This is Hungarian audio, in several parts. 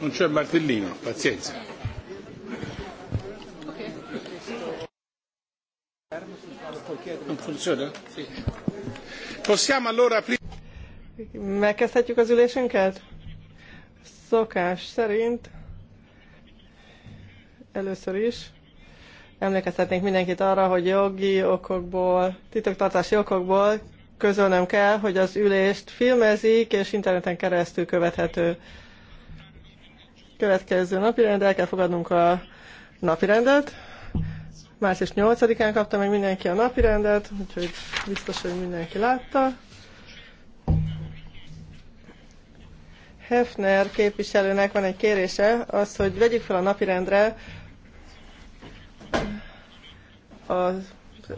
Non c'è Martellino, pazienza. Non funziona? Sì. Possiamo allora aprire... Megkezdhetjük az ülésünket? Szokás szerint először is emlékeztetnénk mindenkit arra, hogy jogi okokból, titoktartási okokból közölnöm kell, hogy az ülést filmezik, és interneten keresztül követhető. Következő napirend, el kell fogadnunk a napirendet. Március 8-án kapta meg mindenki a napirendet, úgyhogy biztos, hogy mindenki látta. Hefner képviselőnek van egy kérése, az, hogy vegyük fel a napirendre az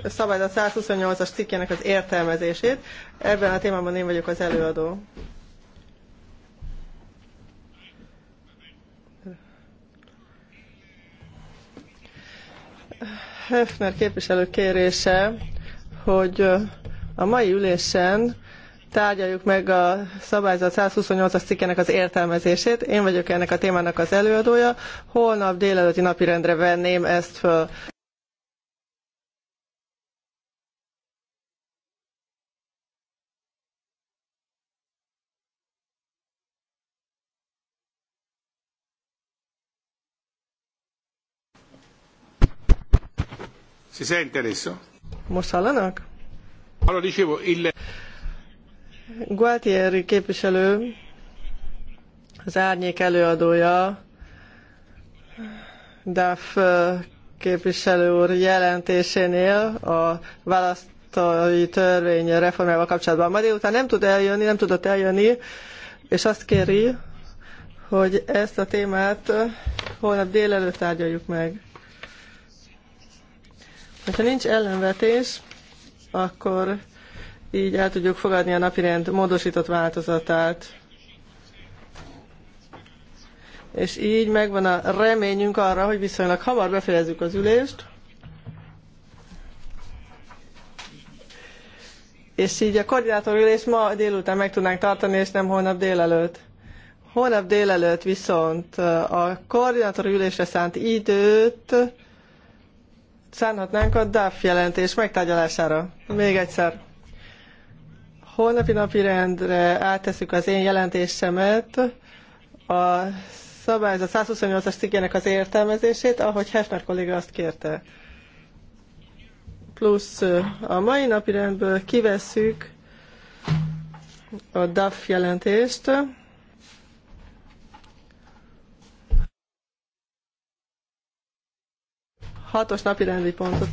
szabályzat 128-as cikkének az értelmezését. Ebben a témában én vagyok az előadó. Hefner képviselő kérése, hogy a mai ülésen tárgyaljuk meg a szabályzat 128-as cikkének az értelmezését. Én vagyok ennek a témának az előadója. Holnap délelőtti napirendre venném ezt föl. Si sente adesso? Most Allora dicevo, il... Gualtieri képviselő, az árnyék előadója, DAF képviselő úr jelentésénél a választói törvény reformjával kapcsolatban. Ma délután nem tud eljönni, nem tudott eljönni, és azt kéri, hogy ezt a témát holnap délelőtt tárgyaljuk meg. Ha nincs ellenvetés, akkor így el tudjuk fogadni a napirend módosított változatát. És így megvan a reményünk arra, hogy viszonylag hamar befejezzük az ülést. És így a koordinátor ülést ma délután meg tudnánk tartani, és nem holnap délelőtt. Holnap délelőtt viszont a koordinátor ülésre szánt időt szánhatnánk a DAF jelentés megtárgyalására. Még egyszer. Holnapi napi rendre átteszük az én jelentésemet, a szabályzat 128-as cikkének az értelmezését, ahogy Hefner kolléga azt kérte. Plusz a mai napi rendből kivesszük a DAF jelentést, hatos napi rendi pontot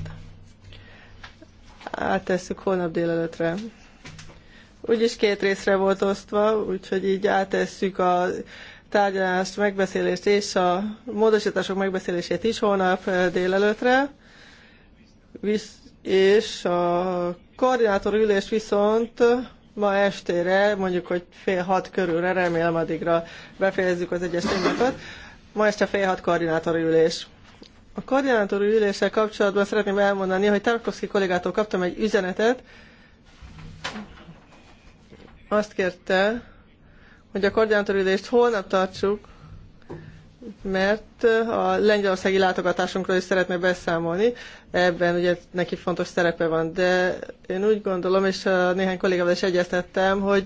áttesszük holnap délelőtre. Úgyis két részre volt osztva, úgyhogy így áttesszük a tárgyalást, megbeszélést és a módosítások megbeszélését is holnap eh, délelőtre. Visz, és a koordinátor ülés viszont ma estére, mondjuk, hogy fél hat körülre, remélem addigra befejezzük az egyes témákat. Ma este fél hat koordinátor ülés. A koordinátor üléssel kapcsolatban szeretném elmondani, hogy Tarkovsky kollégától kaptam egy üzenetet. Azt kérte, hogy a koordinátor ülést holnap tartsuk, mert a lengyelországi látogatásunkról is szeretne beszámolni. Ebben ugye neki fontos szerepe van, de én úgy gondolom, és néhány kollégával is egyeztettem, hogy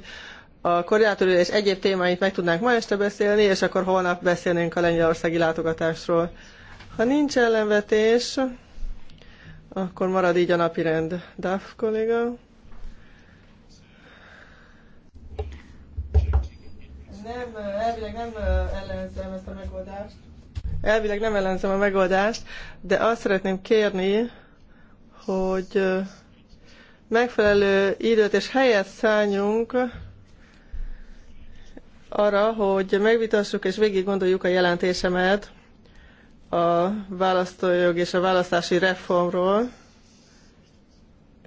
a koordinátor ülés egyéb témáit meg tudnánk ma este beszélni, és akkor holnap beszélnénk a lengyelországi látogatásról. Ha nincs ellenvetés, akkor marad így a napi rend. Duff kolléga. Nem, elvileg nem ellenzem ezt a megoldást. Elvileg nem ellenzem a megoldást, de azt szeretném kérni, hogy megfelelő időt és helyet szálljunk arra, hogy megvitassuk és végig gondoljuk a jelentésemet, a választójog és a választási reformról,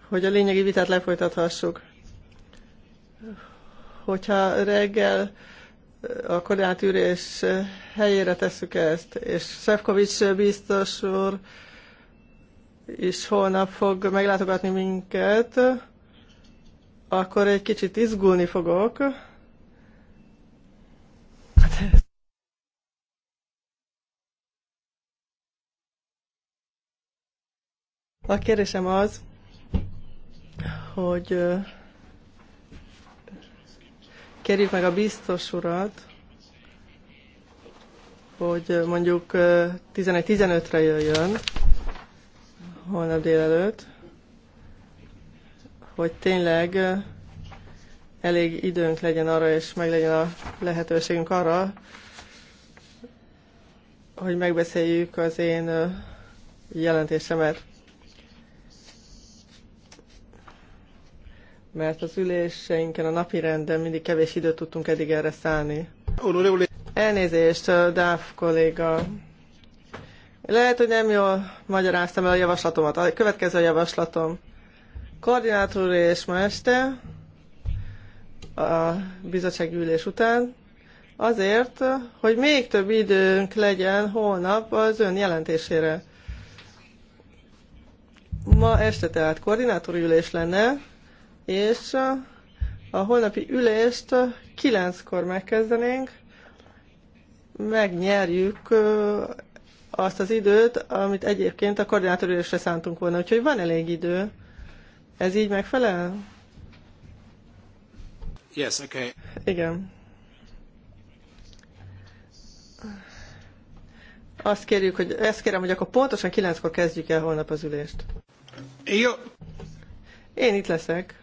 hogy a lényegi vitát lefolytathassuk. Hogyha reggel a koordinátűrés helyére tesszük ezt, és Szefkovics biztos úr is holnap fog meglátogatni minket, akkor egy kicsit izgulni fogok, A kérdésem az, hogy kérjük meg a biztos urat, hogy mondjuk 11-15-re jöjjön holnap délelőtt, hogy tényleg elég időnk legyen arra, és meg legyen a lehetőségünk arra, hogy megbeszéljük az én jelentésemet. mert az üléseinken, a napi renden mindig kevés időt tudtunk eddig erre szállni. Elnézést, Dáv kolléga. Lehet, hogy nem jól magyaráztam el a javaslatomat. A következő javaslatom. Koordinátor és ma este a bizottsági ülés után azért, hogy még több időnk legyen holnap az ön jelentésére. Ma este tehát koordinátori ülés lenne, és a holnapi ülést kilenckor megkezdenénk, megnyerjük azt az időt, amit egyébként a koordinátorülésre szántunk volna. Úgyhogy van elég idő. Ez így megfelel? Yes, okay. Igen. Azt kérjük, hogy ezt kérem, hogy akkor pontosan kilenckor kezdjük el holnap az ülést. Jó. Én itt leszek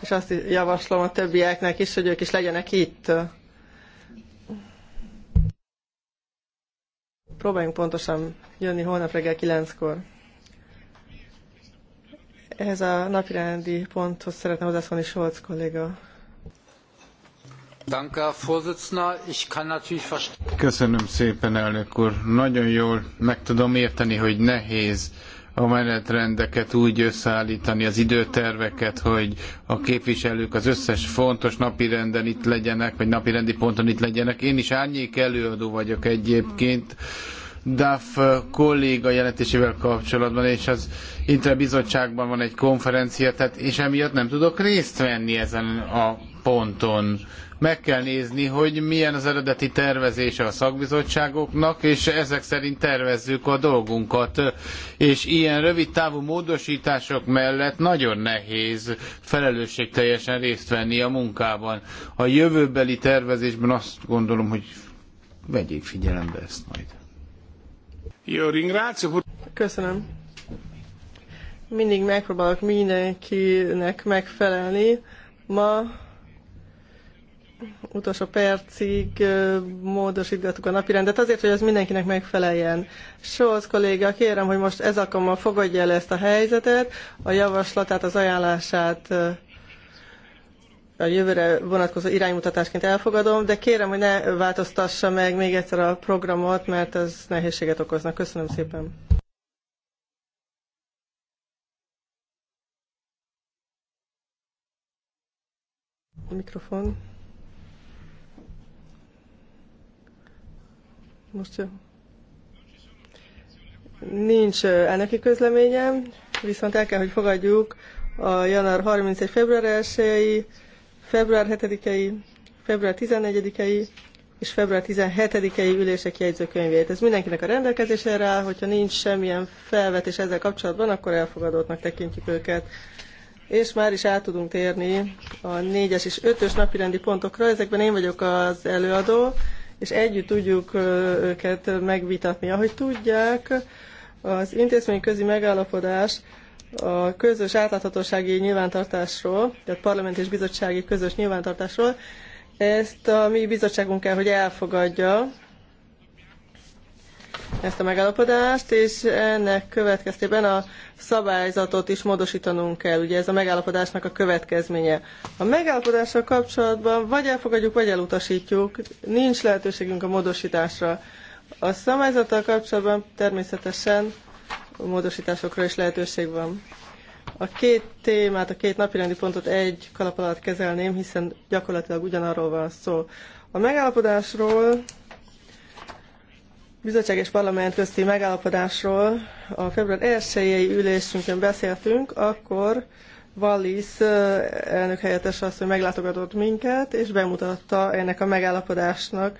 és azt javaslom a többieknek is, hogy ők is legyenek itt. Próbáljunk pontosan jönni holnap reggel kilenckor. Ehhez a napirendi ponthoz szeretne hozzászólni Scholz kolléga. Köszönöm szépen, elnök úr. Nagyon jól meg tudom érteni, hogy nehéz a menetrendeket úgy összeállítani, az időterveket, hogy a képviselők az összes fontos napirenden itt legyenek, vagy napirendi ponton itt legyenek. Én is árnyék előadó vagyok egyébként. DAF kolléga jelentésével kapcsolatban, és az Intra Bizottságban van egy konferencia, tehát, és emiatt nem tudok részt venni ezen a ponton. Meg kell nézni, hogy milyen az eredeti tervezése a szakbizottságoknak, és ezek szerint tervezzük a dolgunkat. És ilyen rövid távú módosítások mellett nagyon nehéz felelősségteljesen részt venni a munkában. A jövőbeli tervezésben azt gondolom, hogy vegyék figyelembe ezt majd. Köszönöm. Mindig megpróbálok mindenkinek megfelelni. Ma utolsó percig módosítgattuk a napirendet azért, hogy ez mindenkinek megfeleljen. Scholz kolléga, kérem, hogy most ez alkalommal fogadja el ezt a helyzetet, a javaslatát, az ajánlását a jövőre vonatkozó iránymutatásként elfogadom, de kérem, hogy ne változtassa meg még egyszer a programot, mert ez nehézséget okozna. Köszönöm szépen. Mikrofon. Most jó. Nincs elnöki közleményem, viszont el kell, hogy fogadjuk a január 31. február 1 február 7 február 14 és február 17 i ülések jegyzőkönyvét. Ez mindenkinek a rendelkezésére áll, hogyha nincs semmilyen felvetés ezzel kapcsolatban, akkor elfogadottnak tekintjük őket. És már is át tudunk térni a 4-es és 5-ös napirendi pontokra. Ezekben én vagyok az előadó, és együtt tudjuk őket megvitatni. Ahogy tudják, az intézmény közi megállapodás a közös átláthatósági nyilvántartásról, tehát parlament és bizottsági közös nyilvántartásról, ezt a mi bizottságunk kell, hogy elfogadja, ezt a megállapodást, és ennek következtében a szabályzatot is módosítanunk kell. Ugye ez a megállapodásnak a következménye. A megállapodással kapcsolatban vagy elfogadjuk, vagy elutasítjuk, nincs lehetőségünk a módosításra. A szabályzattal kapcsolatban természetesen módosításokra is lehetőség van. A két témát, a két napirendi pontot egy kalap alatt kezelném, hiszen gyakorlatilag ugyanarról van szó. A megállapodásról bizottság és parlament közti megállapodásról a február 1-i ülésünkön beszéltünk, akkor Wallis elnök helyettes azt, hogy meglátogatott minket, és bemutatta ennek a megállapodásnak,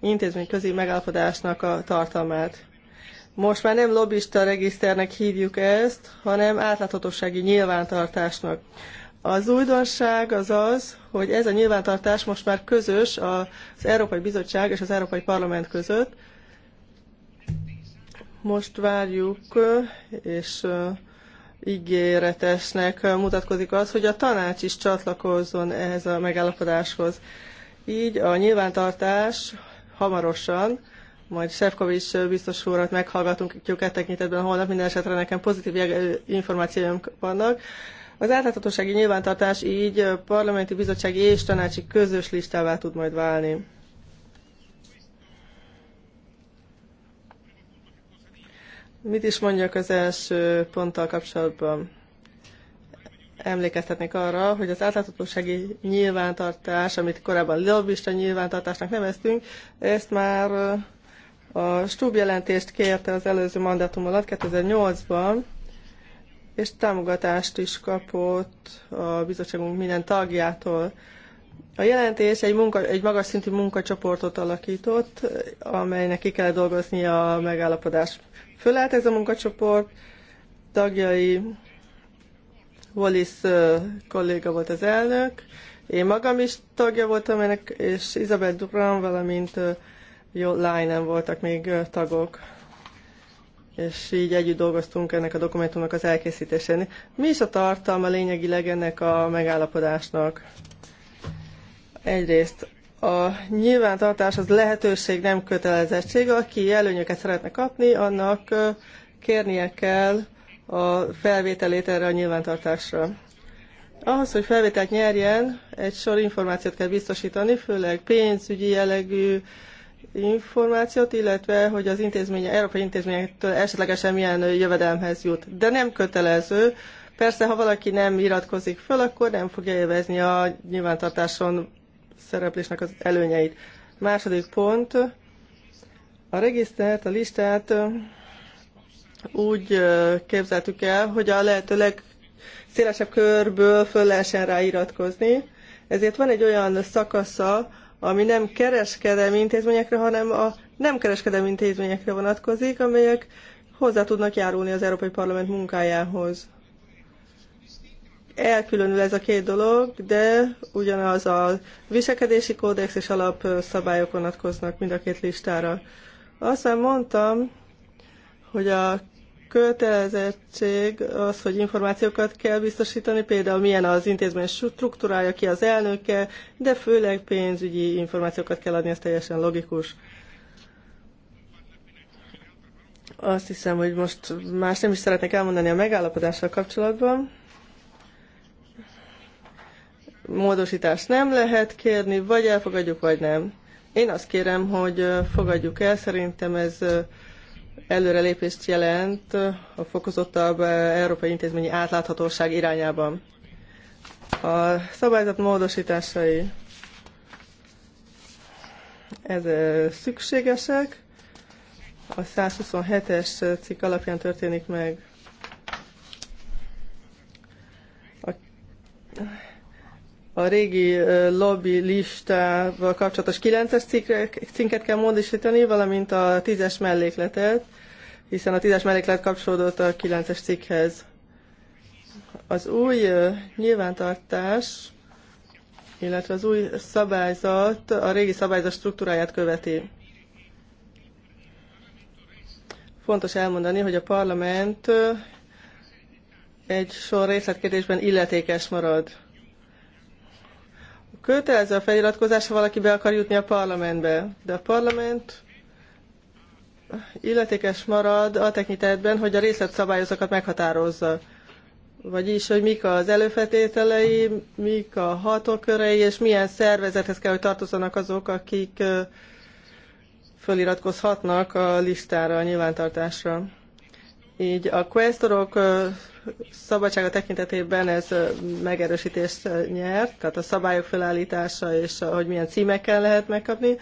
intézményközi megállapodásnak a tartalmát. Most már nem lobbista regiszternek hívjuk ezt, hanem átláthatósági nyilvántartásnak. Az újdonság az az, hogy ez a nyilvántartás most már közös az Európai Bizottság és az Európai Parlament között, most várjuk, és uh, ígéretesnek mutatkozik az, hogy a tanács is csatlakozzon ehhez a megállapodáshoz. Így a nyilvántartás hamarosan, majd Sefkovics biztos úrat meghallgatunk e tekintetben holnap, minden esetre nekem pozitív információim vannak. Az átláthatósági nyilvántartás így parlamenti bizottsági és tanácsi közös listává tud majd válni. Mit is mondjak az első ponttal kapcsolatban? Emlékeztetnék arra, hogy az átláthatósági nyilvántartás, amit korábban lobbista nyilvántartásnak neveztünk, ezt már a Stub jelentést kérte az előző mandátum alatt 2008-ban, és támogatást is kapott a bizottságunk minden tagjától. A jelentés egy, munka, egy magas szintű munkacsoportot alakított, amelynek ki kell dolgozni a megállapodás Fölállt ez a munkacsoport, tagjai Wallis kolléga volt az elnök, én magam is tagja voltam ennek, és Isabel Durán, valamint jó lányen voltak még tagok. És így együtt dolgoztunk ennek a dokumentumnak az elkészítésén. Mi is a tartalma lényegileg ennek a megállapodásnak? Egyrészt a nyilvántartás az lehetőség, nem kötelezettség. Aki előnyöket szeretne kapni, annak kérnie kell a felvételét erre a nyilvántartásra. Ahhoz, hogy felvételt nyerjen, egy sor információt kell biztosítani, főleg pénzügyi jellegű információt, illetve hogy az intézménye, európai intézményektől esetlegesen milyen jövedelmhez jut. De nem kötelező. Persze, ha valaki nem iratkozik föl, akkor nem fogja élvezni a nyilvántartáson szereplésnek az előnyeit. Második pont, a regisztert, a listát úgy képzeltük el, hogy a lehető legszélesebb körből föl lehessen rá iratkozni. Ezért van egy olyan szakasza, ami nem kereskedelmi intézményekre, hanem a nem kereskedelmi intézményekre vonatkozik, amelyek hozzá tudnak járulni az Európai Parlament munkájához elkülönül ez a két dolog, de ugyanaz a viselkedési kódex és alapszabályok vonatkoznak mind a két listára. Aztán mondtam, hogy a kötelezettség az, hogy információkat kell biztosítani, például milyen az intézmény struktúrája, ki az elnöke, de főleg pénzügyi információkat kell adni, ez teljesen logikus. Azt hiszem, hogy most más nem is szeretnék elmondani a megállapodással kapcsolatban módosítást nem lehet kérni, vagy elfogadjuk, vagy nem. Én azt kérem, hogy fogadjuk el, szerintem ez előrelépést jelent a fokozottabb európai intézményi átláthatóság irányában. A szabályzat módosításai ez szükségesek. A 127-es cikk alapján történik meg. A a régi lobby listával kapcsolatos 9-es cikket kell módosítani, valamint a 10-es mellékletet, hiszen a 10-es melléklet kapcsolódott a 9-es cikkhez. Az új nyilvántartás, illetve az új szabályzat a régi szabályzat struktúráját követi. Fontos elmondani, hogy a parlament egy sor részletkérdésben illetékes marad Kötelező a feliratkozás, ha valaki be akar jutni a parlamentbe. De a parlament illetékes marad a tekintetben, hogy a részletszabályozókat meghatározza. Vagyis, hogy mik az előfeltételei, mik a hatókörei, és milyen szervezethez kell, hogy tartozzanak azok, akik föliratkozhatnak a listára, a nyilvántartásra. Így a questorok szabadsága tekintetében ez megerősítést nyert, tehát a szabályok felállítása és hogy milyen címekkel lehet megkapni.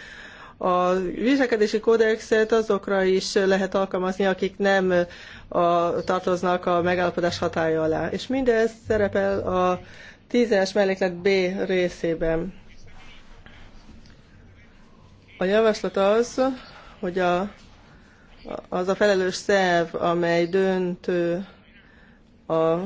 A viselkedési kódexet azokra is lehet alkalmazni, akik nem a, tartoznak a megállapodás hatája alá. És mindez szerepel a 10-es melléklet B részében. A javaslat az, hogy a, az a felelős szerv, amely döntő a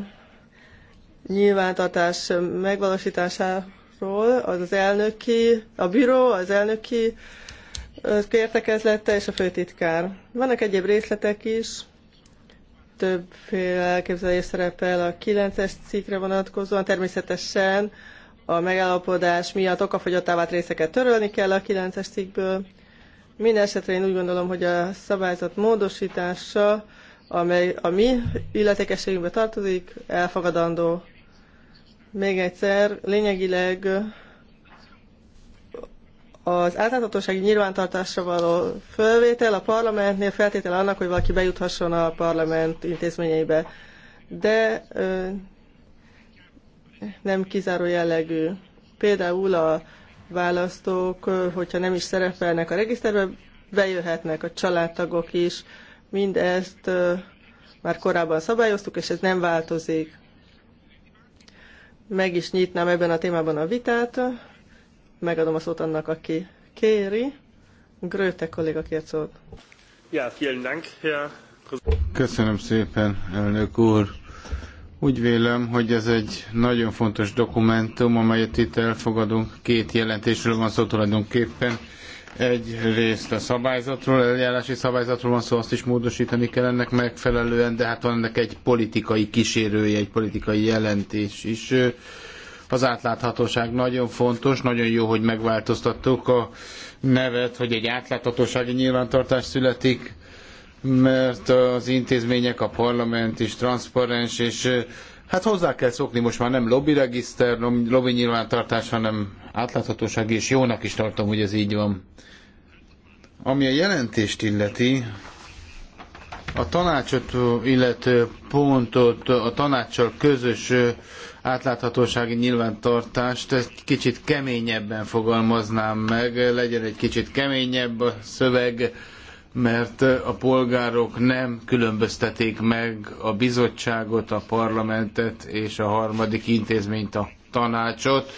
nyilvántartás megvalósításáról, az az elnöki, a bíró, az elnöki kértekezlete és a főtitkár. Vannak egyéb részletek is, többféle elképzelés szerepel a 9-es cikkre vonatkozóan, természetesen a megállapodás miatt okafogyottá részeket törölni kell a 9-es cikkből. Minden esetre én úgy gondolom, hogy a szabályzat módosítása amely a mi illetékességünkbe tartozik, elfogadandó. Még egyszer, lényegileg az átláthatósági nyilvántartásra való fölvétel a parlamentnél feltétel annak, hogy valaki bejuthasson a parlament intézményeibe. De ö, nem kizáró jellegű. Például a választók, hogyha nem is szerepelnek a regiszterbe, bejöhetnek a családtagok is, Mindezt már korábban szabályoztuk, és ez nem változik. Meg is nyitnám ebben a témában a vitát. Megadom a szót annak, aki kéri. Gröte kolléga kért szót. Ja, vielen Dank, Herr Köszönöm szépen, elnök úr. Úgy vélem, hogy ez egy nagyon fontos dokumentum, amelyet itt elfogadunk. Két jelentésről van szó tulajdonképpen. Egy részt a szabályzatról, eljárási szabályzatról van szó, azt is módosítani kell ennek megfelelően, de hát van ennek egy politikai kísérője, egy politikai jelentés is. Az átláthatóság nagyon fontos, nagyon jó, hogy megváltoztattuk a nevet, hogy egy átláthatósági nyilvántartás születik, mert az intézmények, a parlament is transzparens, és hát hozzá kell szokni, most már nem lobbyregiszter, lobby nyilvántartás, hanem átláthatóság, és jónak is tartom, hogy ez így van. Ami a jelentést illeti, a tanácsot illető pontot, a tanácssal közös átláthatósági nyilvántartást, ezt kicsit keményebben fogalmaznám meg, legyen egy kicsit keményebb a szöveg, mert a polgárok nem különböztetik meg a bizottságot, a parlamentet és a harmadik intézményt, a tanácsot,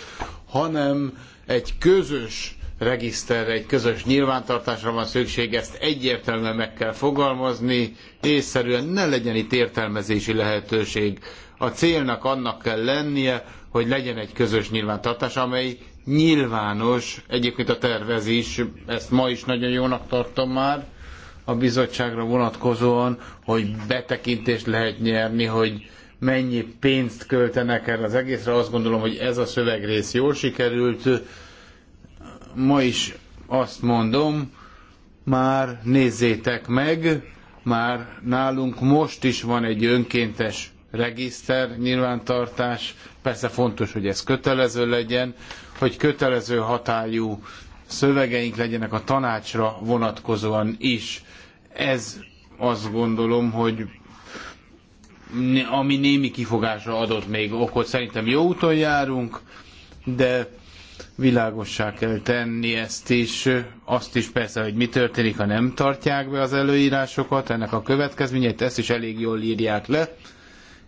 hanem egy közös regiszterre, egy közös nyilvántartásra van szükség, ezt egyértelműen meg kell fogalmazni, észszerűen ne legyen itt értelmezési lehetőség. A célnak annak kell lennie, hogy legyen egy közös nyilvántartás, amely nyilvános, egyébként a tervezés, ezt ma is nagyon jónak tartom már, a bizottságra vonatkozóan, hogy betekintést lehet nyerni, hogy mennyi pénzt költenek erre az egészre. Azt gondolom, hogy ez a szövegrész jól sikerült, ma is azt mondom, már nézzétek meg, már nálunk most is van egy önkéntes regiszter, nyilvántartás, persze fontos, hogy ez kötelező legyen, hogy kötelező hatályú szövegeink legyenek a tanácsra vonatkozóan is. Ez azt gondolom, hogy ami némi kifogásra adott még okot, szerintem jó úton járunk, de világossá kell tenni ezt is, azt is persze, hogy mi történik, ha nem tartják be az előírásokat, ennek a következményeit, ezt is elég jól írják le,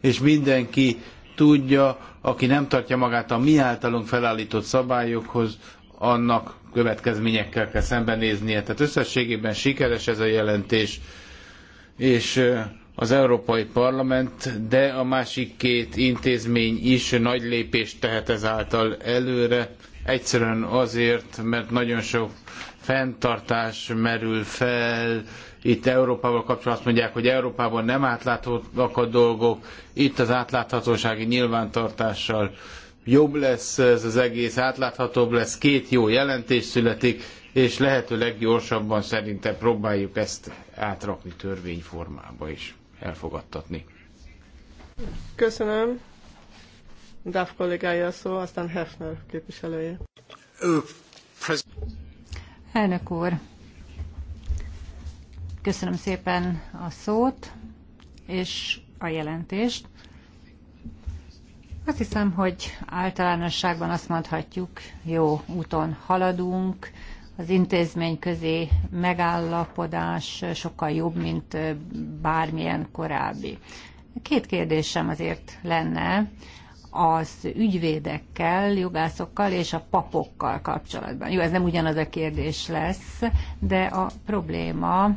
és mindenki tudja, aki nem tartja magát a mi általunk felállított szabályokhoz, annak következményekkel kell szembenéznie. Tehát összességében sikeres ez a jelentés, és az Európai Parlament, de a másik két intézmény is nagy lépést tehet ezáltal előre. Egyszerűen azért, mert nagyon sok fenntartás merül fel, itt Európával kapcsolatban azt mondják, hogy Európában nem átláthatóak a dolgok, itt az átláthatósági nyilvántartással jobb lesz ez az egész, átláthatóbb lesz, két jó jelentés születik, és lehetőleg gyorsabban szerintem próbáljuk ezt átrakni törvényformába is elfogadtatni. Köszönöm. DAF kollégája szó, aztán Hefner képviselője. Elnök úr, köszönöm szépen a szót és a jelentést. Azt hiszem, hogy általánosságban azt mondhatjuk, jó úton haladunk, az intézmény közé megállapodás sokkal jobb, mint bármilyen korábbi. Két kérdésem azért lenne az ügyvédekkel, jogászokkal és a papokkal kapcsolatban. Jó, ez nem ugyanaz a kérdés lesz, de a probléma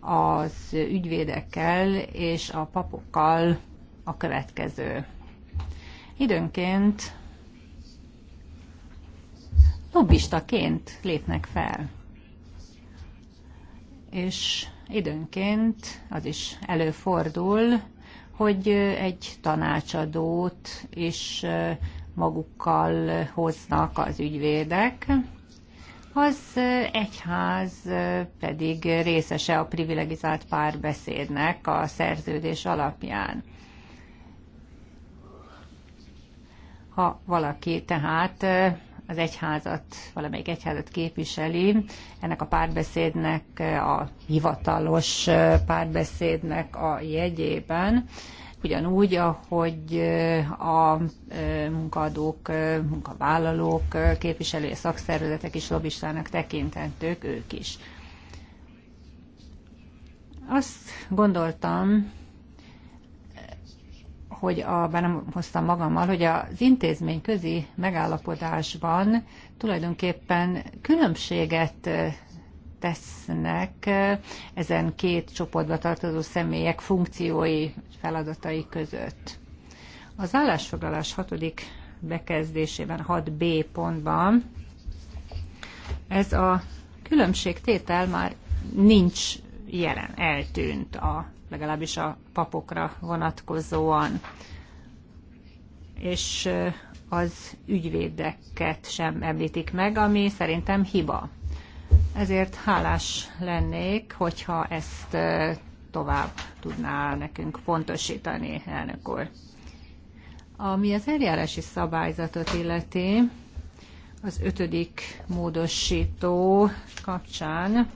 az ügyvédekkel és a papokkal a következő. Időnként lobbistaként lépnek fel. És időnként az is előfordul, hogy egy tanácsadót is magukkal hoznak az ügyvédek, az egyház pedig részese a privilegizált párbeszédnek a szerződés alapján. Ha valaki tehát az egyházat, valamelyik egyházat képviseli, ennek a párbeszédnek, a hivatalos párbeszédnek a jegyében, ugyanúgy, ahogy a munkadók, munkavállalók képviselői szakszervezetek is lobbistának tekintettők ők is. Azt gondoltam, hogy a, bár nem hoztam magammal, hogy az intézmény közi megállapodásban tulajdonképpen különbséget tesznek ezen két csoportba tartozó személyek funkciói, feladatai között. Az állásfoglalás hatodik bekezdésében 6b pontban ez a különbségtétel már nincs jelen, eltűnt a legalábbis a papokra vonatkozóan. És az ügyvédeket sem említik meg, ami szerintem hiba. Ezért hálás lennék, hogyha ezt tovább tudná nekünk pontosítani, elnök úr. Ami az eljárási szabályzatot illeti, az ötödik módosító kapcsán,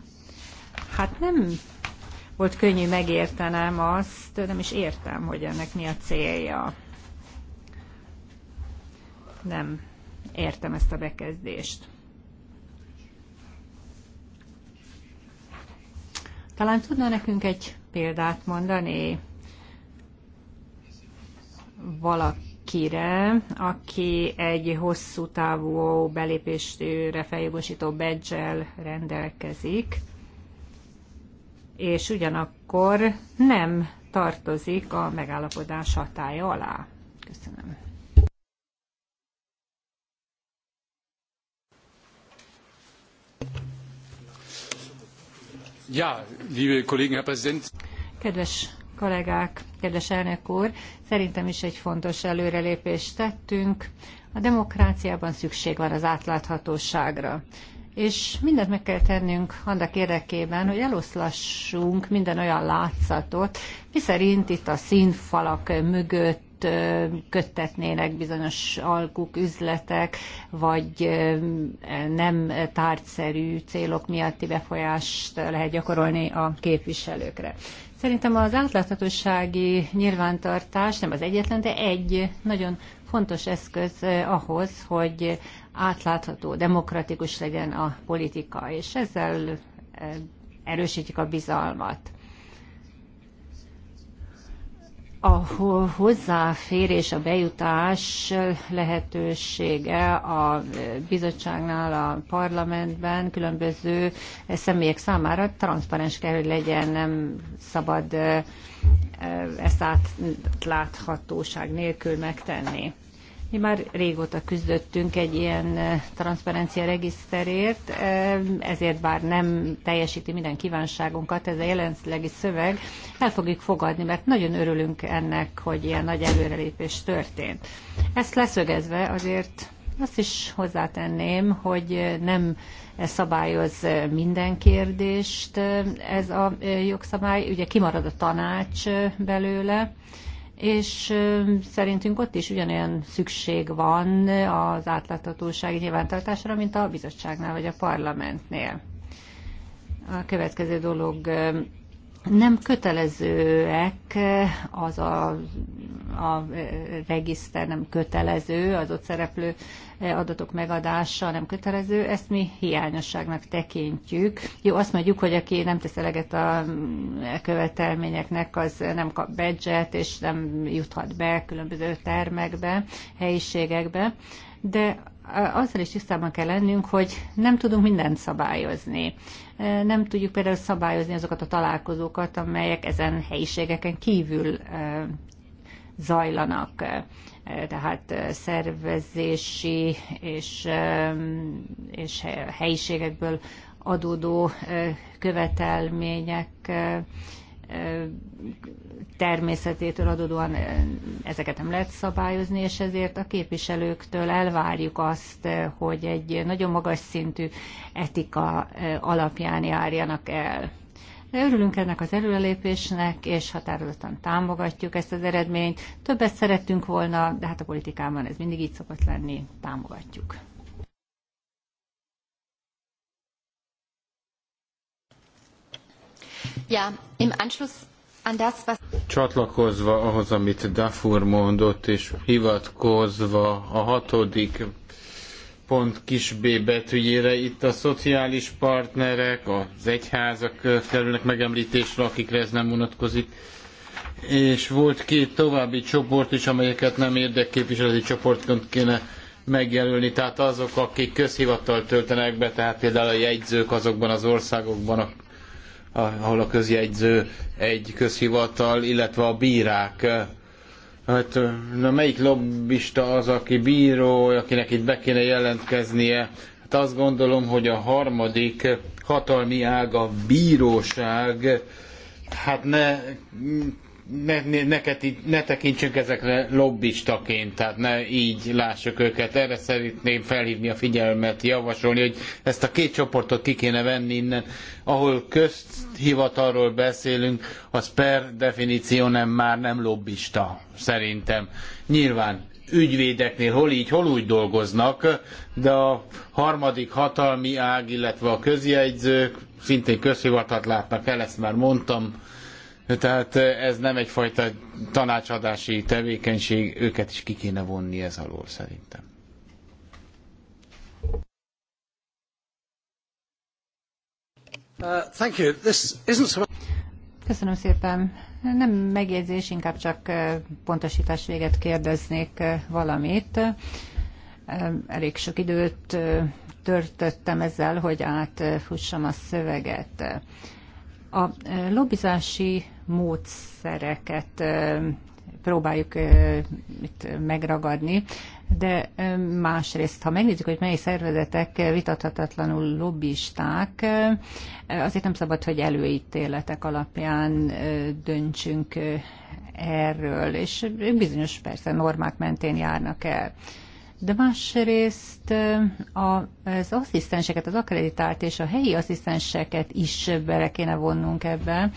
hát nem volt könnyű megértenem azt, nem is értem, hogy ennek mi a célja. Nem értem ezt a bekezdést. Talán tudna nekünk egy példát mondani valakire, aki egy hosszú távú belépésre feljogosító badge rendelkezik, és ugyanakkor nem tartozik a megállapodás hatája alá. Köszönöm. Ja, liebe Kollegen, Herr Präsident. Kedves kollégák, kedves elnök úr, szerintem is egy fontos előrelépést tettünk. A demokráciában szükség van az átláthatóságra és mindent meg kell tennünk annak érdekében, hogy eloszlassunk minden olyan látszatot, miszerint itt a színfalak mögött mögött köttetnének bizonyos alkuk, üzletek, vagy nem tárgyszerű célok miatti befolyást lehet gyakorolni a képviselőkre. Szerintem az átláthatósági nyilvántartás nem az egyetlen, de egy nagyon fontos eszköz ahhoz, hogy átlátható, demokratikus legyen a politika, és ezzel eh, erősítjük a bizalmat. A hozzáférés, a bejutás lehetősége a eh, bizottságnál, a parlamentben különböző eh, személyek számára transzparens kell, hogy legyen, nem szabad ezt átláthatóság nélkül megtenni. Mi már régóta küzdöttünk egy ilyen transzparencia regiszterért, ezért bár nem teljesíti minden kívánságunkat ez a jelenlegi szöveg, el fogjuk fogadni, mert nagyon örülünk ennek, hogy ilyen nagy előrelépés történt. Ezt leszögezve azért azt is hozzátenném, hogy nem szabályoz minden kérdést ez a jogszabály, ugye kimarad a tanács belőle, és szerintünk ott is ugyanolyan szükség van az átláthatósági nyilvántartásra, mint a bizottságnál vagy a parlamentnél. A következő dolog nem kötelezőek az a, a regiszter, nem kötelező, az ott szereplő adatok megadása nem kötelező, ezt mi hiányosságnak tekintjük. Jó, azt mondjuk, hogy aki nem tesz eleget a követelményeknek, az nem kap budget, és nem juthat be különböző termekbe, helyiségekbe, de azzal is tisztában kell lennünk, hogy nem tudunk mindent szabályozni nem tudjuk például szabályozni azokat a találkozókat, amelyek ezen helyiségeken kívül zajlanak tehát szervezési és, és helyiségekből adódó követelmények természetétől adódóan ezeket nem lehet szabályozni, és ezért a képviselőktől elvárjuk azt, hogy egy nagyon magas szintű etika alapján járjanak el. Örülünk ennek az előrelépésnek, és határozottan támogatjuk ezt az eredményt. Többet szerettünk volna, de hát a politikában ez mindig így szokott lenni, támogatjuk. Csatlakozva ahhoz, amit Dafur mondott, és hivatkozva a hatodik pont kis B betűjére. Itt a szociális partnerek, az egyházak kerülnek megemlítésre, akikre ez nem vonatkozik. És volt két további csoport is, amelyeket nem érdekképviseleti csoportként kéne megjelölni, tehát azok, akik közhivattal töltenek be, tehát például a jegyzők azokban az országokban, ahol a közjegyző egy közhivatal, illetve a bírák. Hát, na melyik lobbista az, aki bíró, akinek itt be kéne jelentkeznie? Hát azt gondolom, hogy a harmadik hatalmi ág a bíróság. Hát ne ne, ne, így ne tekintsünk ezekre lobbistaként, tehát ne így lássuk őket. Erre szeretném felhívni a figyelmet, javasolni, hogy ezt a két csoportot ki kéne venni innen. Ahol közhivatalról beszélünk, az per definíció nem már nem lobbista, szerintem. Nyilván ügyvédeknél hol így, hol úgy dolgoznak, de a harmadik hatalmi ág, illetve a közjegyzők szintén közhivatalt látnak el, ezt már mondtam, tehát eh, ez nem egyfajta tanácsadási tevékenység, őket is ki kéne vonni ez alól szerintem. Uh, Köszönöm szépen. Nem megjegyzés, inkább csak eh, pontosítás véget kérdeznék eh, valamit. Elég sok időt törtöttem ezzel, hogy átfussam a szöveget. A lobbizási módszereket próbáljuk itt megragadni, de másrészt, ha megnézzük, hogy mely szervezetek vitathatatlanul lobbisták, azért nem szabad, hogy előítéletek alapján döntsünk erről, és bizonyos persze normák mentén járnak el de másrészt az asszisztenseket, az akreditált és a helyi asszisztenseket is bele kéne vonnunk ebbe,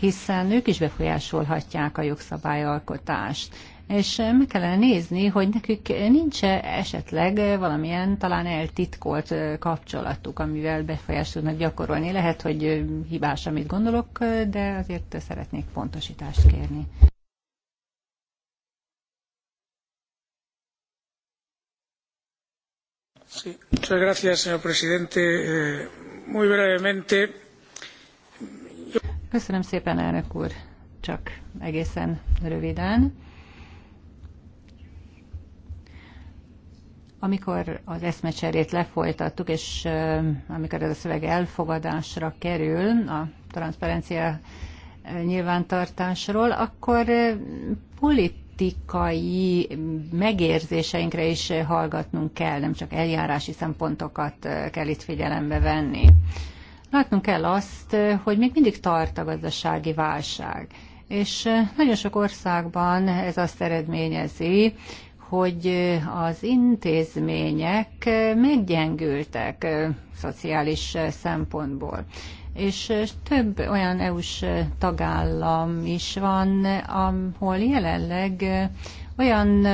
hiszen ők is befolyásolhatják a jogszabályalkotást és meg kellene nézni, hogy nekük nincs -e esetleg valamilyen talán eltitkolt kapcsolatuk, amivel befolyást tudnak gyakorolni. Lehet, hogy hibás, amit gondolok, de azért szeretnék pontosítást kérni. señor presidente. Eh, muy brevemente. Köszönöm szépen, elnök úr. Csak egészen röviden. Amikor az eszmecserét lefolytattuk, és amikor ez a szöveg elfogadásra kerül, a transzparencia nyilvántartásról, akkor polit politikai megérzéseinkre is hallgatnunk kell, nem csak eljárási szempontokat eh, kell itt figyelembe venni. Látnunk kell azt, eh, hogy még mindig tart a gazdasági válság, és eh, nagyon sok országban ez azt eredményezi, hogy az intézmények meggyengültek szociális szempontból és több olyan EU-s tagállam is van, ahol jelenleg olyan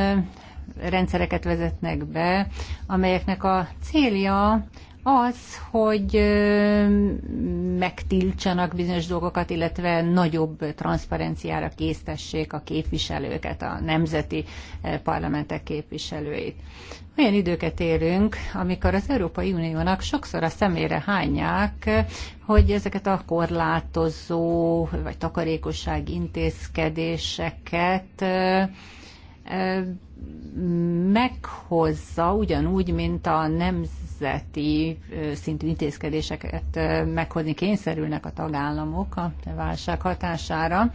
rendszereket vezetnek be, amelyeknek a célja az, hogy megtiltsanak bizonyos dolgokat, illetve nagyobb transzparenciára késztessék a képviselőket, a nemzeti parlamentek képviselőit. Olyan időket élünk, amikor az Európai Uniónak sokszor a szemére hányják, hogy ezeket a korlátozó vagy takarékosság intézkedéseket meghozza ugyanúgy, mint a nemzeti szintű intézkedéseket meghozni kényszerülnek a tagállamok a válság hatására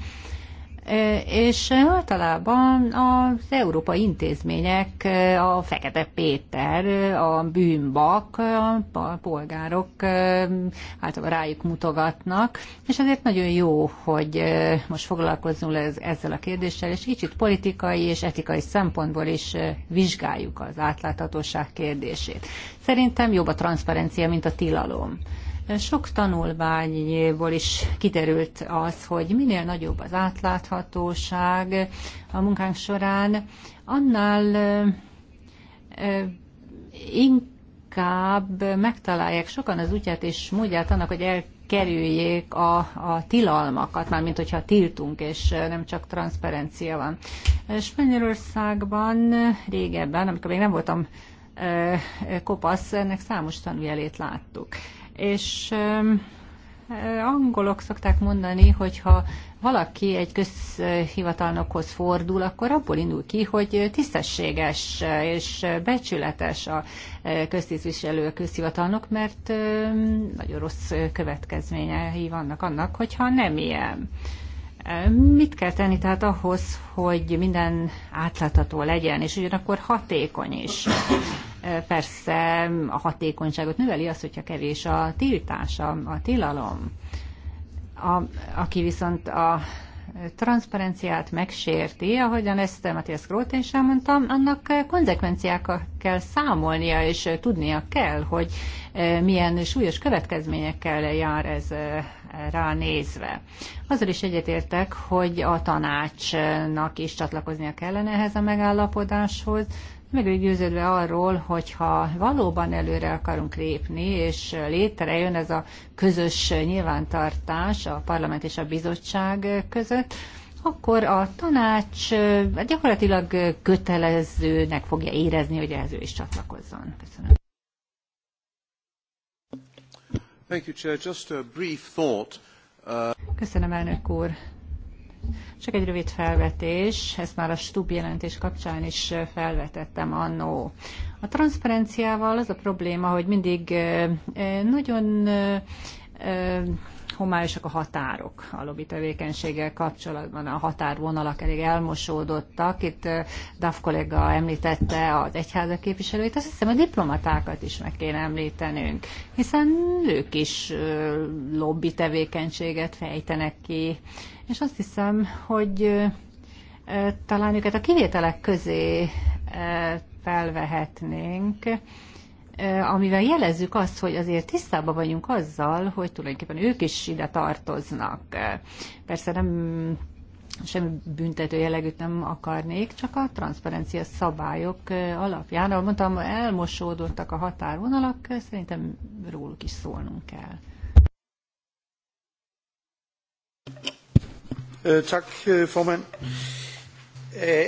és általában az európai intézmények, a Fekete Péter, a bűnbak, a polgárok általában rájuk mutogatnak, és ezért nagyon jó, hogy most foglalkozzunk ezzel a kérdéssel, és kicsit politikai és etikai szempontból is vizsgáljuk az átláthatóság kérdését. Szerintem jobb a transzparencia, mint a tilalom. Sok tanulványból is kiderült az, hogy minél nagyobb az átláthatóság a munkánk során, annál inkább megtalálják sokan az útját és módját annak, hogy el kerüljék a, a tilalmakat, mármint hogyha tiltunk, és nem csak transzparencia van. Spanyolországban régebben, amikor még nem voltam kopasz, ennek számos tanújelét láttuk és angolok szokták mondani, hogyha valaki egy közhivatalnokhoz fordul, akkor abból indul ki, hogy tisztességes és becsületes a köztisztviselő közhivatalnok, mert nagyon rossz következményei vannak annak, hogyha nem ilyen. Mit kell tenni tehát ahhoz, hogy minden átlátható legyen, és ugyanakkor hatékony is? Persze a hatékonyságot növeli az, hogyha kevés a tiltás, a, a tilalom. A, aki viszont a transzparenciát megsérti, ahogyan ezt Matthias Gróten is mondtam, annak konzekvenciákkal kell számolnia, és tudnia kell, hogy milyen súlyos következményekkel jár ez rá nézve. Azzal is egyetértek, hogy a tanácsnak is csatlakoznia kellene ehhez a megállapodáshoz, meg vagyok győződve arról, hogyha valóban előre akarunk lépni, és létrejön ez a közös nyilvántartás a parlament és a bizottság között, akkor a tanács eh, gyakorlatilag kötelezőnek fogja érezni, hogy ehhez ő is csatlakozzon. Köszönöm. Thank you, Chair. Just a brief thought. Uh... Köszönöm, elnök úr. Csak egy rövid felvetés, ezt már a Stub jelentés kapcsán is felvetettem annó. A transzparenciával az a probléma, hogy mindig nagyon homályosak a határok a lobby tevékenységgel kapcsolatban. A határvonalak elég elmosódottak. Itt DAF kollega említette az egyháza képviselőit. Azt hiszem, a diplomatákat is meg kéne említenünk, hiszen ők is lobby tevékenységet fejtenek ki és azt hiszem, hogy talán őket a kivételek közé felvehetnénk, amivel jelezzük azt, hogy azért tisztában vagyunk azzal, hogy tulajdonképpen ők is ide tartoznak. Persze nem semmi büntető jellegűt nem akarnék, csak a transzparencia szabályok alapján, ahol mondtam, elmosódottak a határvonalak, szerintem róluk is szólnunk kell. Øh, tak, øh, formand. Øh,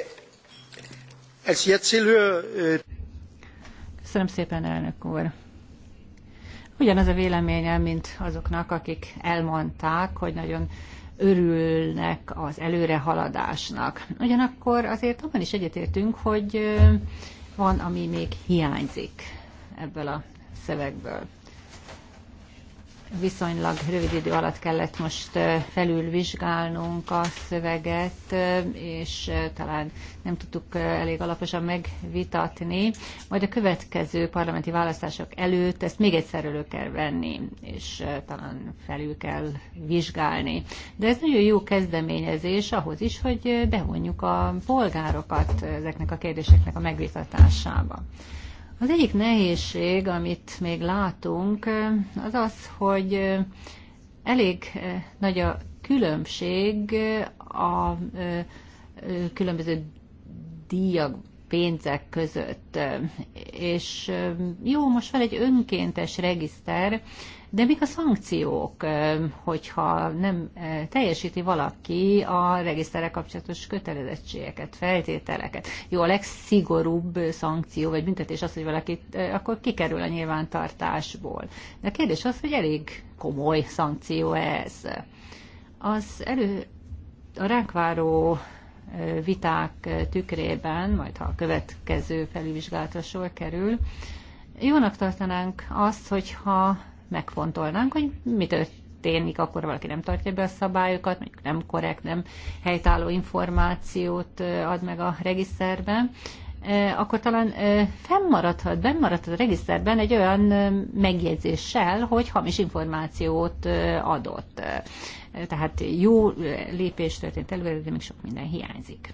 altså, jeg tilhører... Köszönöm szépen, elnök úr. Ugyanaz a véleményem, mint azoknak, akik elmondták, hogy nagyon örülnek az előrehaladásnak. Ugyanakkor azért abban is egyetértünk, hogy van, ami még hiányzik ebből a szövegből viszonylag rövid idő alatt kellett most felülvizsgálnunk a szöveget, és talán nem tudtuk elég alaposan megvitatni. Majd a következő parlamenti választások előtt ezt még egyszer elő kell venni, és talán felül kell vizsgálni. De ez nagyon jó kezdeményezés ahhoz is, hogy bevonjuk a polgárokat ezeknek a kérdéseknek a megvitatásába. Az egyik nehézség, amit még látunk, az az, hogy elég nagy a különbség a különböző díjak, pénzek között. És jó, most van egy önkéntes regiszter, de mik a szankciók, hogyha nem teljesíti valaki a regiszterrel kapcsolatos kötelezettségeket, feltételeket? Jó, a legszigorúbb szankció vagy büntetés az, hogy valaki akkor kikerül a nyilvántartásból. De a kérdés az, hogy elég komoly szankció ez. Az elő a ránk váró viták tükrében, majd ha a következő felülvizsgálatra sor kerül, jónak tartanánk azt, hogyha megfontolnánk, hogy mi történik, akkor valaki nem tartja be a szabályokat, mondjuk nem korrekt, nem helytálló információt ad meg a regiszterben, akkor talán fennmaradhat, bennmaradhat a regiszterben egy olyan megjegyzéssel, hogy hamis információt adott. Tehát jó lépés történt előre, de még sok minden hiányzik.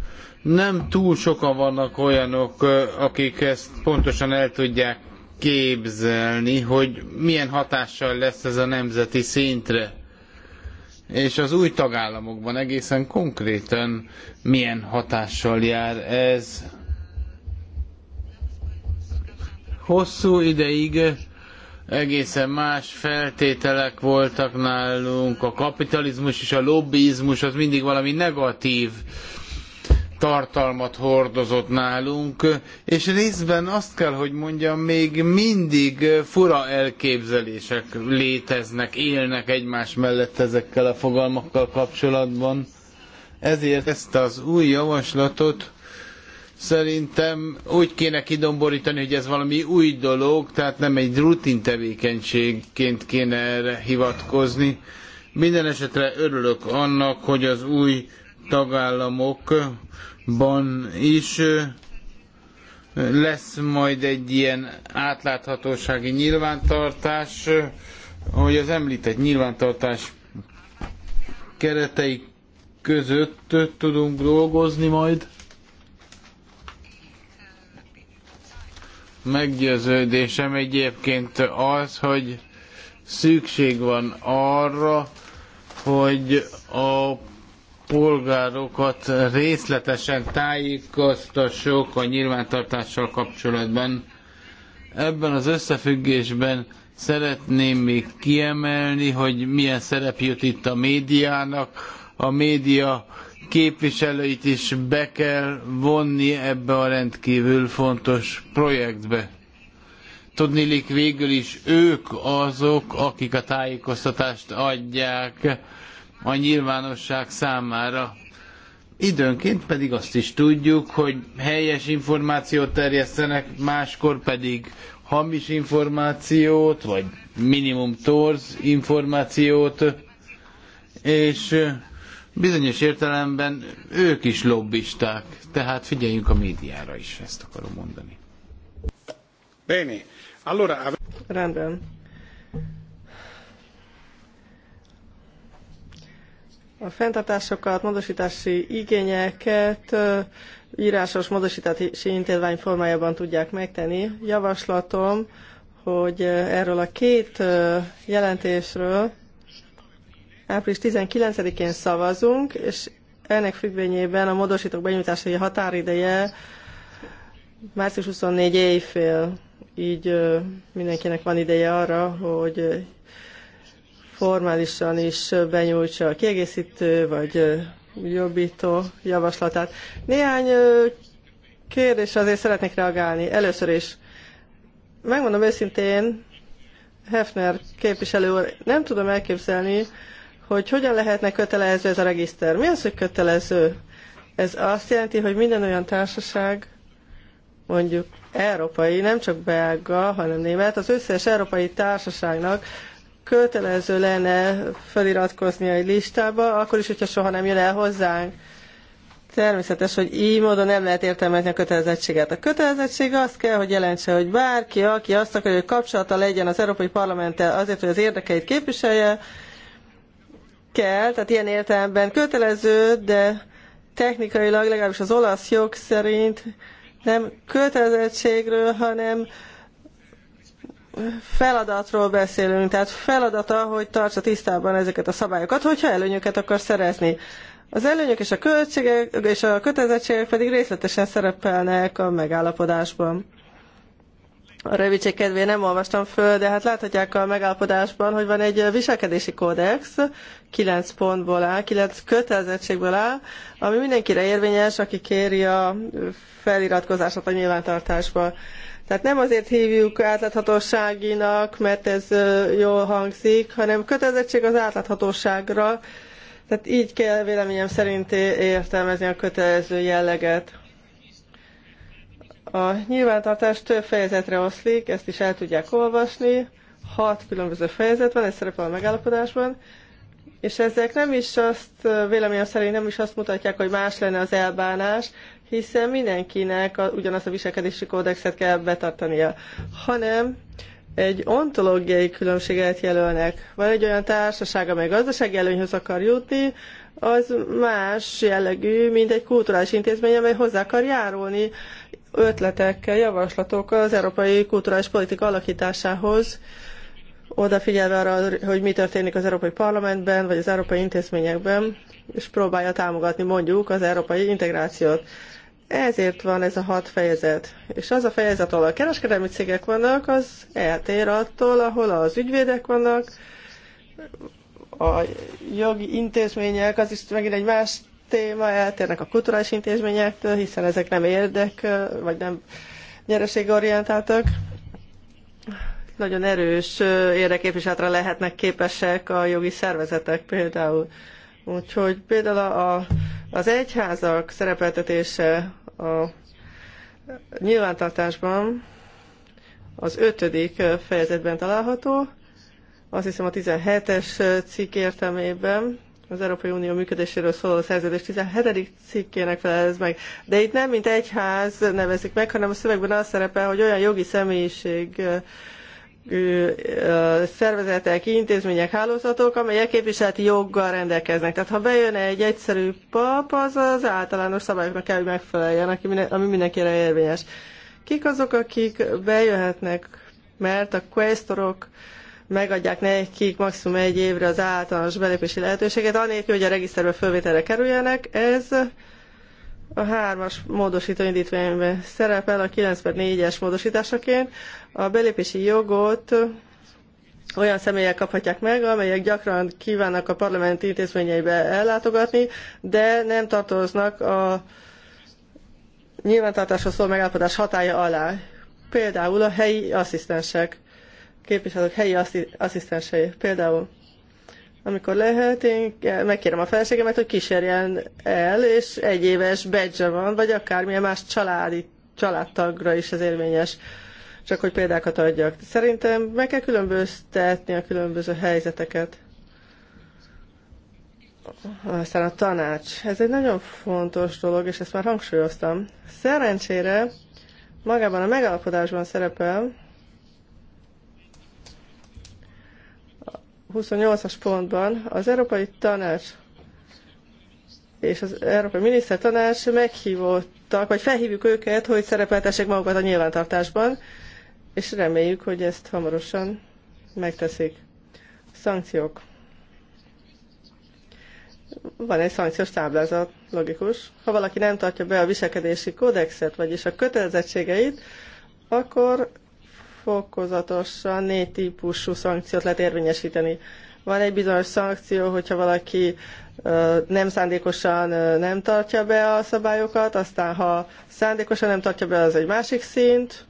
nem túl sokan vannak olyanok, akik ezt pontosan el tudják képzelni, hogy milyen hatással lesz ez a nemzeti szintre, és az új tagállamokban egészen konkrétan milyen hatással jár ez. Hosszú ideig egészen más feltételek voltak nálunk, a kapitalizmus és a lobbizmus az mindig valami negatív tartalmat hordozott nálunk, és részben azt kell, hogy mondjam, még mindig fura elképzelések léteznek, élnek egymás mellett ezekkel a fogalmakkal kapcsolatban. Ezért ezt az új javaslatot szerintem úgy kéne kidomborítani, hogy ez valami új dolog, tehát nem egy rutin tevékenységként kéne erre hivatkozni. Minden esetre örülök annak, hogy az új tagállamok ban is lesz majd egy ilyen átláthatósági nyilvántartás, ahogy az említett nyilvántartás keretei között tudunk dolgozni majd. Meggyőződésem egyébként az, hogy szükség van arra, hogy a polgárokat részletesen tájékoztassuk a nyilvántartással kapcsolatban. Ebben az összefüggésben szeretném még kiemelni, hogy milyen szerep jut itt a médiának. A média képviselőit is be kell vonni ebbe a rendkívül fontos projektbe. Tudnilik végül is ők azok, akik a tájékoztatást adják a nyilvánosság számára. Időnként pedig azt is tudjuk, hogy helyes információt terjesztenek, máskor pedig hamis információt, vagy minimum torz információt, és bizonyos értelemben ők is lobbisták, tehát figyeljünk a médiára is, ezt akarom mondani. Bene. Allora... Rendben. a fenntartásokat, módosítási igényeket írásos módosítási intézmény formájában tudják megtenni. Javaslatom, hogy erről a két jelentésről április 19-én szavazunk, és ennek függvényében a módosítók benyújtásai határideje március 24 éjfél, így mindenkinek van ideje arra, hogy formálisan is benyújtsa a kiegészítő vagy jobbító javaslatát. Néhány kérdés, azért szeretnék reagálni. Először is, megmondom őszintén, Hefner képviselő úr, nem tudom elképzelni, hogy hogyan lehetne kötelező ez a regiszter. Mi az, hogy kötelező? Ez azt jelenti, hogy minden olyan társaság, mondjuk európai, nem csak belga, hanem német, az összes európai társaságnak kötelező lenne feliratkozni egy listába, akkor is, hogyha soha nem jön el hozzánk. Természetes, hogy így módon nem lehet értelmezni a kötelezettséget. A kötelezettség azt kell, hogy jelentse, hogy bárki, aki azt akarja, hogy kapcsolata legyen az Európai Parlamenttel azért, hogy az érdekeit képviselje, kell, tehát ilyen értelemben kötelező, de technikailag legalábbis az olasz jog szerint nem kötelezettségről, hanem feladatról beszélünk, tehát feladata, hogy tartsa tisztában ezeket a szabályokat, hogyha előnyöket akar szerezni. Az előnyök és a költségek és a kötelezettségek pedig részletesen szerepelnek a megállapodásban. A rövidség kedvé nem olvastam föl, de hát láthatják a megállapodásban, hogy van egy viselkedési kódex, kilenc pontból áll, kilenc kötelezettségből áll, ami mindenkire érvényes, aki kéri a feliratkozását a nyilvántartásba. Tehát nem azért hívjuk átláthatóságinak, mert ez jól hangzik, hanem kötelezettség az átláthatóságra. Tehát így kell véleményem szerint értelmezni a kötelező jelleget. A nyilvántartás több fejezetre oszlik, ezt is el tudják olvasni. Hat különböző fejezet van, ez szerepel a megállapodásban. És ezek nem is azt, véleményem szerint nem is azt mutatják, hogy más lenne az elbánás, hiszen mindenkinek a, ugyanazt a viselkedési kódexet kell betartania, hanem egy ontológiai különbséget jelölnek. Van egy olyan társaság, amely gazdasági előnyhöz akar jutni, az más jellegű, mint egy kulturális intézmény, amely hozzá akar járulni ötletekkel, javaslatokkal az európai kulturális politika alakításához, odafigyelve arra, hogy mi történik az Európai Parlamentben, vagy az európai intézményekben, és próbálja támogatni mondjuk az európai integrációt. Ezért van ez a hat fejezet. És az a fejezet, ahol a kereskedelmi cégek vannak, az eltér attól, ahol az ügyvédek vannak, a jogi intézmények, az is megint egy más téma, eltérnek a kulturális intézményektől, hiszen ezek nem érdek, vagy nem nyereségorientáltak. Nagyon erős érdeképviseletre lehetnek képesek a jogi szervezetek például. Úgyhogy például a, az egyházak szerepeltetése a nyilvántartásban az ötödik fejezetben található, azt hiszem a 17-es cikk értelmében, az Európai Unió működéséről szóló szerződés 17. cikkének felelez meg. De itt nem mint egyház nevezik meg, hanem a szövegben az szerepel, hogy olyan jogi személyiség szervezetek, intézmények, hálózatok, amelyek képviseleti joggal rendelkeznek. Tehát ha bejön egy egyszerű pap, az az általános szabályoknak kell, hogy megfeleljen, ami mindenkire érvényes. Kik azok, akik bejöhetnek, mert a questorok megadják nekik maximum egy évre az általános belépési lehetőséget, anélkül, hogy a regiszterbe fölvételre kerüljenek, ez a hármas módosító indítványban szerepel a 9 per 4-es módosításaként. A belépési jogot olyan személyek kaphatják meg, amelyek gyakran kívánnak a parlament intézményeibe ellátogatni, de nem tartoznak a nyilvántartáshoz szól megállapodás hatája alá. Például a helyi asszisztensek, képviselők helyi asszisztensei. Például amikor lehet, én megkérem a feleségemet, hogy kísérjen el, és egy éves badge van, vagy akármilyen más családi családtagra is ez érvényes. Csak hogy példákat adjak. Szerintem meg kell különböztetni a különböző helyzeteket. Aztán a tanács. Ez egy nagyon fontos dolog, és ezt már hangsúlyoztam. Szerencsére magában a megállapodásban szerepel, 28-as pontban az Európai Tanács és az Európai Miniszter Tanács meghívottak, vagy felhívjuk őket, hogy szerepeltessék magukat a nyilvántartásban, és reméljük, hogy ezt hamarosan megteszik. Szankciók. Van egy szankciós táblázat, logikus. Ha valaki nem tartja be a viselkedési kódexet, vagyis a kötelezettségeit, akkor fokozatosan négy típusú szankciót lehet érvényesíteni. Van egy bizonyos szankció, hogyha valaki nem szándékosan nem tartja be a szabályokat, aztán ha szándékosan nem tartja be, az egy másik szint,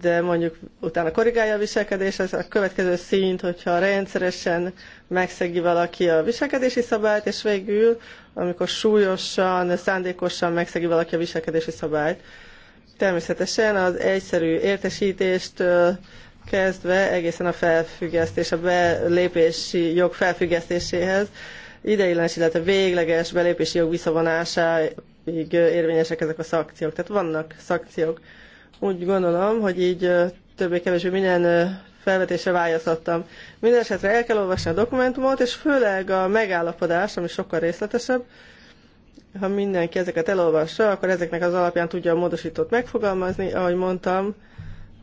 de mondjuk utána korrigálja a viselkedés, ez a következő szint, hogyha rendszeresen megszegi valaki a viselkedési szabályt, és végül, amikor súlyosan, szándékosan megszegi valaki a viselkedési szabályt, Természetesen az egyszerű értesítést kezdve egészen a felfüggesztés, a belépési jog felfüggesztéséhez, ideiglenes, illetve végleges belépési jog visszavonásáig érvényesek ezek a szakciók. Tehát vannak szakciók. Úgy gondolom, hogy így többé-kevésbé minden felvetésre válaszoltam. Mindenesetre el kell olvasni a dokumentumot, és főleg a megállapodás, ami sokkal részletesebb, ha mindenki ezeket elolvassa, akkor ezeknek az alapján tudja a módosítót megfogalmazni. Ahogy mondtam,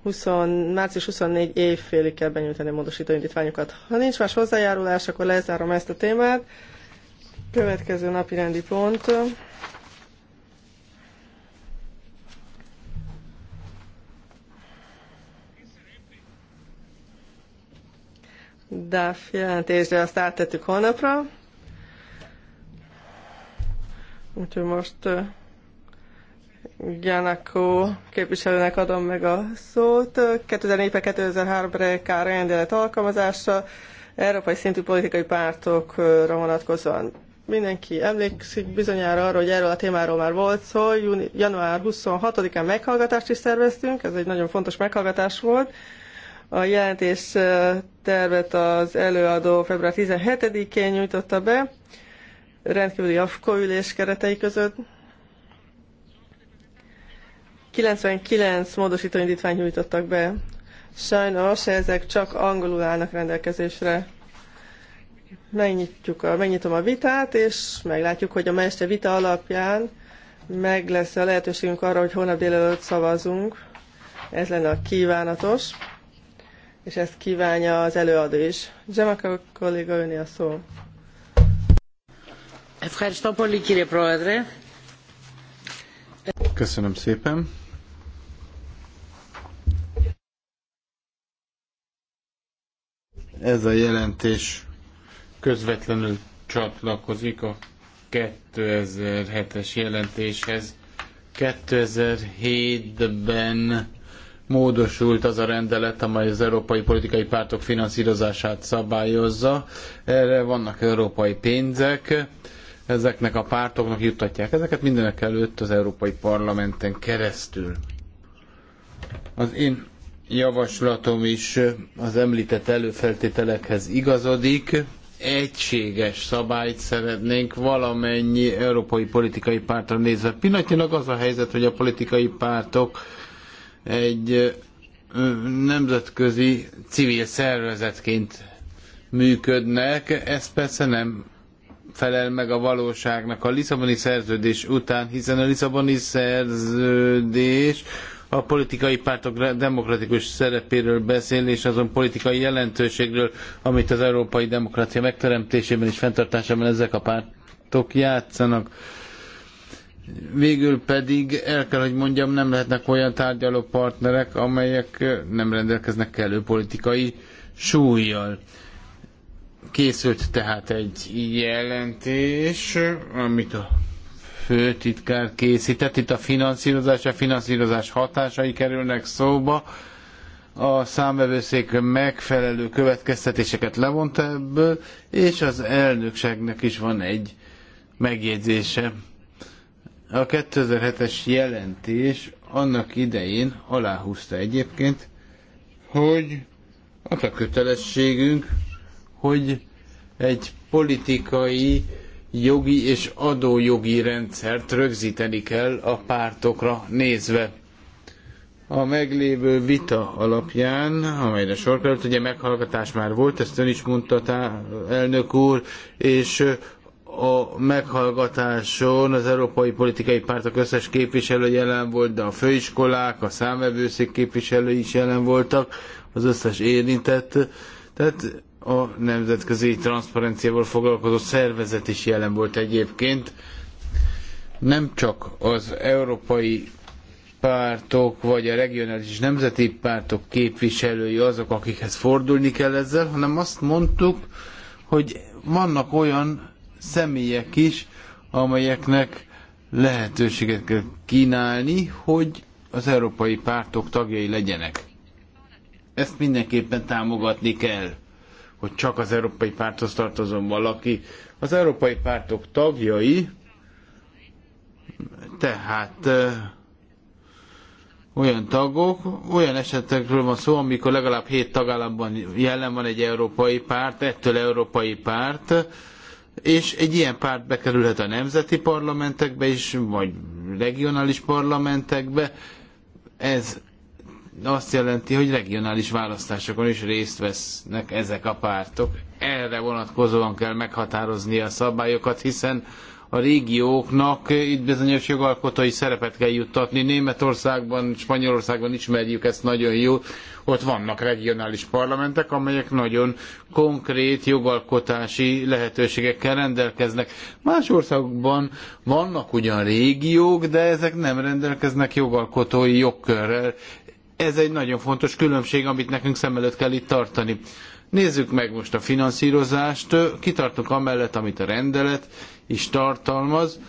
20, március 24 évfélig kell benyújtani a módosító indítványokat. Ha nincs más hozzájárulás, akkor lezárom ezt a témát. Következő napi rendi pont. DAF jelentésre azt áttettük holnapra. Úgyhogy most Gyanakó képviselőnek adom meg a szót. 2004-2003-re rendelet alkalmazása európai szintű politikai pártokra vonatkozóan. Mindenki emlékszik bizonyára arra, hogy erről a témáról már volt szó. Júni, január 26-án meghallgatást is szerveztünk, ez egy nagyon fontos meghallgatás volt. A jelentés tervet az előadó február 17-én nyújtotta be rendkívüli AFKO ülés keretei között. 99 módosító indítványt nyújtottak be. Sajnos ezek csak angolul állnak rendelkezésre. Megnyitjuk a, megnyitom a vitát, és meglátjuk, hogy a mester vita alapján meg lesz a lehetőségünk arra, hogy holnap délelőtt szavazunk. Ez lenne a kívánatos, és ezt kívánja az előadó is. Zsemaka kolléga öné a szó szépen. Ez a jelentés közvetlenül csatlakozik a 2007-es jelentéshez. 2007-ben módosult az a rendelet, amely az európai politikai pártok finanszírozását szabályozza. Erre vannak európai pénzek ezeknek a pártoknak juttatják. Ezeket mindenek előtt az Európai Parlamenten keresztül. Az én javaslatom is az említett előfeltételekhez igazodik. Egységes szabályt szeretnénk valamennyi európai politikai pártra nézve. Pillanatnyilag az a helyzet, hogy a politikai pártok egy nemzetközi civil szervezetként működnek, ez persze nem felel meg a valóságnak a Lisszaboni szerződés után, hiszen a Lisszaboni szerződés a politikai pártok demokratikus szerepéről beszél, és azon politikai jelentőségről, amit az európai demokrácia megteremtésében és fenntartásában ezek a pártok játszanak. Végül pedig el kell, hogy mondjam, nem lehetnek olyan tárgyaló partnerek, amelyek nem rendelkeznek kellő politikai súlyjal. Készült tehát egy jelentés, amit a főtitkár készített. Itt a finanszírozás, a finanszírozás hatásai kerülnek szóba. A számvevőszék megfelelő következtetéseket levonta ebből, és az elnökségnek is van egy megjegyzése. A 2007-es jelentés annak idején aláhúzta egyébként, hogy az a kötelességünk, hogy egy politikai, jogi és adójogi rendszert rögzíteni kell a pártokra nézve. A meglévő vita alapján, amelyre sor került, ugye meghallgatás már volt, ezt ön is mondta, tá, elnök úr, és a meghallgatáson az európai politikai pártok összes képviselő jelen volt, de a főiskolák, a számvevőszék képviselői is jelen voltak, az összes érintett. Tehát a nemzetközi transzparenciával foglalkozó szervezet is jelen volt egyébként. Nem csak az európai pártok, vagy a regionális és nemzeti pártok képviselői azok, akikhez fordulni kell ezzel, hanem azt mondtuk, hogy vannak olyan személyek is, amelyeknek lehetőséget kell kínálni, hogy az európai pártok tagjai legyenek. Ezt mindenképpen támogatni kell hogy csak az európai párthoz tartozom valaki. Az európai pártok tagjai, tehát olyan tagok, olyan esetekről van szó, amikor legalább hét tagállamban jelen van egy európai párt, ettől európai párt, és egy ilyen párt bekerülhet a nemzeti parlamentekbe is, vagy regionális parlamentekbe. Ez azt jelenti, hogy regionális választásokon is részt vesznek ezek a pártok. Erre vonatkozóan kell meghatározni a szabályokat, hiszen a régióknak itt bizonyos jogalkotói szerepet kell juttatni. Németországban, Spanyolországban ismerjük ezt nagyon jól. Ott vannak regionális parlamentek, amelyek nagyon konkrét jogalkotási lehetőségekkel rendelkeznek. Más országokban vannak ugyan régiók, de ezek nem rendelkeznek jogalkotói jogkörrel. Ez egy nagyon fontos különbség, amit nekünk szem előtt kell itt tartani. Nézzük meg most a finanszírozást. Kitartunk amellett, amit a rendelet is tartalmaz,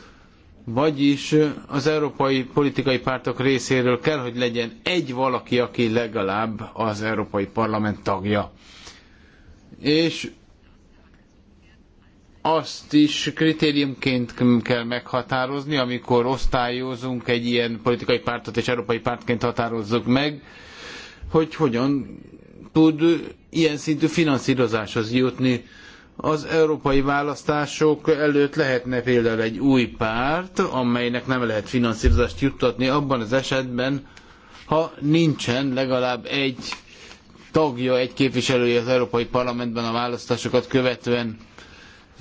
vagyis az európai politikai pártok részéről kell, hogy legyen egy valaki, aki legalább az Európai Parlament tagja. És azt is kritériumként kell meghatározni, amikor osztályozunk egy ilyen politikai pártot és európai pártként határozzuk meg, hogy hogyan tud ilyen szintű finanszírozáshoz jutni. Az európai választások előtt lehetne például egy új párt, amelynek nem lehet finanszírozást juttatni abban az esetben, ha nincsen legalább egy tagja, egy képviselője az Európai Parlamentben a választásokat követően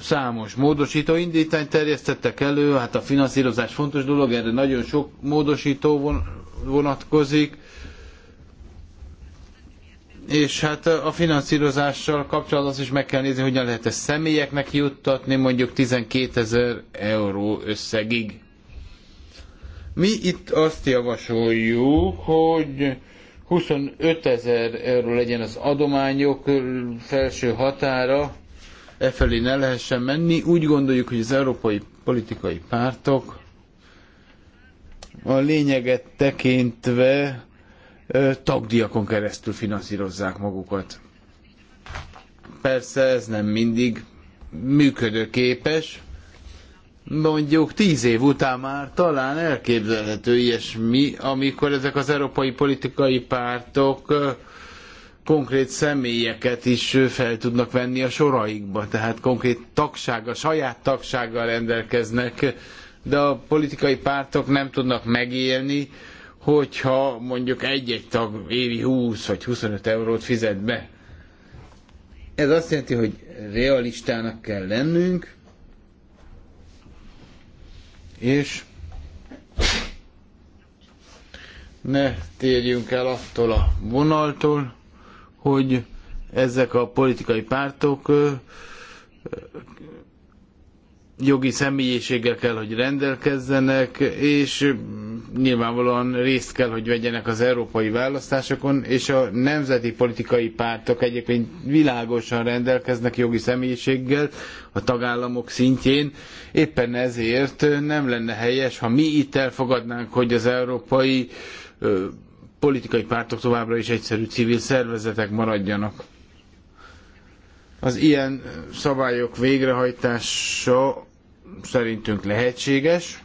Számos módosító indítványt terjesztettek elő, hát a finanszírozás fontos dolog, erre nagyon sok módosító vonatkozik és hát a finanszírozással kapcsolatban azt is meg kell nézni, hogyan lehet ezt személyeknek juttatni, mondjuk 12 ezer euró összegig. Mi itt azt javasoljuk, hogy 25 ezer euró legyen az adományok felső határa, e felé ne lehessen menni. Úgy gondoljuk, hogy az európai politikai pártok a lényeget tekintve e, tagdiakon keresztül finanszírozzák magukat. Persze ez nem mindig működőképes, mondjuk tíz év után már talán elképzelhető ilyesmi, amikor ezek az európai politikai pártok e, konkrét személyeket is fel tudnak venni a soraikba, tehát konkrét tagsággal, saját tagsággal rendelkeznek, de a politikai pártok nem tudnak megélni, hogyha mondjuk egy-egy tag évi 20 vagy 25 eurót fizet be. Ez azt jelenti, hogy realistának kell lennünk, és ne térjünk el attól a vonaltól, hogy ezek a politikai pártok jogi személyiséggel kell, hogy rendelkezzenek, és nyilvánvalóan részt kell, hogy vegyenek az európai választásokon, és a nemzeti politikai pártok egyébként világosan rendelkeznek jogi személyiséggel a tagállamok szintjén. Éppen ezért nem lenne helyes, ha mi itt elfogadnánk, hogy az európai politikai pártok továbbra is egyszerű civil szervezetek maradjanak. Az ilyen szabályok végrehajtása szerintünk lehetséges,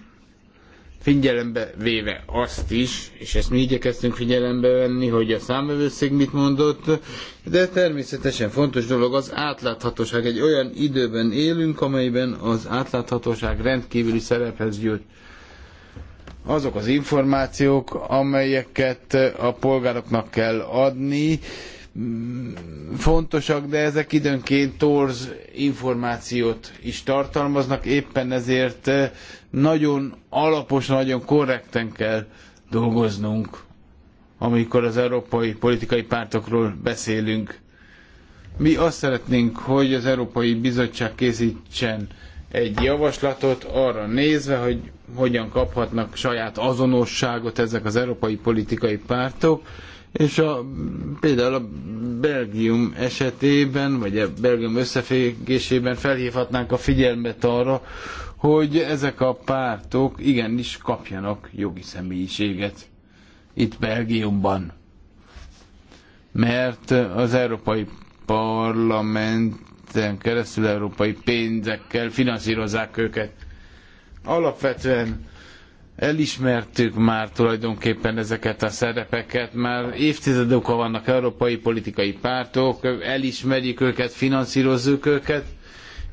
figyelembe véve azt is, és ezt mi igyekeztünk figyelembe venni, hogy a számövőszék mit mondott, de természetesen fontos dolog az átláthatóság. Egy olyan időben élünk, amelyben az átláthatóság rendkívüli szerephez jut azok az információk, amelyeket a polgároknak kell adni, fontosak, de ezek időnként torz információt is tartalmaznak, éppen ezért nagyon alapos, nagyon korrekten kell dolgoznunk, amikor az európai politikai pártokról beszélünk. Mi azt szeretnénk, hogy az Európai Bizottság készítsen egy javaslatot arra nézve, hogy hogyan kaphatnak saját azonosságot ezek az európai politikai pártok, és a, például a Belgium esetében, vagy a Belgium összefégésében felhívhatnánk a figyelmet arra, hogy ezek a pártok igenis kapjanak jogi személyiséget itt Belgiumban. Mert az Európai Parlamenten keresztül európai pénzekkel finanszírozzák őket. Alapvetően elismertük már tulajdonképpen ezeket a szerepeket, már évtizedek óta vannak európai politikai pártok, elismerjük őket, finanszírozzuk őket,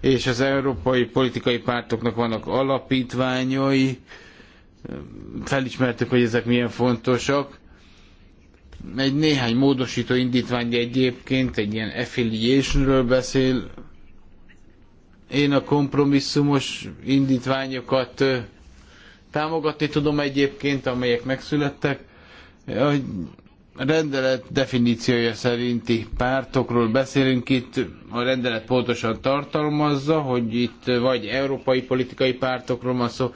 és az európai politikai pártoknak vannak alapítványai, felismertük, hogy ezek milyen fontosak. Egy néhány módosító indítvány egyébként egy ilyen affiliationről beszél, én a kompromisszumos indítványokat támogatni tudom egyébként, amelyek megszülettek. A rendelet definíciója szerinti pártokról beszélünk itt. A rendelet pontosan tartalmazza, hogy itt vagy európai politikai pártokról van szó,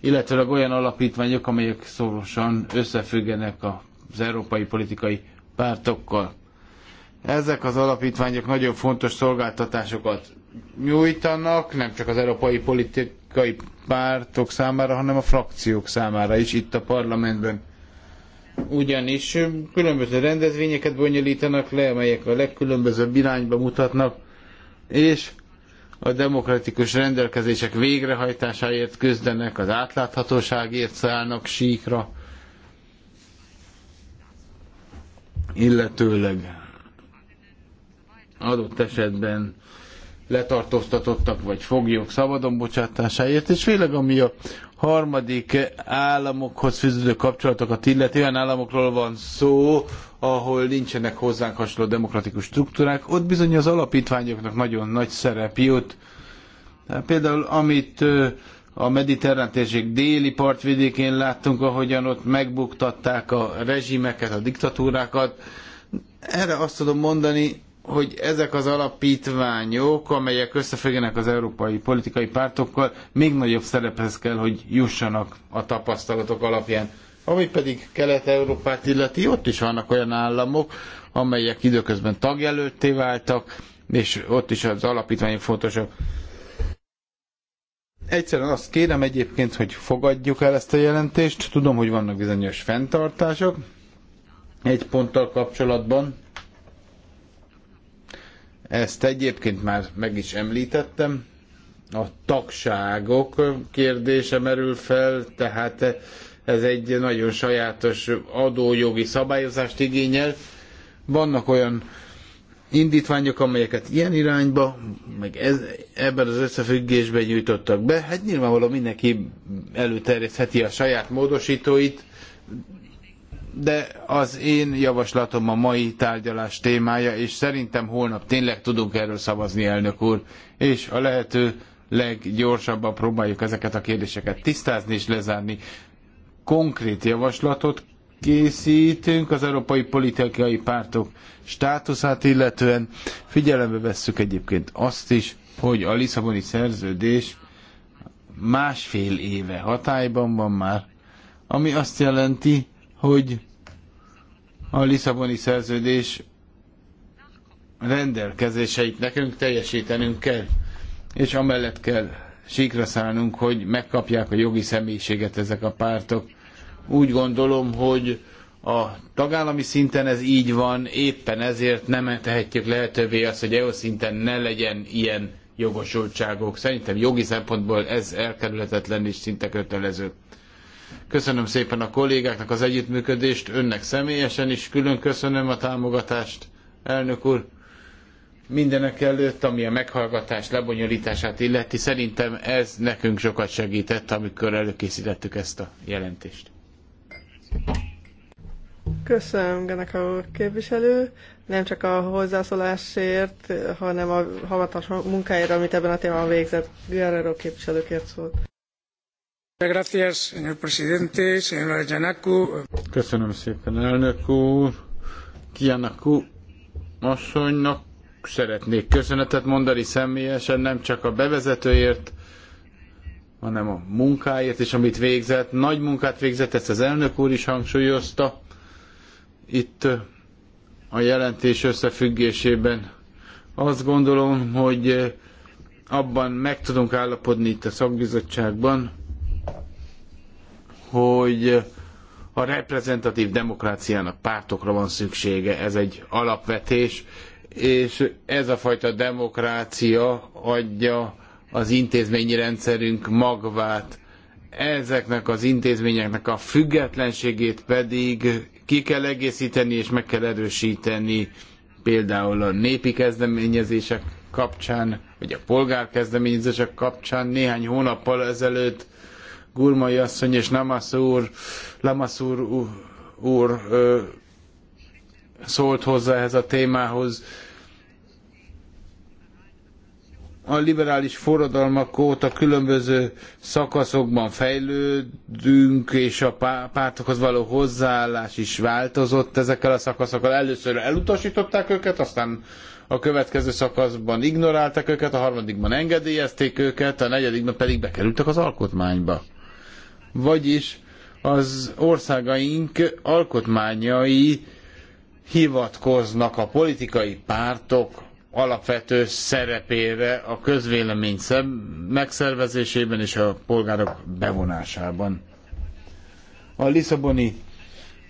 illetve olyan alapítványok, amelyek szorosan összefüggenek az európai politikai pártokkal. Ezek az alapítványok nagyon fontos szolgáltatásokat nyújtanak, nem csak az európai politikai pártok számára, hanem a frakciók számára is itt a parlamentben. Ugyanis különböző rendezvényeket bonyolítanak le, amelyek a legkülönbözőbb irányba mutatnak, és a demokratikus rendelkezések végrehajtásáért küzdenek, az átláthatóságért szállnak síkra, illetőleg adott esetben letartóztatottak vagy foglyok szabadon bocsátásáért, és főleg ami a harmadik államokhoz fűződő kapcsolatokat illeti, olyan államokról van szó, ahol nincsenek hozzánk hasonló demokratikus struktúrák, ott bizony az alapítványoknak nagyon nagy szerep jut. Tehát például amit a mediterrán térség déli partvidékén láttunk, ahogyan ott megbuktatták a rezsimeket, a diktatúrákat, erre azt tudom mondani, hogy ezek az alapítványok, amelyek összefüggenek az európai politikai pártokkal, még nagyobb szerephez kell, hogy jussanak a tapasztalatok alapján. Ami pedig Kelet-Európát illeti, ott is vannak olyan államok, amelyek időközben tagjelölté váltak, és ott is az alapítványok fontosak. Egyszerűen azt kérem egyébként, hogy fogadjuk el ezt a jelentést. Tudom, hogy vannak bizonyos fenntartások egy ponttal kapcsolatban, ezt egyébként már meg is említettem. A tagságok kérdése merül fel, tehát ez egy nagyon sajátos adójogi szabályozást igényel. Vannak olyan indítványok, amelyeket ilyen irányba, meg ez, ebben az összefüggésben nyújtottak be. Hát nyilvánvalóan mindenki előterjeszheti a saját módosítóit, de az én javaslatom a mai tárgyalás témája, és szerintem holnap tényleg tudunk erről szavazni, elnök úr, és a lehető leggyorsabban próbáljuk ezeket a kérdéseket tisztázni és lezárni. Konkrét javaslatot készítünk az európai politikai pártok státuszát illetően. Figyelembe vesszük egyébként azt is, hogy a Lisszaboni szerződés másfél éve hatályban van már, ami azt jelenti, hogy a Lisszaboni szerződés rendelkezéseit nekünk teljesítenünk kell, és amellett kell síkra szállnunk, hogy megkapják a jogi személyiséget ezek a pártok. Úgy gondolom, hogy a tagállami szinten ez így van, éppen ezért nem tehetjük lehetővé azt, hogy EU szinten ne legyen ilyen jogosultságok. Szerintem jogi szempontból ez elkerülhetetlen és szinte kötelező. Köszönöm szépen a kollégáknak az együttműködést, önnek személyesen is külön köszönöm a támogatást, elnök úr. Mindenek előtt, ami a meghallgatás lebonyolítását illeti, szerintem ez nekünk sokat segített, amikor előkészítettük ezt a jelentést. Köszönöm, Geneka úr képviselő. Nem csak a hozzászólásért, hanem a hivatalos munkáért, amit ebben a témában végzett. Guerrero képviselőkért szólt. Köszönöm szépen, elnök úr. Kianaku asszonynak szeretnék köszönetet mondani személyesen, nem csak a bevezetőért, hanem a munkáért is, amit végzett. Nagy munkát végzett, ezt az elnök úr is hangsúlyozta. Itt a jelentés összefüggésében azt gondolom, hogy abban meg tudunk állapodni itt a szakbizottságban, hogy a reprezentatív demokráciának pártokra van szüksége, ez egy alapvetés, és ez a fajta demokrácia adja az intézményi rendszerünk magvát. Ezeknek az intézményeknek a függetlenségét pedig ki kell egészíteni és meg kell erősíteni például a népi kezdeményezések kapcsán, vagy a polgárkezdeményezések kapcsán néhány hónappal ezelőtt Gurmai asszony és úr, Lamasz úr, úr ö, szólt hozzá ehhez a témához. A liberális forradalmak óta különböző szakaszokban fejlődünk, és a pártokhoz való hozzáállás is változott ezekkel a szakaszokkal. Először elutasították őket, aztán a következő szakaszban ignorálták őket, a harmadikban engedélyezték őket, a negyedikben pedig bekerültek az alkotmányba. Vagyis az országaink alkotmányai hivatkoznak a politikai pártok alapvető szerepére a közvélemény megszervezésében és a polgárok bevonásában. A Lisszaboni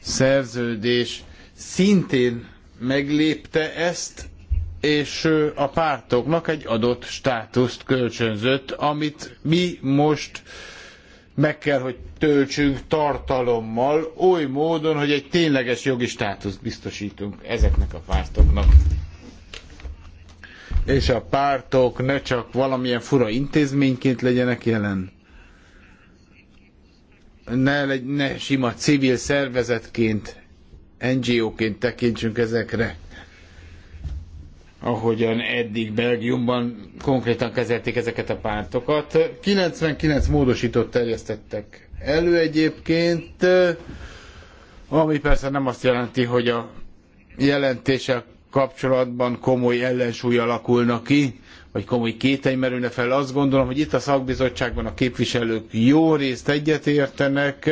szerződés szintén meglépte ezt, és a pártoknak egy adott státuszt kölcsönzött, amit mi most meg kell, hogy töltsünk tartalommal, oly módon, hogy egy tényleges jogi státuszt biztosítunk ezeknek a pártoknak. És a pártok ne csak valamilyen fura intézményként legyenek jelen, ne, ne sima civil szervezetként, NGO-ként tekintsünk ezekre ahogyan eddig Belgiumban konkrétan kezelték ezeket a pártokat. 99 módosított terjesztettek elő egyébként, ami persze nem azt jelenti, hogy a jelentések kapcsolatban komoly ellensúly alakulna ki, vagy komoly kétely merülne fel. Azt gondolom, hogy itt a szakbizottságban a képviselők jó részt egyetértenek,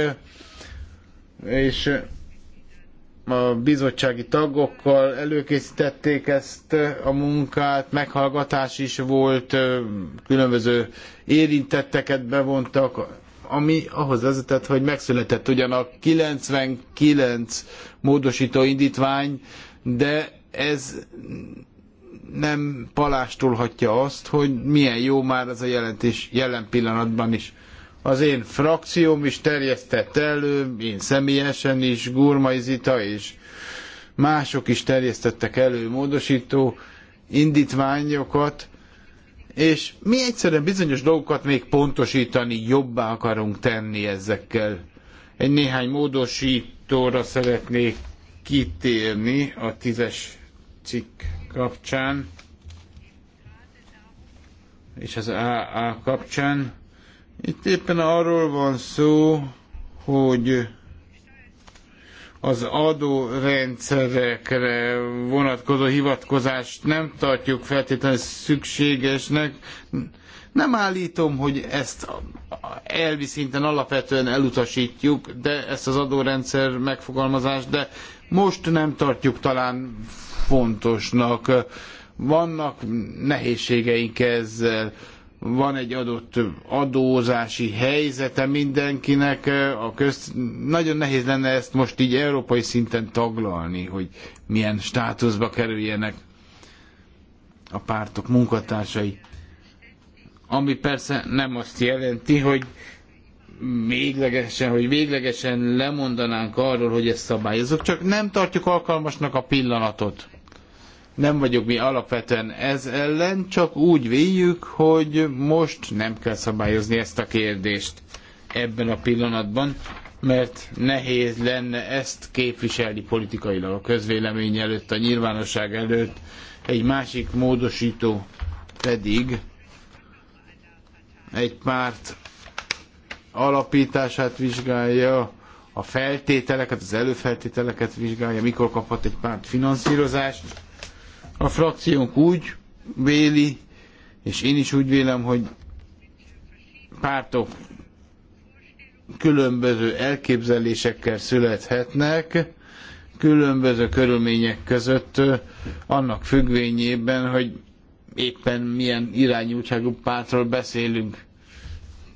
és a bizottsági tagokkal előkészítették ezt a munkát, meghallgatás is volt, különböző érintetteket bevontak, ami ahhoz vezetett, hogy megszületett ugyan a 99 módosító indítvány, de ez nem palástolhatja azt, hogy milyen jó már ez a jelentés jelen pillanatban is az én frakcióm is terjesztett elő, én személyesen is, Gurmai Zita és mások is terjesztettek elő módosító indítványokat, és mi egyszerűen bizonyos dolgokat még pontosítani, jobbá akarunk tenni ezekkel. Egy néhány módosítóra szeretnék kitérni a tízes cikk kapcsán, és az AA kapcsán itt éppen arról van szó, hogy az adórendszerekre vonatkozó hivatkozást nem tartjuk feltétlenül szükségesnek. Nem állítom, hogy ezt elvi szinten alapvetően elutasítjuk, de ezt az adórendszer megfogalmazást, de most nem tartjuk talán fontosnak. Vannak nehézségeink ezzel van egy adott adózási helyzete mindenkinek, a köz... nagyon nehéz lenne ezt most így európai szinten taglalni, hogy milyen státuszba kerüljenek a pártok munkatársai. Ami persze nem azt jelenti, hogy véglegesen, hogy véglegesen lemondanánk arról, hogy ezt szabályozok, csak nem tartjuk alkalmasnak a pillanatot nem vagyok mi alapvetően ez ellen, csak úgy véljük, hogy most nem kell szabályozni ezt a kérdést ebben a pillanatban, mert nehéz lenne ezt képviselni politikailag a közvélemény előtt, a nyilvánosság előtt. Egy másik módosító pedig egy párt alapítását vizsgálja, a feltételeket, az előfeltételeket vizsgálja, mikor kaphat egy párt finanszírozást, a frakciónk úgy véli, és én is úgy vélem, hogy pártok különböző elképzelésekkel születhetnek, különböző körülmények között, annak függvényében, hogy éppen milyen irányultságú pártról beszélünk.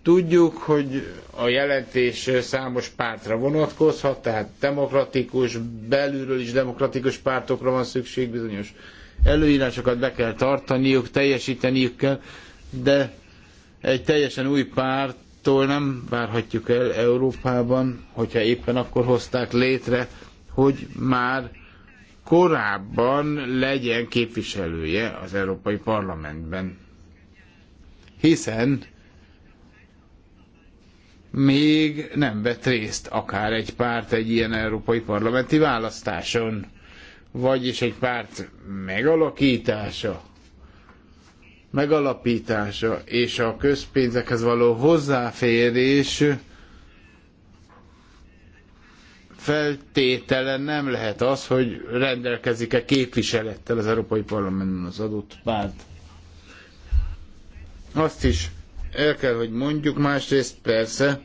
Tudjuk, hogy a jelentés számos pártra vonatkozhat, tehát demokratikus, belülről is demokratikus pártokra van szükség, bizonyos előírásokat be kell tartaniuk, teljesíteniük kell, de egy teljesen új pártól nem várhatjuk el Európában, hogyha éppen akkor hozták létre, hogy már korábban legyen képviselője az Európai Parlamentben. Hiszen még nem vett részt akár egy párt egy ilyen európai parlamenti választáson vagyis egy párt megalakítása, megalapítása és a közpénzekhez való hozzáférés feltétele nem lehet az, hogy rendelkezik-e képviselettel az Európai Parlamentben az adott párt. Azt is el kell, hogy mondjuk, másrészt persze,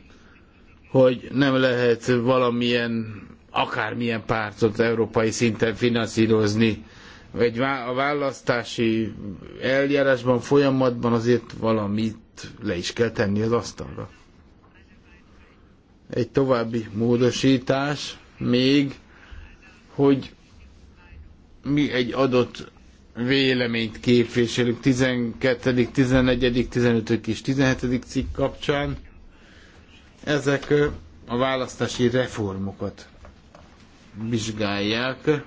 hogy nem lehet valamilyen akármilyen pártot európai szinten finanszírozni. Egy a választási eljárásban, folyamatban azért valamit le is kell tenni az asztalra. Egy további módosítás még, hogy mi egy adott véleményt képviselünk 12., tizenegyedik, 15. és 17. cikk kapcsán. Ezek a választási reformokat vizsgálják.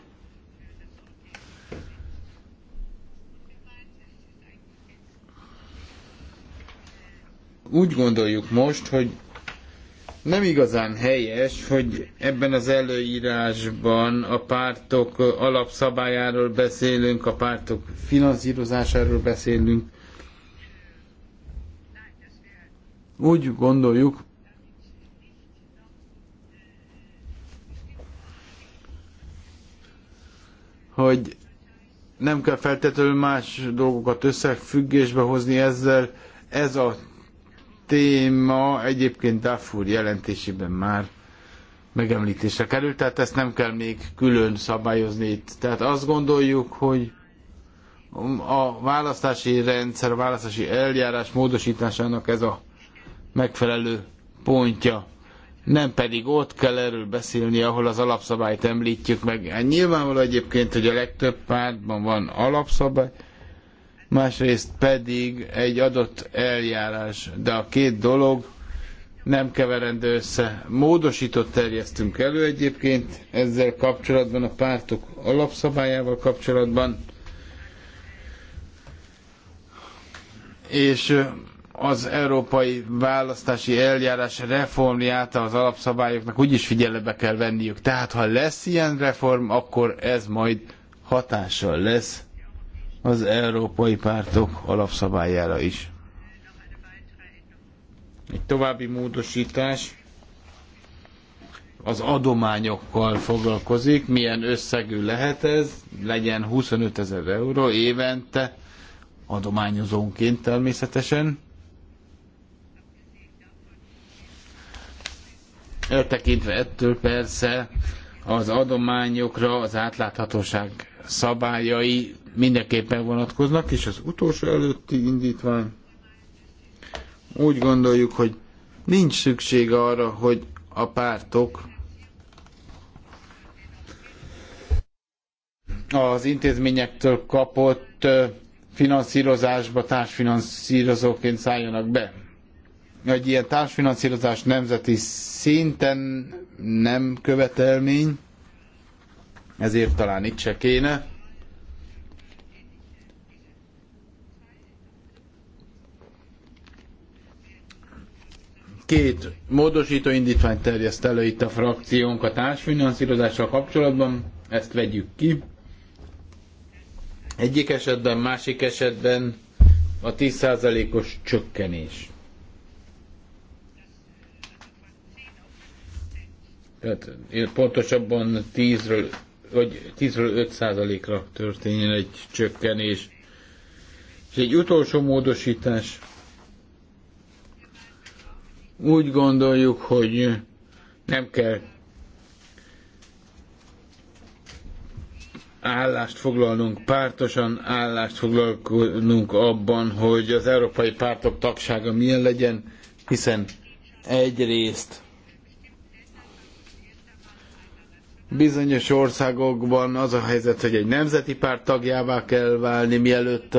Úgy gondoljuk most, hogy nem igazán helyes, hogy ebben az előírásban a pártok alapszabályáról beszélünk, a pártok finanszírozásáról beszélünk. Úgy gondoljuk, hogy nem kell feltétlenül más dolgokat összefüggésbe hozni ezzel. Ez a téma egyébként Dafur jelentésében már megemlítésre került, tehát ezt nem kell még külön szabályozni itt. Tehát azt gondoljuk, hogy a választási rendszer, a választási eljárás módosításának ez a megfelelő pontja nem pedig ott kell erről beszélni, ahol az alapszabályt említjük meg. Hát nyilvánvaló egyébként, hogy a legtöbb pártban van alapszabály, másrészt pedig egy adott eljárás, de a két dolog nem keverendő össze. Módosított terjesztünk elő egyébként ezzel kapcsolatban, a pártok alapszabályával kapcsolatban, és az európai választási eljárás reformját az alapszabályoknak úgyis figyelembe kell venniük. Tehát ha lesz ilyen reform, akkor ez majd hatással lesz az európai pártok alapszabályára is. Egy további módosítás az adományokkal foglalkozik, milyen összegű lehet ez, legyen 25 ezer euró évente, adományozónként természetesen. Eltekintve ettől persze az adományokra az átláthatóság szabályai mindenképpen vonatkoznak, és az utolsó előtti indítvány úgy gondoljuk, hogy nincs szükség arra, hogy a pártok az intézményektől kapott finanszírozásba társfinanszírozóként szálljanak be egy ilyen társfinanszírozás nemzeti szinten nem követelmény, ezért talán itt se kéne. Két módosító indítványt terjeszt elő itt a frakciónk a társfinanszírozással kapcsolatban, ezt vegyük ki. Egyik esetben, másik esetben a 10%-os csökkenés. Hát, pontosabban 10-ről vagy 10-ről 5 százalékra történjen egy csökkenés. És egy utolsó módosítás. Úgy gondoljuk, hogy nem kell állást foglalnunk, pártosan állást foglalnunk abban, hogy az európai pártok tagsága milyen legyen, hiszen egyrészt Bizonyos országokban az a helyzet, hogy egy nemzeti párt tagjává kell válni, mielőtt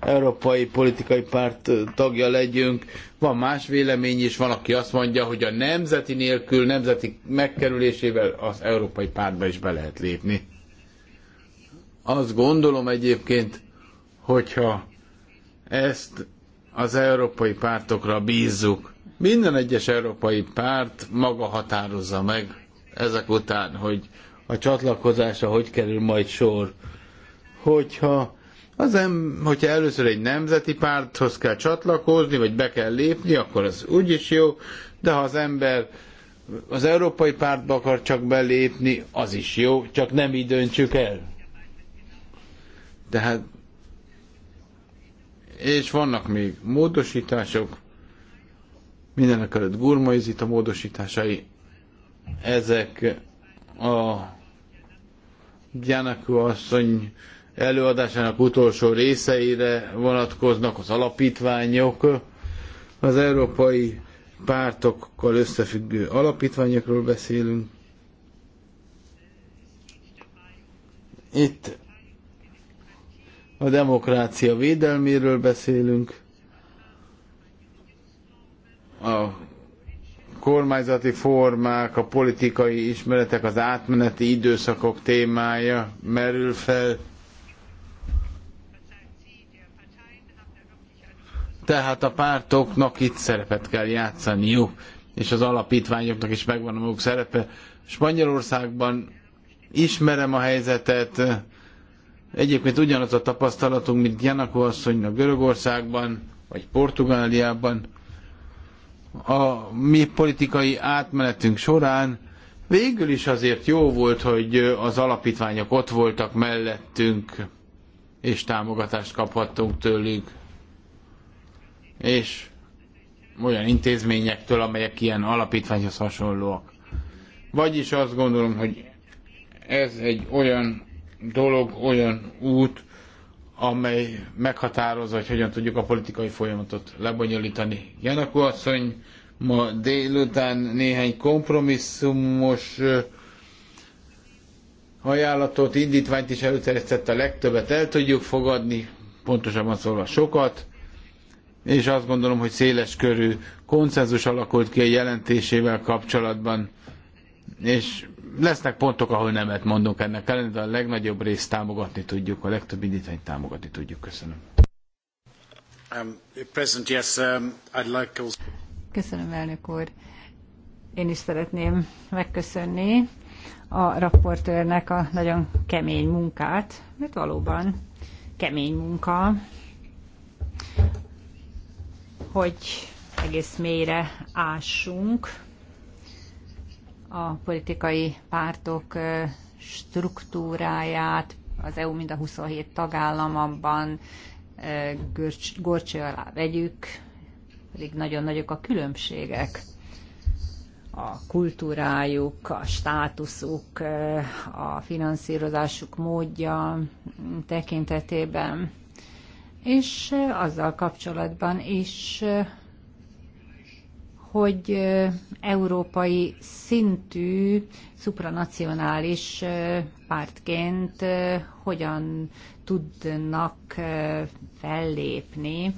európai politikai párt tagja legyünk. Van más vélemény is, van, aki azt mondja, hogy a nemzeti nélkül, nemzeti megkerülésével az európai pártba is be lehet lépni. Azt gondolom egyébként, hogyha ezt az európai pártokra bízzuk, minden egyes európai párt maga határozza meg, ezek után, hogy a csatlakozása hogy kerül majd sor. Hogyha az em, hogyha először egy nemzeti párthoz kell csatlakozni, vagy be kell lépni, akkor az úgyis jó, de ha az ember az európai pártba akar csak belépni, az is jó, csak nem így döntsük el. Tehát, és vannak még módosítások, mindenek előtt gurmaizit a módosításai, ezek a Gyanakú asszony előadásának utolsó részeire vonatkoznak az alapítványok, az európai pártokkal összefüggő alapítványokról beszélünk. Itt a demokrácia védelméről beszélünk, a kormányzati formák, a politikai ismeretek, az átmeneti időszakok témája merül fel. Tehát a pártoknak itt szerepet kell játszaniuk, és az alapítványoknak is megvan a maguk szerepe. Spanyolországban ismerem a helyzetet, egyébként ugyanaz a tapasztalatunk, mint Janakó asszonynak Görögországban, vagy Portugáliában a mi politikai átmenetünk során végül is azért jó volt, hogy az alapítványok ott voltak mellettünk, és támogatást kaphattunk tőlük. És olyan intézményektől, amelyek ilyen alapítványhoz hasonlóak. Vagyis azt gondolom, hogy ez egy olyan dolog, olyan út, amely meghatározza, hogy hogyan tudjuk a politikai folyamatot lebonyolítani. Janakó asszony ma délután néhány kompromisszumos ajánlatot, indítványt is előterjesztett, a legtöbbet el tudjuk fogadni, pontosabban szólva sokat, és azt gondolom, hogy széles körű konszenzus alakult ki a jelentésével kapcsolatban, és lesznek pontok, ahol nemet mondunk ennek ellen, de a legnagyobb részt támogatni tudjuk, a legtöbb indítványt támogatni tudjuk. Köszönöm. Um, present, yes, um, I'd like Köszönöm, elnök úr. Én is szeretném megköszönni a raportőrnek a nagyon kemény munkát, mert valóban kemény munka, hogy egész mélyre ássunk a politikai pártok struktúráját, az EU mind a 27 tagállamban gorcső alá vegyük, pedig nagyon nagyok a különbségek a kultúrájuk, a státuszuk, a finanszírozásuk módja tekintetében, és azzal kapcsolatban is, hogy európai szintű, supranacionális pártként hogyan tudnak fellépni,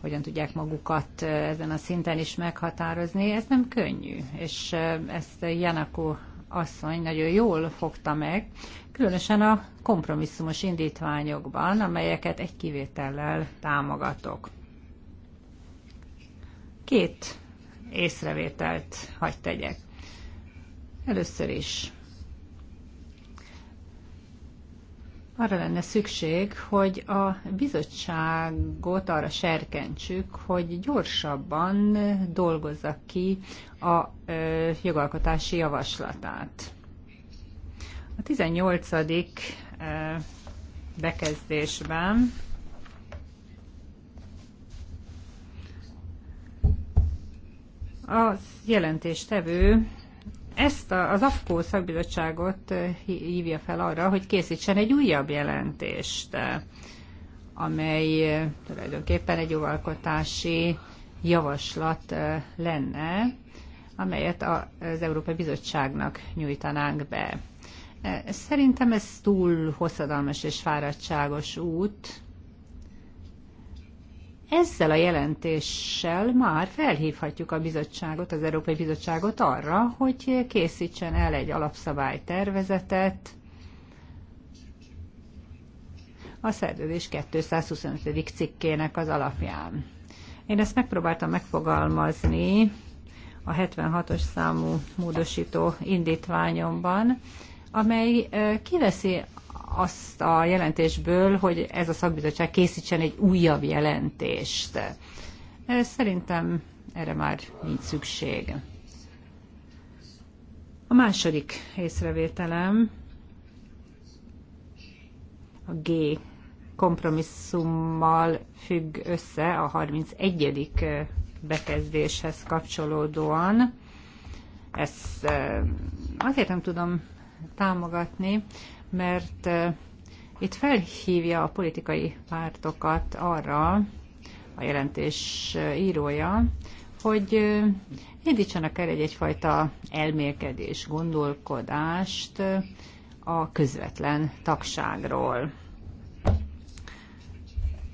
hogyan tudják magukat ezen a szinten is meghatározni. Ez nem könnyű, és ezt Janakó asszony nagyon jól fogta meg, különösen a kompromisszumos indítványokban, amelyeket egy kivétellel támogatok. Két észrevételt hagy tegyek. Először is arra lenne szükség, hogy a bizottságot arra serkentsük, hogy gyorsabban dolgozza ki a jogalkotási javaslatát. A 18. bekezdésben A jelentéstevő ezt a, az AFKÓ szakbizottságot eh, hívja fel arra, hogy készítsen egy újabb jelentést, eh, amely eh, tulajdonképpen egy jogalkotási javaslat lenne, amelyet az Európai Bizottságnak nyújtanánk be. Szerintem ez túl hosszadalmas és fáradtságos út, ezzel a jelentéssel már felhívhatjuk a bizottságot, az Európai Bizottságot arra, hogy készítsen el egy alapszabálytervezetet a szerződés 225. cikkének az alapján. Én ezt megpróbáltam megfogalmazni a 76-os számú módosító indítványomban, amely eh, kiveszi azt a jelentésből, hogy ez a szakbizottság készítsen egy újabb jelentést. Szerintem erre már nincs szükség. A második észrevételem a G kompromisszummal függ össze a 31. bekezdéshez kapcsolódóan. Ezt azért nem tudom támogatni, mert itt felhívja a politikai pártokat arra, a jelentés írója, hogy indítsanak el egy egyfajta elmélkedés, gondolkodást a közvetlen tagságról.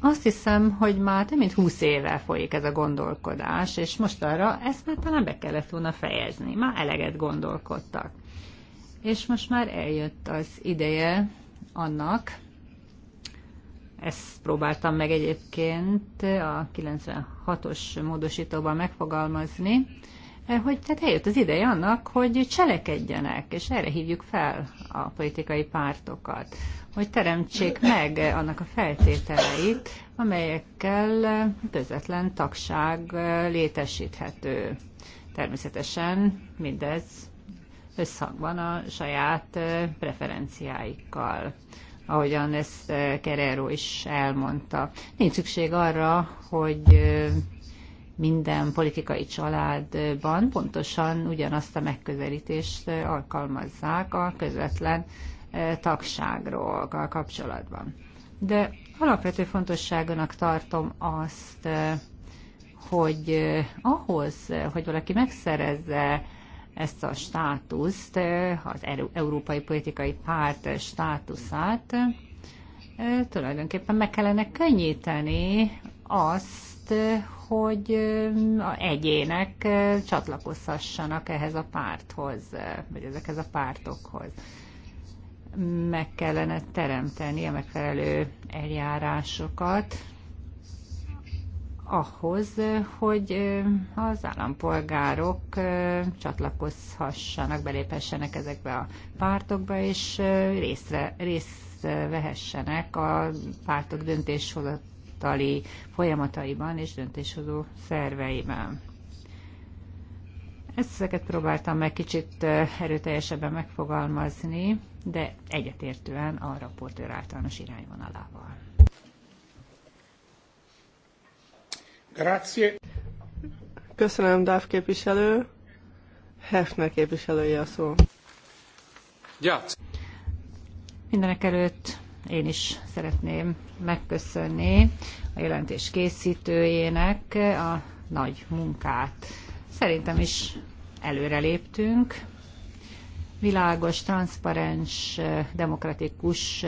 Azt hiszem, hogy már több mint húsz éve folyik ez a gondolkodás, és most arra ezt már talán be kellett volna fejezni. Már eleget gondolkodtak és most már eljött az ideje annak, ezt próbáltam meg egyébként a 96-os módosítóban megfogalmazni, e, hogy tehát eljött az ideje annak, hogy cselekedjenek, és erre hívjuk fel a politikai pártokat, hogy teremtsék meg annak a feltételeit, amelyekkel közvetlen tagság létesíthető. Természetesen mindez összhangban a saját preferenciáikkal ahogyan ezt Kerero is elmondta. Nincs szükség arra, hogy minden politikai családban pontosan ugyanazt a megközelítést alkalmazzák a közvetlen tagságról kapcsolatban. De alapvető fontosságonak tartom azt, hogy ahhoz, hogy valaki megszerezze ezt a státuszt, az európai politikai párt státuszát, tulajdonképpen meg kellene könnyíteni azt, hogy a egyének csatlakozhassanak ehhez a párthoz, vagy ezekhez a pártokhoz. Meg kellene teremteni a megfelelő eljárásokat, ahhoz, hogy az állampolgárok csatlakozhassanak, beléphessenek ezekbe a pártokba, és részre, részt vehessenek a pártok döntéshozatali folyamataiban és döntéshozó szerveiben. Ezeket próbáltam meg kicsit erőteljesebben megfogalmazni, de egyetértően a raportőr általános irányvonalával. Grazie. Köszönöm, Dáv képviselő. Hefner képviselője a szó. Mindenek előtt én is szeretném megköszönni a jelentés készítőjének a nagy munkát. Szerintem is előre léptünk. Világos, transzparens, demokratikus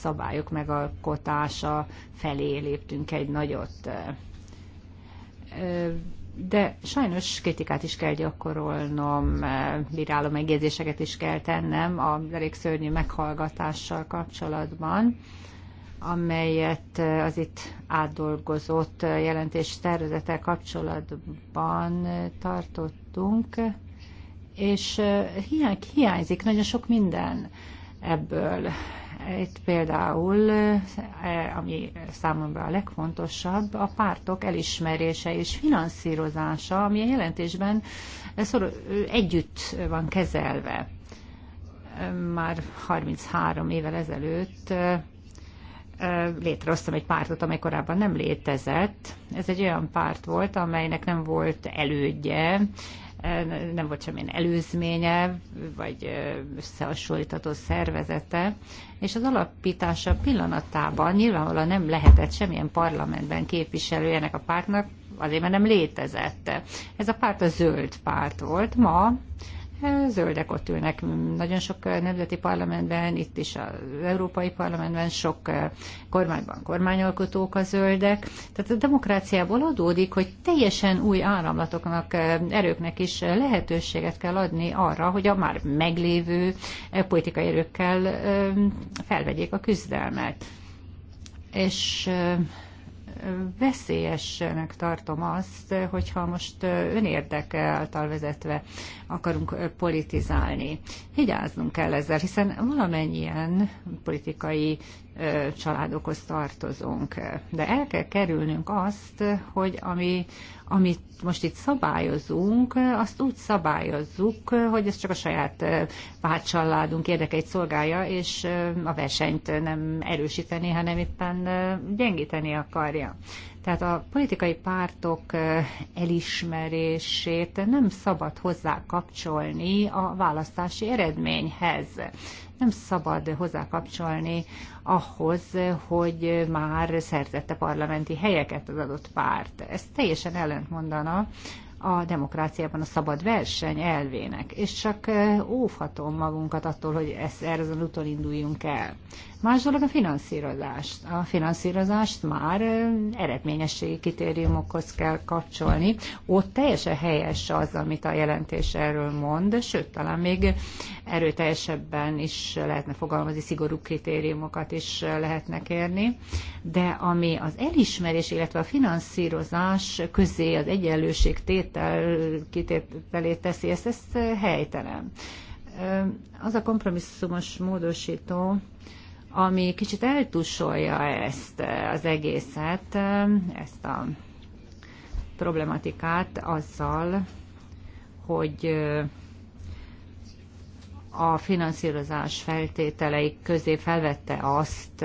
szabályok megalkotása felé léptünk egy nagyot de sajnos kritikát is kell gyakorolnom, bíráló megjegyzéseket is kell tennem a elég szörnyű meghallgatással kapcsolatban, amelyet eh, az itt átdolgozott eh, jelentés tervezete kapcsolatban eh, tartottunk, és hiányzik nagyon sok minden ebből. Itt például, eh, ami számomra a legfontosabb, a pártok elismerése és finanszírozása, ami a jelentésben együtt van kezelve. Már 33 évvel ezelőtt eh, eh, létrehoztam egy pártot, amely korábban nem létezett. Ez egy olyan párt volt, amelynek nem volt elődje, nem volt semmilyen előzménye, vagy összehasonlítható szervezete, és az alapítása pillanatában nyilvánvalóan nem lehetett semmilyen parlamentben képviselő ennek a pártnak, azért mert nem létezett. Ez a párt a zöld párt volt, ma Zöldek ott ülnek nagyon sok eh, nemzeti parlamentben, itt is az Európai Parlamentben, sok eh, kormányban kormányalkotók a zöldek. Tehát a demokráciából adódik, hogy teljesen új áramlatoknak, eh, erőknek is lehetőséget kell adni arra, hogy a már meglévő politikai erőkkel felvegyék a küzdelmet. És veszélyesnek tartom azt, hogyha most önérdeke által vezetve akarunk politizálni. Vigyáznunk kell ezzel, hiszen valamennyien politikai családokhoz tartozunk. De el kell kerülnünk azt, hogy ami amit most itt szabályozunk, azt úgy szabályozzuk, hogy ez csak a saját pártcsaládunk eh, érdekeit szolgálja, és eh, a versenyt eh, nem erősíteni, hanem éppen gyengíteni akarja. Tehát a politikai pártok elismerését nem szabad hozzá kapcsolni a választási eredményhez nem szabad hozzákapcsolni ahhoz, hogy már szerzette parlamenti helyeket az adott párt. Ez teljesen ellentmondana a demokráciában a szabad verseny elvének, és csak óvhatom magunkat attól, hogy ezt, erre az úton induljunk el. Más dolog a finanszírozást. A finanszírozást már eredményességi kritériumokhoz kell kapcsolni. Ott teljesen helyes az, amit a jelentés erről mond, sőt, talán még erőteljesebben is lehetne fogalmazni, szigorú kritériumokat is lehetne kérni. De ami az elismerés, illetve a finanszírozás közé az egyenlőség tétel, kitételét teszi, ezt, ezt helytelen. Az a kompromisszumos módosító, ami kicsit eltusolja ezt az egészet, ezt a problematikát azzal, hogy a finanszírozás feltételeik közé felvette azt,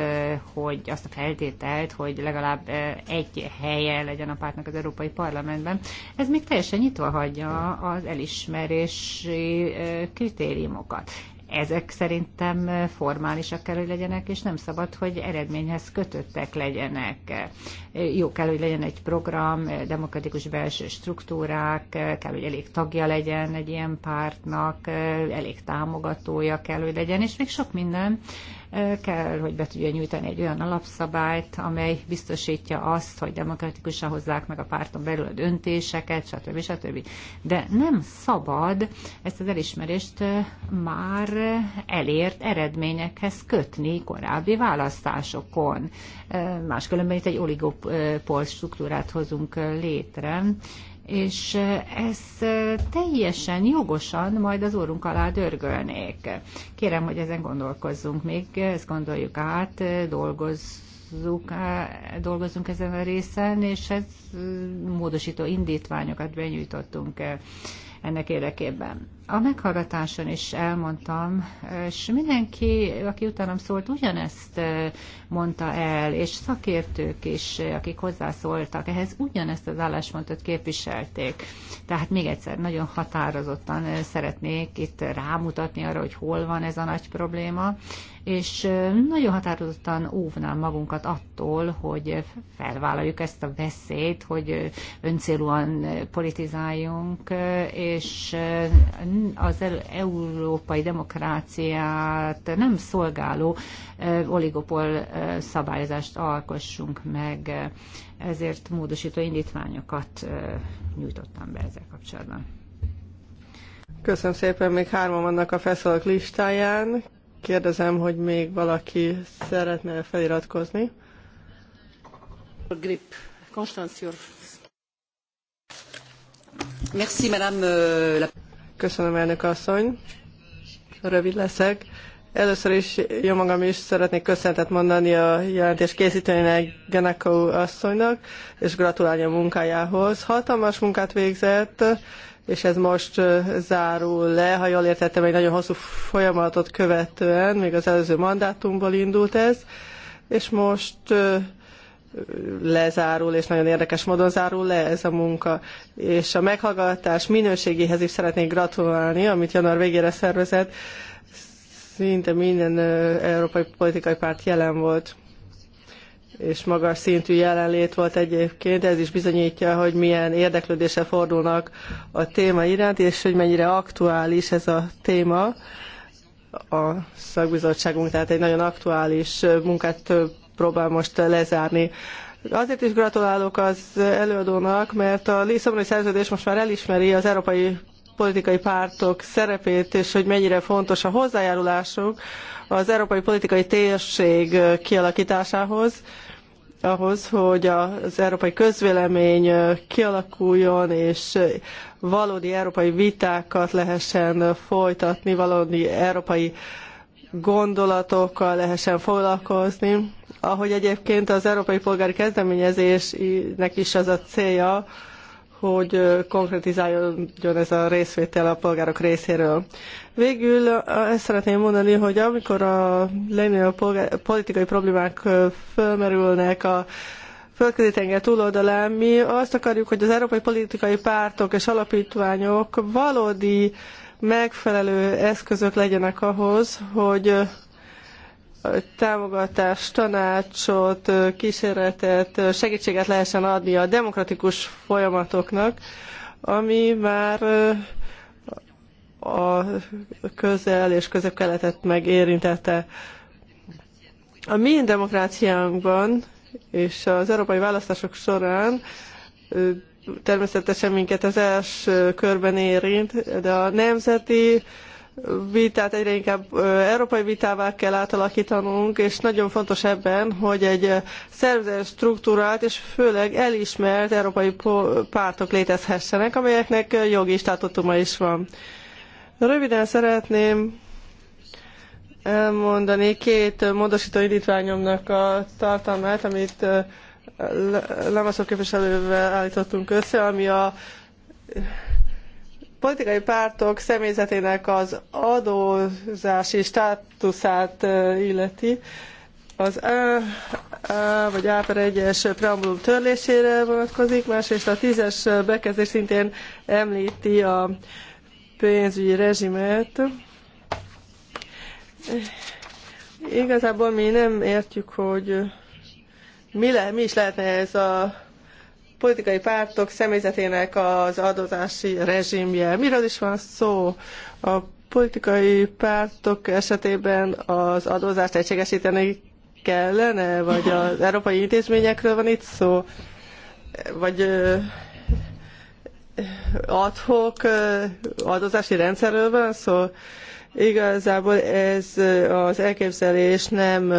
hogy azt a feltételt, hogy legalább egy helye legyen a pártnak az Európai Parlamentben. Ez még teljesen nyitva hagyja az elismerési kritériumokat ezek szerintem formálisak kell, hogy legyenek, és nem szabad, hogy eredményhez kötöttek legyenek. Jó kell, hogy legyen egy program, demokratikus belső struktúrák, kell, hogy elég tagja legyen egy ilyen pártnak, elég támogatója kell, hogy legyen, és még sok minden, kell, hogy be tudja nyújtani egy olyan alapszabályt, amely biztosítja azt, hogy demokratikusan hozzák meg a párton belül a döntéseket, stb. stb. De nem szabad ezt az elismerést már elért eredményekhez kötni korábbi választásokon. Máskülönben itt egy oligopol struktúrát hozunk létre, és ez teljesen jogosan majd az orrunk alá dörgölnék. Kérem, hogy ezen gondolkozzunk még, ezt gondoljuk át, dolgozzuk, dolgozunk ezen a részen, és ez módosító indítványokat benyújtottunk ennek érdekében. A meghallgatáson is elmondtam, és mindenki, aki utánam szólt, ugyanezt mondta el, és szakértők is, akik hozzászóltak, ehhez ugyanezt az álláspontot képviselték. Tehát még egyszer, nagyon határozottan szeretnék itt rámutatni arra, hogy hol van ez a nagy probléma, és nagyon határozottan óvnám magunkat attól, hogy felvállaljuk ezt a veszélyt, hogy öncélúan politizáljunk, és az európai demokráciát nem szolgáló oligopol szabályozást alkossunk meg. Ezért módosító indítványokat nyújtottam be ezzel kapcsolatban. Köszönöm szépen, még hárman vannak a feszolók listáján. Kérdezem, hogy még valaki szeretne feliratkozni. Grip, Konstantior. Merci, madame. Euh, Köszönöm, elnök asszony. Rövid leszek. Először is jó magam is szeretnék köszönetet mondani a jelentés készítőjének Genekó asszonynak, és gratulálni a munkájához. Hatalmas munkát végzett, és ez most zárul le, ha jól értettem, egy nagyon hosszú folyamatot követően, még az előző mandátumból indult ez, és most lezárul, és nagyon érdekes módon zárul le ez a munka. És a meghallgatás minőségéhez is szeretnék gratulálni, amit január végére szervezett. Szinte minden európai politikai párt jelen volt és magas szintű jelenlét volt egyébként, ez is bizonyítja, hogy milyen érdeklődése fordulnak a téma iránt, és hogy mennyire aktuális ez a téma. A szakbizottságunk tehát egy nagyon aktuális munkát próbál most lezárni. Azért is gratulálok az előadónak, mert a Lisszaboni szerződés most már elismeri az európai politikai pártok szerepét, és hogy mennyire fontos a hozzájárulásuk az európai politikai térség kialakításához, ahhoz, hogy az európai közvélemény kialakuljon, és valódi európai vitákat lehessen folytatni, valódi európai gondolatokkal lehessen foglalkozni. Ahogy egyébként az európai polgári kezdeményezésnek is az a célja, hogy konkretizáljon ez a részvétel a polgárok részéről. Végül ezt szeretném mondani, hogy amikor a legnagyobb politikai problémák fölmerülnek a földközi tenger túloldalán, mi azt akarjuk, hogy az európai politikai pártok és alapítványok valódi megfelelő eszközök legyenek ahhoz, hogy támogatást, tanácsot, kísérletet, segítséget lehessen adni a demokratikus folyamatoknak, ami már a közel és közép-keletet megérintette. A mi demokráciánkban és az európai választások során természetesen minket az első körben érint, de a nemzeti vitát egyre inkább európai vitává kell átalakítanunk, és nagyon fontos ebben, hogy egy szervezett struktúrát és főleg elismert európai pártok létezhessenek, amelyeknek jogi státutuma is van. Röviden szeretném elmondani két módosító indítványomnak a tartalmát, amit Lamaszok képviselővel állítottunk össze, ami a politikai pártok személyzetének az adózási státuszát illeti, az A, A vagy A per 1-es preambulum törlésére vonatkozik, másrészt a 10-es bekezdés szintén említi a pénzügyi rezsimet. Igazából mi nem értjük, hogy mi, le, mi is lehetne ez a politikai pártok személyzetének az adózási rezsimje. Miről is van szó? A politikai pártok esetében az adózást egységesíteni kellene, vagy az európai intézményekről van itt szó, vagy adhok adózási rendszerről van szó. Igazából ez az elképzelés nem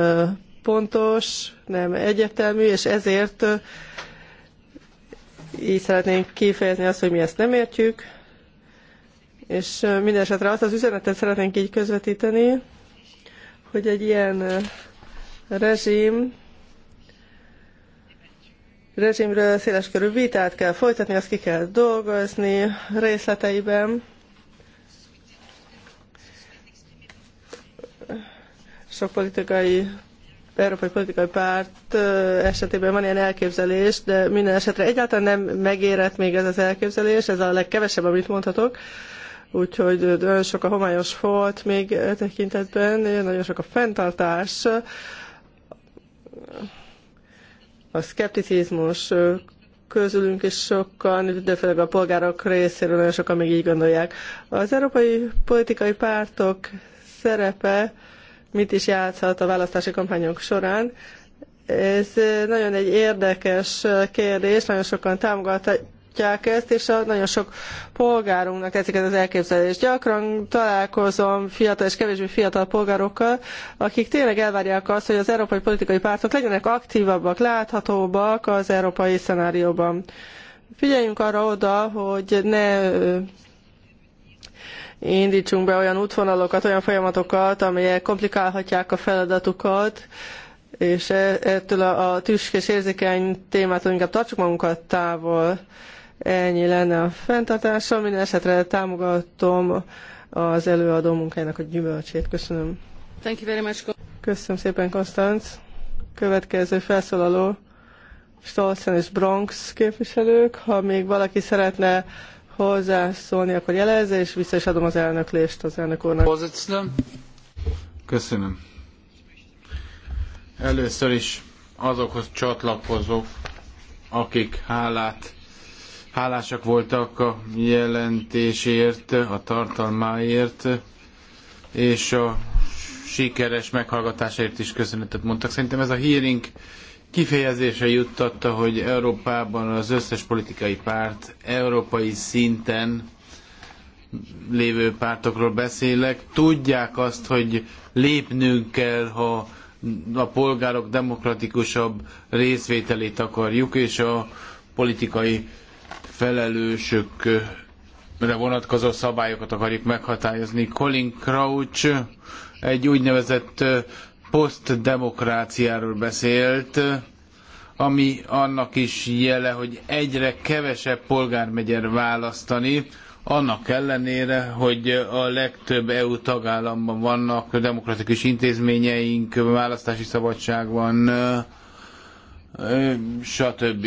pontos, nem egyetemű, és ezért így szeretnénk kifejezni azt, hogy mi ezt nem értjük, és minden esetre azt az üzenetet szeretnénk így közvetíteni, hogy egy ilyen rezsim, rezsimről körű vitát kell folytatni, azt ki kell dolgozni részleteiben. Sok politikai európai politikai párt esetében van ilyen elképzelés, de minden esetre egyáltalán nem megérett még ez az elképzelés, ez a legkevesebb, amit mondhatok. Úgyhogy nagyon sok a homályos volt még e tekintetben, nagyon sok a fenntartás, a szkepticizmus közülünk is sokan, de főleg a polgárok részéről nagyon sokan még így gondolják. Az európai politikai pártok szerepe mit is játszhat a választási kampányok során. Ez nagyon egy érdekes kérdés, nagyon sokan támogatják ezt, és a, nagyon sok polgárunknak tetszik ez az elképzelés. Gyakran találkozom fiatal és kevésbé fiatal polgárokkal, akik tényleg elvárják azt, hogy az európai politikai pártok legyenek aktívabbak, láthatóbbak az európai szenárióban. Figyeljünk arra oda, hogy ne indítsunk be olyan útvonalokat, olyan folyamatokat, amelyek komplikálhatják a feladatukat, és e, ettől a, a tüskés érzékeny témától inkább tartsuk magunkat távol. Ennyi lenne a fenntartásom. Minden esetre támogatom az előadó munkájának a gyümölcsét. Köszönöm. Thank you very much. Köszönöm szépen, Konstanz. Következő felszólaló Stolzen és Bronx képviselők. Ha még valaki szeretne hozzászólni, akkor jelezze, és vissza is adom az elnöklést az elnök úrnak. Köszönöm. Először is azokhoz csatlakozok, akik hálát, hálásak voltak a jelentésért, a tartalmáért, és a sikeres meghallgatásért is köszönetet mondtak. Szerintem ez a hearing kifejezésre juttatta, hogy Európában az összes politikai párt európai szinten lévő pártokról beszélek, tudják azt, hogy lépnünk kell, ha a polgárok demokratikusabb részvételét akarjuk, és a politikai felelősökre vonatkozó szabályokat akarjuk meghatározni. Colin Crouch egy úgynevezett posztdemokráciáról beszélt, ami annak is jele, hogy egyre kevesebb polgár megy el választani, annak ellenére, hogy a legtöbb EU tagállamban vannak demokratikus intézményeink, választási szabadság van, stb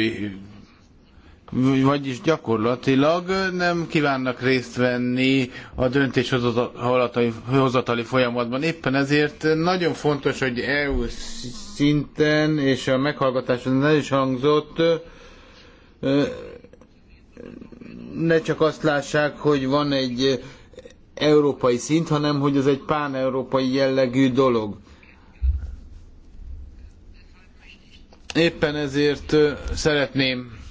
vagyis gyakorlatilag nem kívánnak részt venni a döntéshozatali folyamatban. Éppen ezért nagyon fontos, hogy EU szinten és a meghallgatáson el is hangzott, ne csak azt lássák, hogy van egy európai szint, hanem hogy ez egy pán-európai jellegű dolog. Éppen ezért szeretném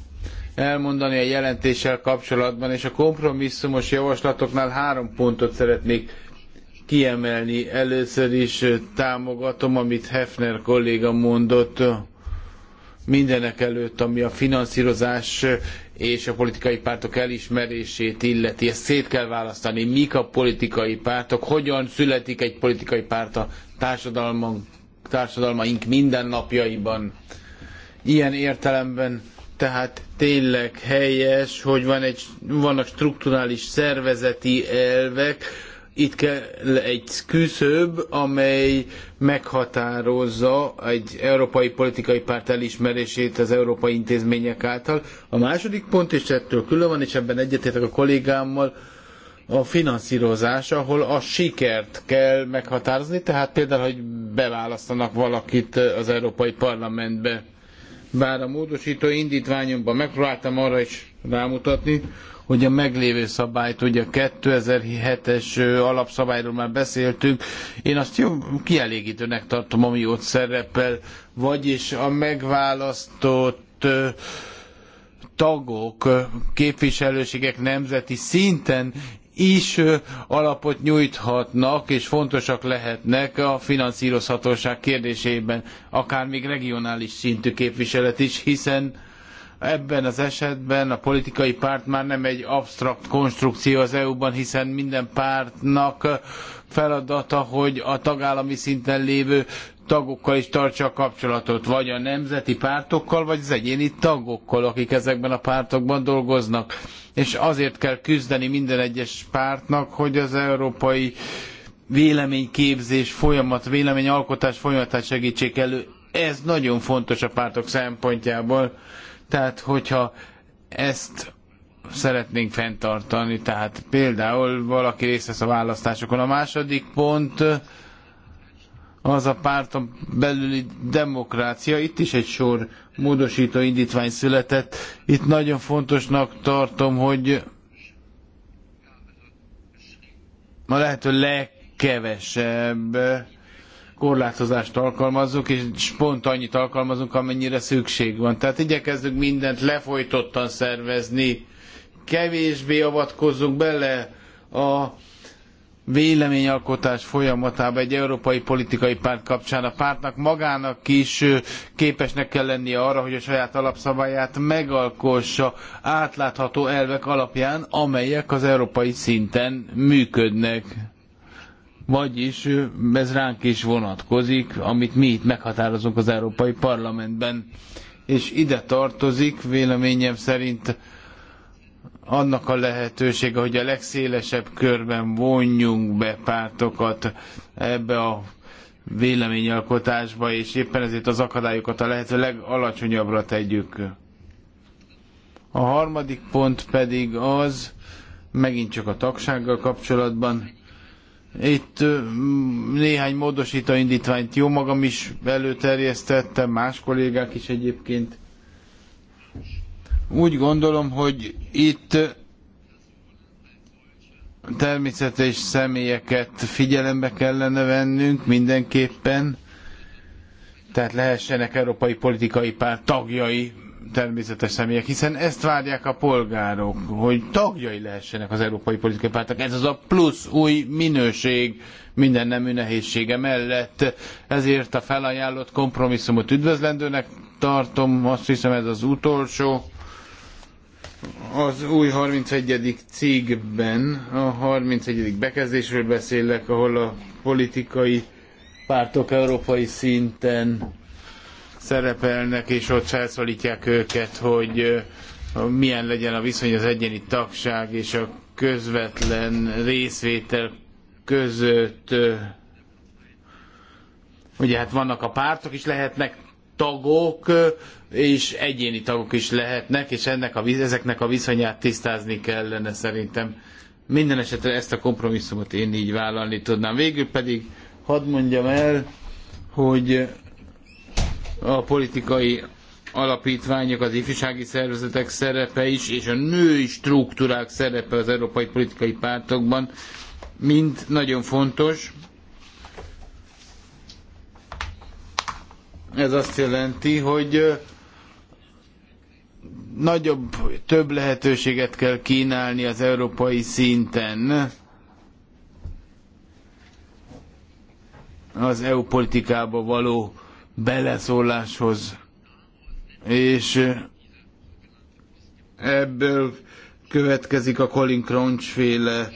elmondani a jelentéssel kapcsolatban, és a kompromisszumos javaslatoknál három pontot szeretnék kiemelni. Először is támogatom, amit Hefner kolléga mondott, mindenek előtt, ami a finanszírozás és a politikai pártok elismerését illeti. Ezt szét kell választani, mik a politikai pártok, hogyan születik egy politikai párt a társadalmunk, társadalmaink mindennapjaiban. Ilyen értelemben tehát tényleg helyes, hogy van egy, vannak strukturális szervezeti elvek, itt kell egy küszöb, amely meghatározza egy európai politikai párt elismerését az európai intézmények által. A második pont, és ettől külön van, és ebben egyetértek a kollégámmal, a finanszírozás, ahol a sikert kell meghatározni, tehát például, hogy beválasztanak valakit az Európai Parlamentbe bár a módosító indítványomban megpróbáltam arra is rámutatni, hogy a meglévő szabályt, ugye a 2007-es alapszabályról már beszéltünk, én azt jó kielégítőnek tartom, ami ott szerepel, vagyis a megválasztott tagok, képviselőségek nemzeti szinten is alapot nyújthatnak, és fontosak lehetnek a finanszírozhatóság kérdésében, akár még regionális szintű képviselet is, hiszen ebben az esetben a politikai párt már nem egy absztrakt konstrukció az EU-ban, hiszen minden pártnak feladata, hogy a tagállami szinten lévő tagokkal is tartsa a kapcsolatot, vagy a nemzeti pártokkal, vagy az egyéni tagokkal, akik ezekben a pártokban dolgoznak. És azért kell küzdeni minden egyes pártnak, hogy az európai véleményképzés folyamat, véleményalkotás folyamatát segítsék elő. Ez nagyon fontos a pártok szempontjából. Tehát, hogyha ezt szeretnénk fenntartani, tehát például valaki részt vesz a választásokon. A második pont, az a párton belüli demokrácia. Itt is egy sor módosító indítvány született. Itt nagyon fontosnak tartom, hogy ma lehető legkevesebb korlátozást alkalmazzuk, és pont annyit alkalmazunk, amennyire szükség van. Tehát igyekezzük mindent lefolytottan szervezni, kevésbé avatkozzunk bele a véleményalkotás folyamatában egy európai politikai párt kapcsán a pártnak magának is képesnek kell lennie arra, hogy a saját alapszabályát megalkossa átlátható elvek alapján, amelyek az európai szinten működnek. Vagyis ez ránk is vonatkozik, amit mi itt meghatározunk az Európai Parlamentben. És ide tartozik véleményem szerint annak a lehetősége, hogy a legszélesebb körben vonjunk be pártokat ebbe a véleményalkotásba, és éppen ezért az akadályokat a lehető legalacsonyabbra tegyük. A harmadik pont pedig az, megint csak a tagsággal kapcsolatban, itt néhány módosító indítványt jó magam is előterjesztettem, más kollégák is egyébként. Úgy gondolom, hogy itt természetes személyeket figyelembe kellene vennünk mindenképpen, tehát lehessenek európai politikai párt tagjai, természetes személyek, hiszen ezt várják a polgárok, hogy tagjai lehessenek az európai politikai pártok. Ez az a plusz új minőség minden nemű nehézsége mellett. Ezért a felajánlott kompromisszumot üdvözlendőnek tartom, azt hiszem ez az utolsó az új 31. cégben a 31. bekezdésről beszélek, ahol a politikai pártok európai szinten szerepelnek, és ott felszólítják őket, hogy milyen legyen a viszony az egyéni tagság és a közvetlen részvétel között. Ugye hát vannak a pártok is, lehetnek tagok és egyéni tagok is lehetnek, és ennek a, ezeknek a viszonyát tisztázni kellene szerintem. Minden esetre ezt a kompromisszumot én így vállalni tudnám. Végül pedig hadd mondjam el, hogy a politikai alapítványok, az ifjúsági szervezetek szerepe is, és a női struktúrák szerepe az európai politikai pártokban mind nagyon fontos, Ez azt jelenti, hogy nagyobb, több lehetőséget kell kínálni az európai szinten az EU politikába való beleszóláshoz. És ebből következik a Colin Crunch féle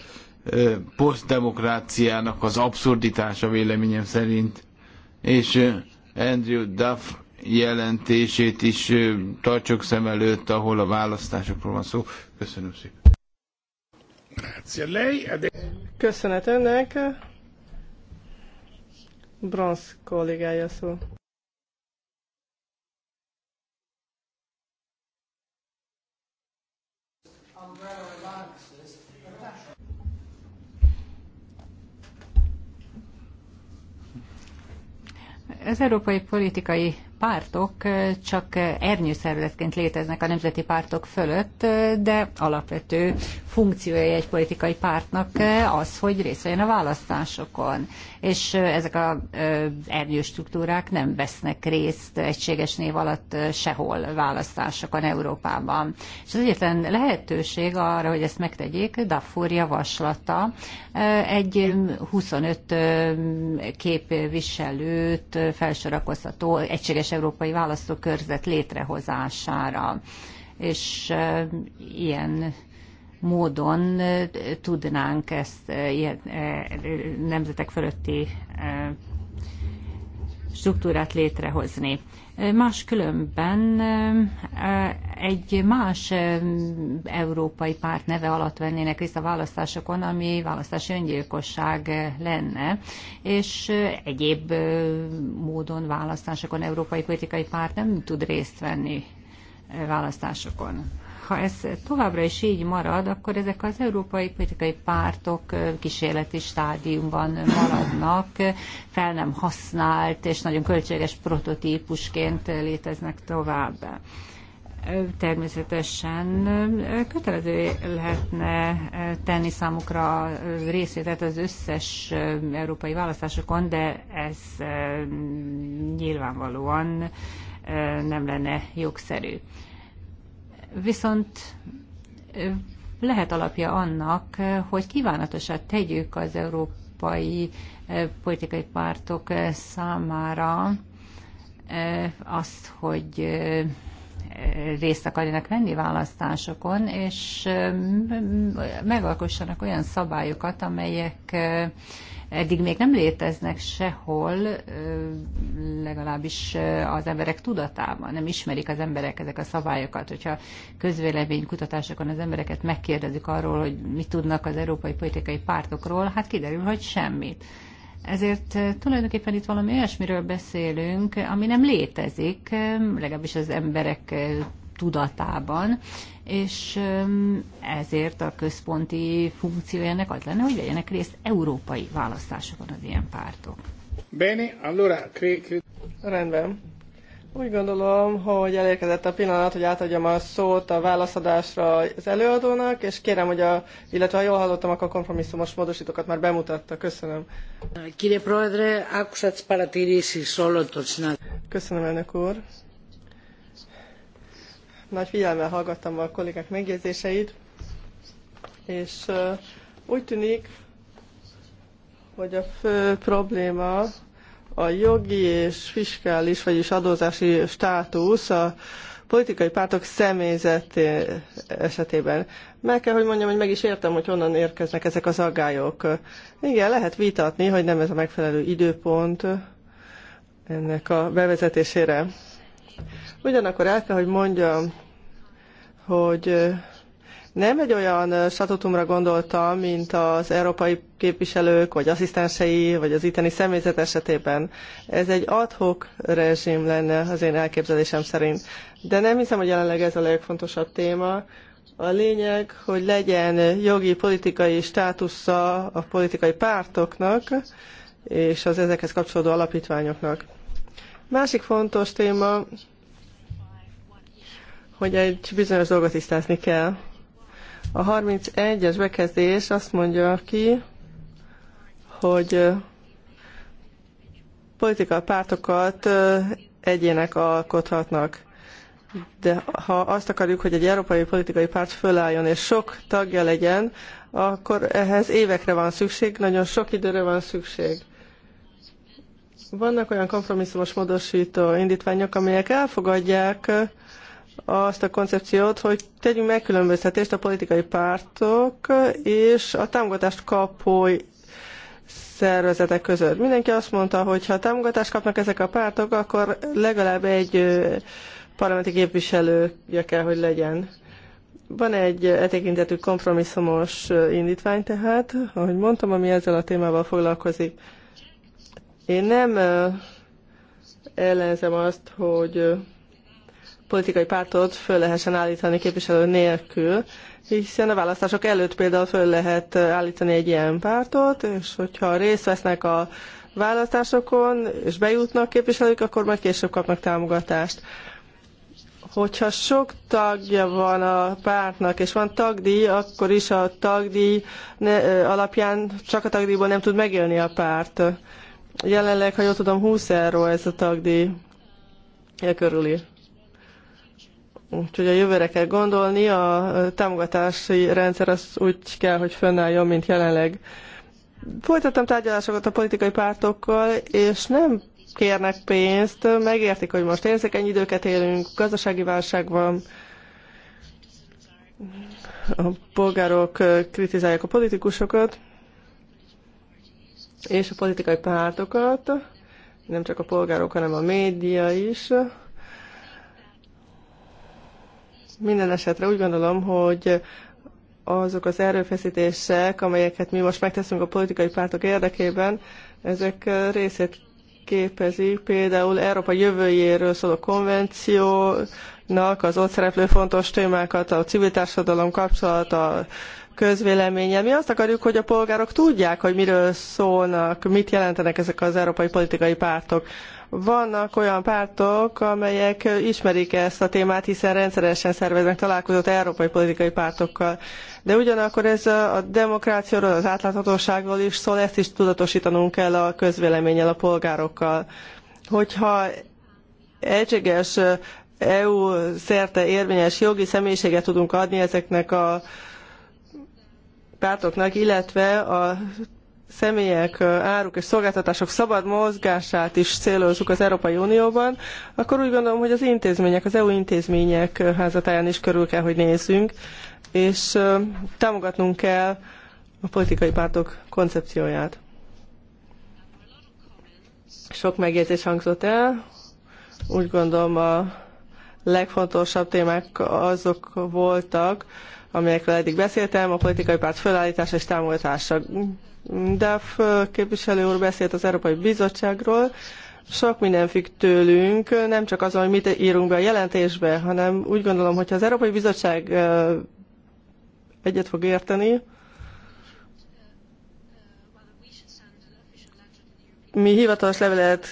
posztdemokráciának az abszurditása véleményem szerint. És Andrew Duff jelentését is tartsuk szem előtt, ahol a választásokról van szó. Köszönöm szépen. Köszönet önnek. Bronz kollégája szó. Az európai politikai pártok csak ernyőszervezetként léteznek a nemzeti pártok fölött, de alapvető funkciója egy politikai pártnak az, hogy részt vegyen a választásokon és ezek a ernyő struktúrák nem vesznek részt egységes név alatt sehol választásokon Európában. És az egyetlen lehetőség arra, hogy ezt megtegyék, Darfur javaslata egy 25 képviselőt felsorakoztató egységes európai választókörzet létrehozására és ilyen módon tudnánk ezt ilyen nemzetek fölötti struktúrát létrehozni. Máskülönben egy más európai párt neve alatt vennének részt a választásokon, ami választási öngyilkosság lenne, és egyéb módon választásokon európai politikai párt nem tud részt venni választásokon ha ez továbbra is így marad, akkor ezek az európai politikai pártok kísérleti stádiumban maradnak, fel nem használt és nagyon költséges prototípusként léteznek tovább természetesen kötelező lehetne tenni számukra részvételt az összes európai választásokon, de ez nyilvánvalóan nem lenne jogszerű viszont lehet alapja annak, hogy kívánatosan tegyük az európai politikai pártok számára azt, hogy részt akarjanak venni választásokon, és megalkossanak olyan szabályokat, amelyek eddig még nem léteznek sehol, legalábbis az emberek tudatában. Nem ismerik az emberek ezek a szabályokat. Hogyha közvéleménykutatásokon az embereket megkérdezik arról, hogy mit tudnak az európai politikai pártokról, hát kiderül, hogy semmit. Ezért eh, tulajdonképpen itt valami olyasmiről beszélünk, ami nem létezik, eh, legalábbis az emberek eh, tudatában, és ezért a központi funkciójának az lenne, hogy vegyenek részt európai választásokon az ilyen pártok. Bene, allora... Rendben. Úgy gondolom, hogy elérkezett a pillanat, hogy átadjam a szót a válaszadásra az előadónak, és kérem, hogy a, illetve ha jól hallottam, akkor a kompromisszumos módosítókat már bemutatta. Köszönöm. Köszönöm, elnök úr. Nagy figyelmel hallgattam a kollégák megjegyzéseit, és úgy tűnik, hogy a fő probléma a jogi és fiskális, vagyis adózási státusz a politikai pártok személyzete esetében. Meg kell, hogy mondjam, hogy meg is értem, hogy honnan érkeznek ezek az aggályok. Igen, lehet vitatni, hogy nem ez a megfelelő időpont ennek a bevezetésére. Ugyanakkor el kell, hogy mondjam, hogy nem egy olyan statutumra gondoltam, mint az európai képviselők, vagy asszisztensei, vagy az itteni személyzet esetében. Ez egy adhok rezsim lenne az én elképzelésem szerint. De nem hiszem, hogy jelenleg ez a legfontosabb téma. A lényeg, hogy legyen jogi, politikai státusza a politikai pártoknak, és az ezekhez kapcsolódó alapítványoknak. Másik fontos téma, hogy egy bizonyos dolgot tisztázni kell. A 31-es bekezdés azt mondja ki, hogy politikai pártokat egyének alkothatnak. De ha azt akarjuk, hogy egy európai politikai párt fölálljon és sok tagja legyen, akkor ehhez évekre van szükség, nagyon sok időre van szükség. Vannak olyan kompromisszumos módosító indítványok, amelyek elfogadják azt a koncepciót, hogy tegyünk megkülönböztetést a politikai pártok és a támogatást kapó szervezetek között. Mindenki azt mondta, hogy ha támogatást kapnak ezek a pártok, akkor legalább egy parlamenti képviselője kell, hogy legyen. Van egy etekintetű kompromisszumos indítvány tehát, ahogy mondtam, ami ezzel a témával foglalkozik. Én nem ellenzem azt, hogy politikai pártot föl lehessen állítani képviselő nélkül, hiszen a választások előtt például föl lehet állítani egy ilyen pártot, és hogyha részt vesznek a választásokon, és bejutnak képviselők, akkor majd később kapnak támogatást. Hogyha sok tagja van a pártnak, és van tagdíj, akkor is a tagdíj alapján csak a tagdíjból nem tud megélni a párt. Jelenleg, ha jól tudom, 20 euró ez a tagdíj. E körüli. Úgyhogy a jövőre kell gondolni, a támogatási rendszer az úgy kell, hogy fönnálljon, mint jelenleg. Folytattam tárgyalásokat a politikai pártokkal, és nem kérnek pénzt, megértik, hogy most érzékeny időket élünk, gazdasági válság van, a polgárok kritizálják a politikusokat, és a politikai pártokat, nem csak a polgárok, hanem a média is. Minden esetre úgy gondolom, hogy azok az erőfeszítések, amelyeket mi most megteszünk a politikai pártok érdekében, ezek részét képezi például Európa jövőjéről szóló konvenciónak az ott szereplő fontos témákat, a civil társadalom a közvéleménye. Mi azt akarjuk, hogy a polgárok tudják, hogy miről szólnak, mit jelentenek ezek az európai politikai pártok. Vannak olyan pártok, amelyek ismerik ezt a témát, hiszen rendszeresen szerveznek találkozót európai politikai pártokkal. De ugyanakkor ez a demokráciáról, az átláthatóságról is szól, ezt is tudatosítanunk kell a közvéleménnyel, a polgárokkal. Hogyha egységes EU szerte érvényes jogi személyiséget tudunk adni ezeknek a pártoknak, illetve a személyek, áruk és szolgáltatások szabad mozgását is célozzuk az Európai Unióban, akkor úgy gondolom, hogy az intézmények, az EU intézmények házatáján is körül kell, hogy nézzünk, és támogatnunk kell a politikai pártok koncepcióját. Sok megjegyzés hangzott el, úgy gondolom a legfontosabb témák azok voltak, amelyekről eddig beszéltem, a politikai párt felállítása és támogatása. De képviselő úr beszélt az Európai Bizottságról, sok minden függ tőlünk, nem csak azon, hogy mit írunk be a jelentésbe, hanem úgy gondolom, hogy az Európai Bizottság egyet fog érteni, mi hivatalos levelet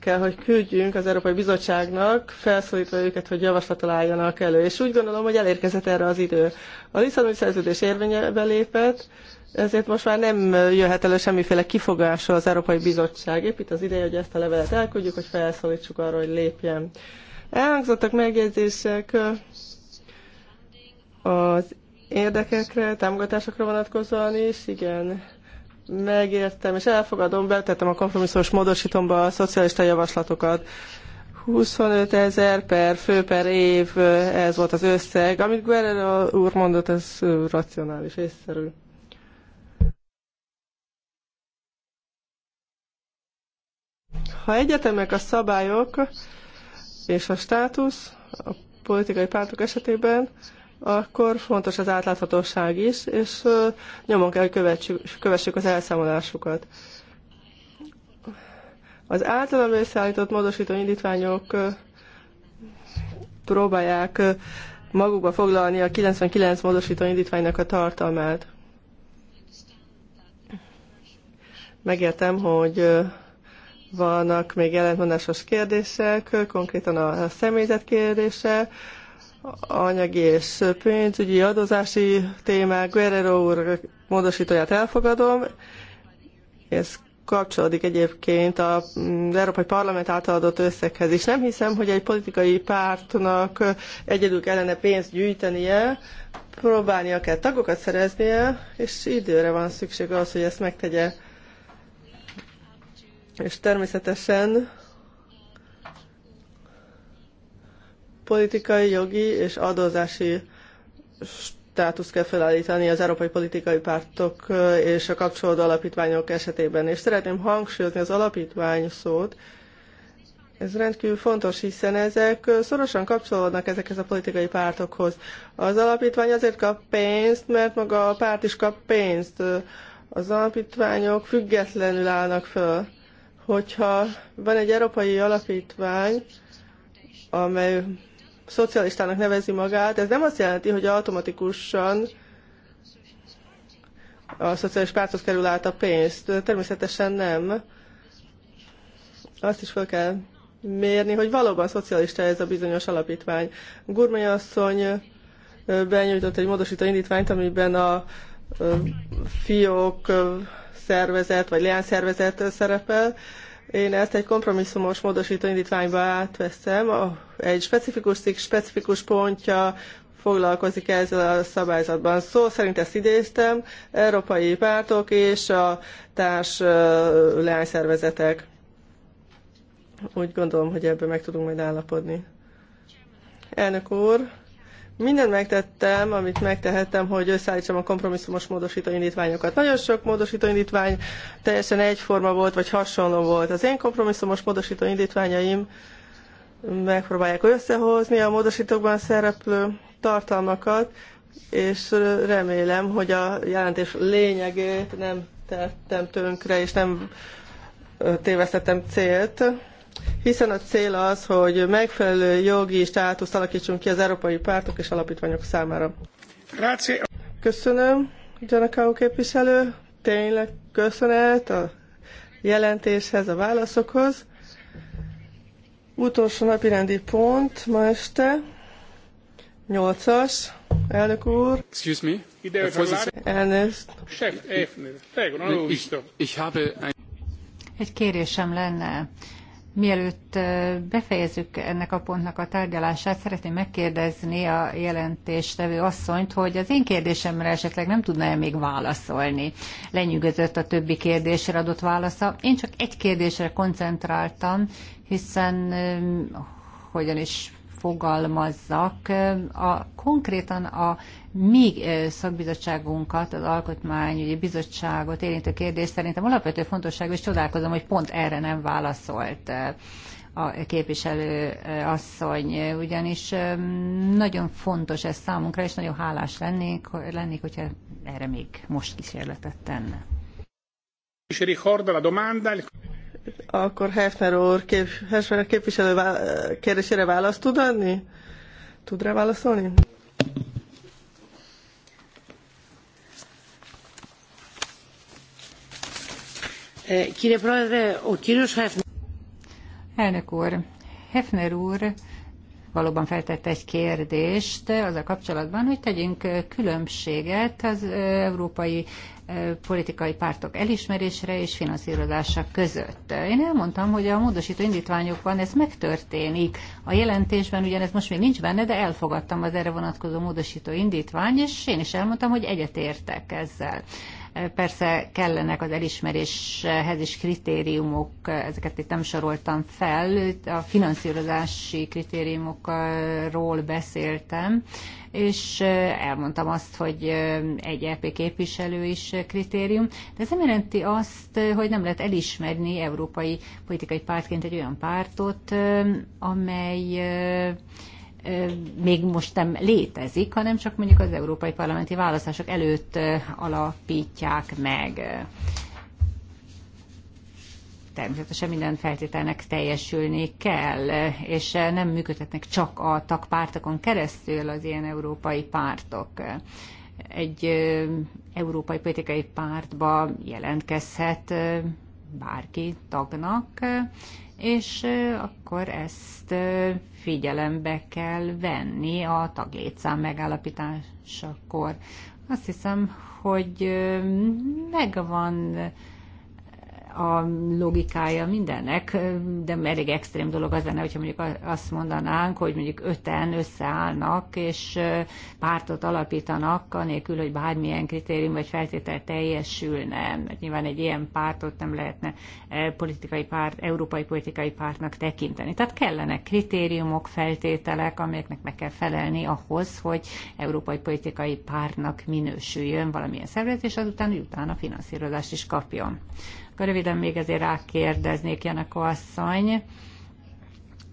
kell, hogy küldjünk az Európai Bizottságnak, felszólítva őket, hogy javaslat álljanak elő. És úgy gondolom, hogy elérkezett erre az idő. A Lisszaboni szerződés érvénybe lépett, ezért most már nem jöhet elő semmiféle kifogása az Európai Bizottság. Épp itt az ideje, hogy ezt a levelet elküldjük, hogy felszólítsuk arra, hogy lépjen. Elhangzottak megjegyzések az érdekekre, támogatásokra vonatkozóan is, igen megértem, és elfogadom, betettem a kompromisszós módosítomba a szocialista javaslatokat. 25 ezer per fő per év, ez volt az összeg. Amit Guerrero úr mondott, ez racionális, észszerű. Ha egyetemek a szabályok és a státusz a politikai pártok esetében, akkor fontos az átláthatóság is, és nyomon kell, hogy kövessük az elszámolásukat. Az általam összeállított módosító indítványok próbálják magukba foglalni a 99 módosító indítványnak a tartalmát. Megértem, hogy vannak még ellentmondásos kérdések, konkrétan a személyzet kérdése, anyagi és pénzügyi adózási témák. Guerrero úr módosítóját elfogadom. Ez kapcsolódik egyébként az mm, Európai Parlament által adott összeghez is. Nem hiszem, hogy egy politikai pártnak egyedül kellene pénzt gyűjtenie, próbálnia kell tagokat szereznie, és időre van szükség ahhoz, hogy ezt megtegye. És természetesen politikai, jogi és adózási státuszt kell felállítani az európai politikai pártok és a kapcsolódó alapítványok esetében. És szeretném hangsúlyozni az alapítvány szót, ez rendkívül fontos, hiszen ezek szorosan kapcsolódnak ezekhez a politikai pártokhoz. Az alapítvány azért kap pénzt, mert maga a párt is kap pénzt. Az alapítványok függetlenül állnak föl. Hogyha van egy európai alapítvány, amely szocialistának nevezi magát, ez nem azt jelenti, hogy automatikusan a szociális párthoz kerül át a pénzt. Természetesen nem. Azt is fel kell mérni, hogy valóban szocialista ez a bizonyos alapítvány. Gurmai asszony benyújtott egy módosító indítványt, amiben a fiók szervezet, vagy szervezet szerepel, én ezt egy kompromisszumos módosító indítványba átveszem. Egy specifikus cikk specifikus pontja foglalkozik ezzel a szabályzatban. Szó szóval szerint ezt idéztem, európai pártok és a társ leányszervezetek. Úgy gondolom, hogy ebben meg tudunk majd állapodni. Elnök úr! Mindent megtettem, amit megtehettem, hogy összeállítsam a kompromisszumos módosítóindítványokat. indítványokat. Nagyon sok módosítóindítvány indítvány teljesen egyforma volt, vagy hasonló volt. Az én kompromisszumos módosítóindítványaim indítványaim megpróbálják összehozni a módosítókban szereplő tartalmakat, és remélem, hogy a jelentés lényegét nem tettem tönkre, és nem tévesztettem célt hiszen a cél az, hogy megfelelő jogi státuszt alakítsunk ki az európai pártok és alapítványok számára. Grazie. Köszönöm, Gyanakau képviselő. Tényleg köszönet a jelentéshez, a válaszokhoz. Utolsó napirendi pont ma este, 8-as, elnök úr. Excuse me. Elnézést. Chef ich habe ein... Egy kérésem lenne. Mielőtt befejezzük ennek a pontnak a tárgyalását, szeretném megkérdezni a jelentéstevő asszonyt, hogy az én kérdésemre esetleg nem tudna-e még válaszolni. Lenyűgözött a többi kérdésre adott válasza. Én csak egy kérdésre koncentráltam, hiszen hogyan is fogalmazzak. A, konkrétan a mi szakbizottságunkat, az Alkotmányügyi Bizottságot érintő kérdés szerintem alapvető fontosságú, és csodálkozom, hogy pont erre nem válaszolt a képviselő asszony, ugyanis nagyon fontos ez számunkra, és nagyon hálás lennék, lennék hogyha erre még most kísérletet tenne. Akkor Hefner úr, kép, Hefner képviselő vá, kérdésére választ tud adni? Tud rá válaszolni? Eh, Elnök úr, Hefner úr valóban feltett egy kérdést az a kapcsolatban, hogy tegyünk különbséget az európai politikai pártok elismerésre és finanszírozása között. Én elmondtam, hogy a módosító indítványokban ez megtörténik. A jelentésben ugyanez most még nincs benne, de elfogadtam az erre vonatkozó módosító indítvány, és én is elmondtam, hogy egyetértek ezzel. Persze kellenek az elismeréshez is kritériumok, ezeket itt nem soroltam fel, a finanszírozási kritériumokról beszéltem, és elmondtam azt, hogy egy EP képviselő is kritérium, de ez nem jelenti azt, hogy nem lehet elismerni európai politikai pártként egy olyan pártot, amely még most nem létezik, hanem csak mondjuk az európai parlamenti választások előtt alapítják meg. Természetesen minden feltételnek teljesülni kell, és nem működhetnek csak a tagpártokon keresztül az ilyen európai pártok egy európai politikai pártba jelentkezhet bárki tagnak, és akkor ezt figyelembe kell venni a taglétszám megállapításakor. Azt hiszem, hogy megvan a logikája mindennek, de elég extrém dolog az lenne, hogyha mondjuk azt mondanánk, hogy mondjuk öten összeállnak, és pártot alapítanak, anélkül, hogy bármilyen kritérium vagy feltétel teljesülne. Mert nyilván egy ilyen pártot nem lehetne e, politikai párt, európai politikai pártnak tekinteni. Tehát kellenek kritériumok, feltételek, amelyeknek meg kell felelni ahhoz, hogy európai politikai pártnak minősüljön valamilyen szervezet, és azután utána finanszírozást is kapjon. Röviden még azért rákérdeznék Janako asszony.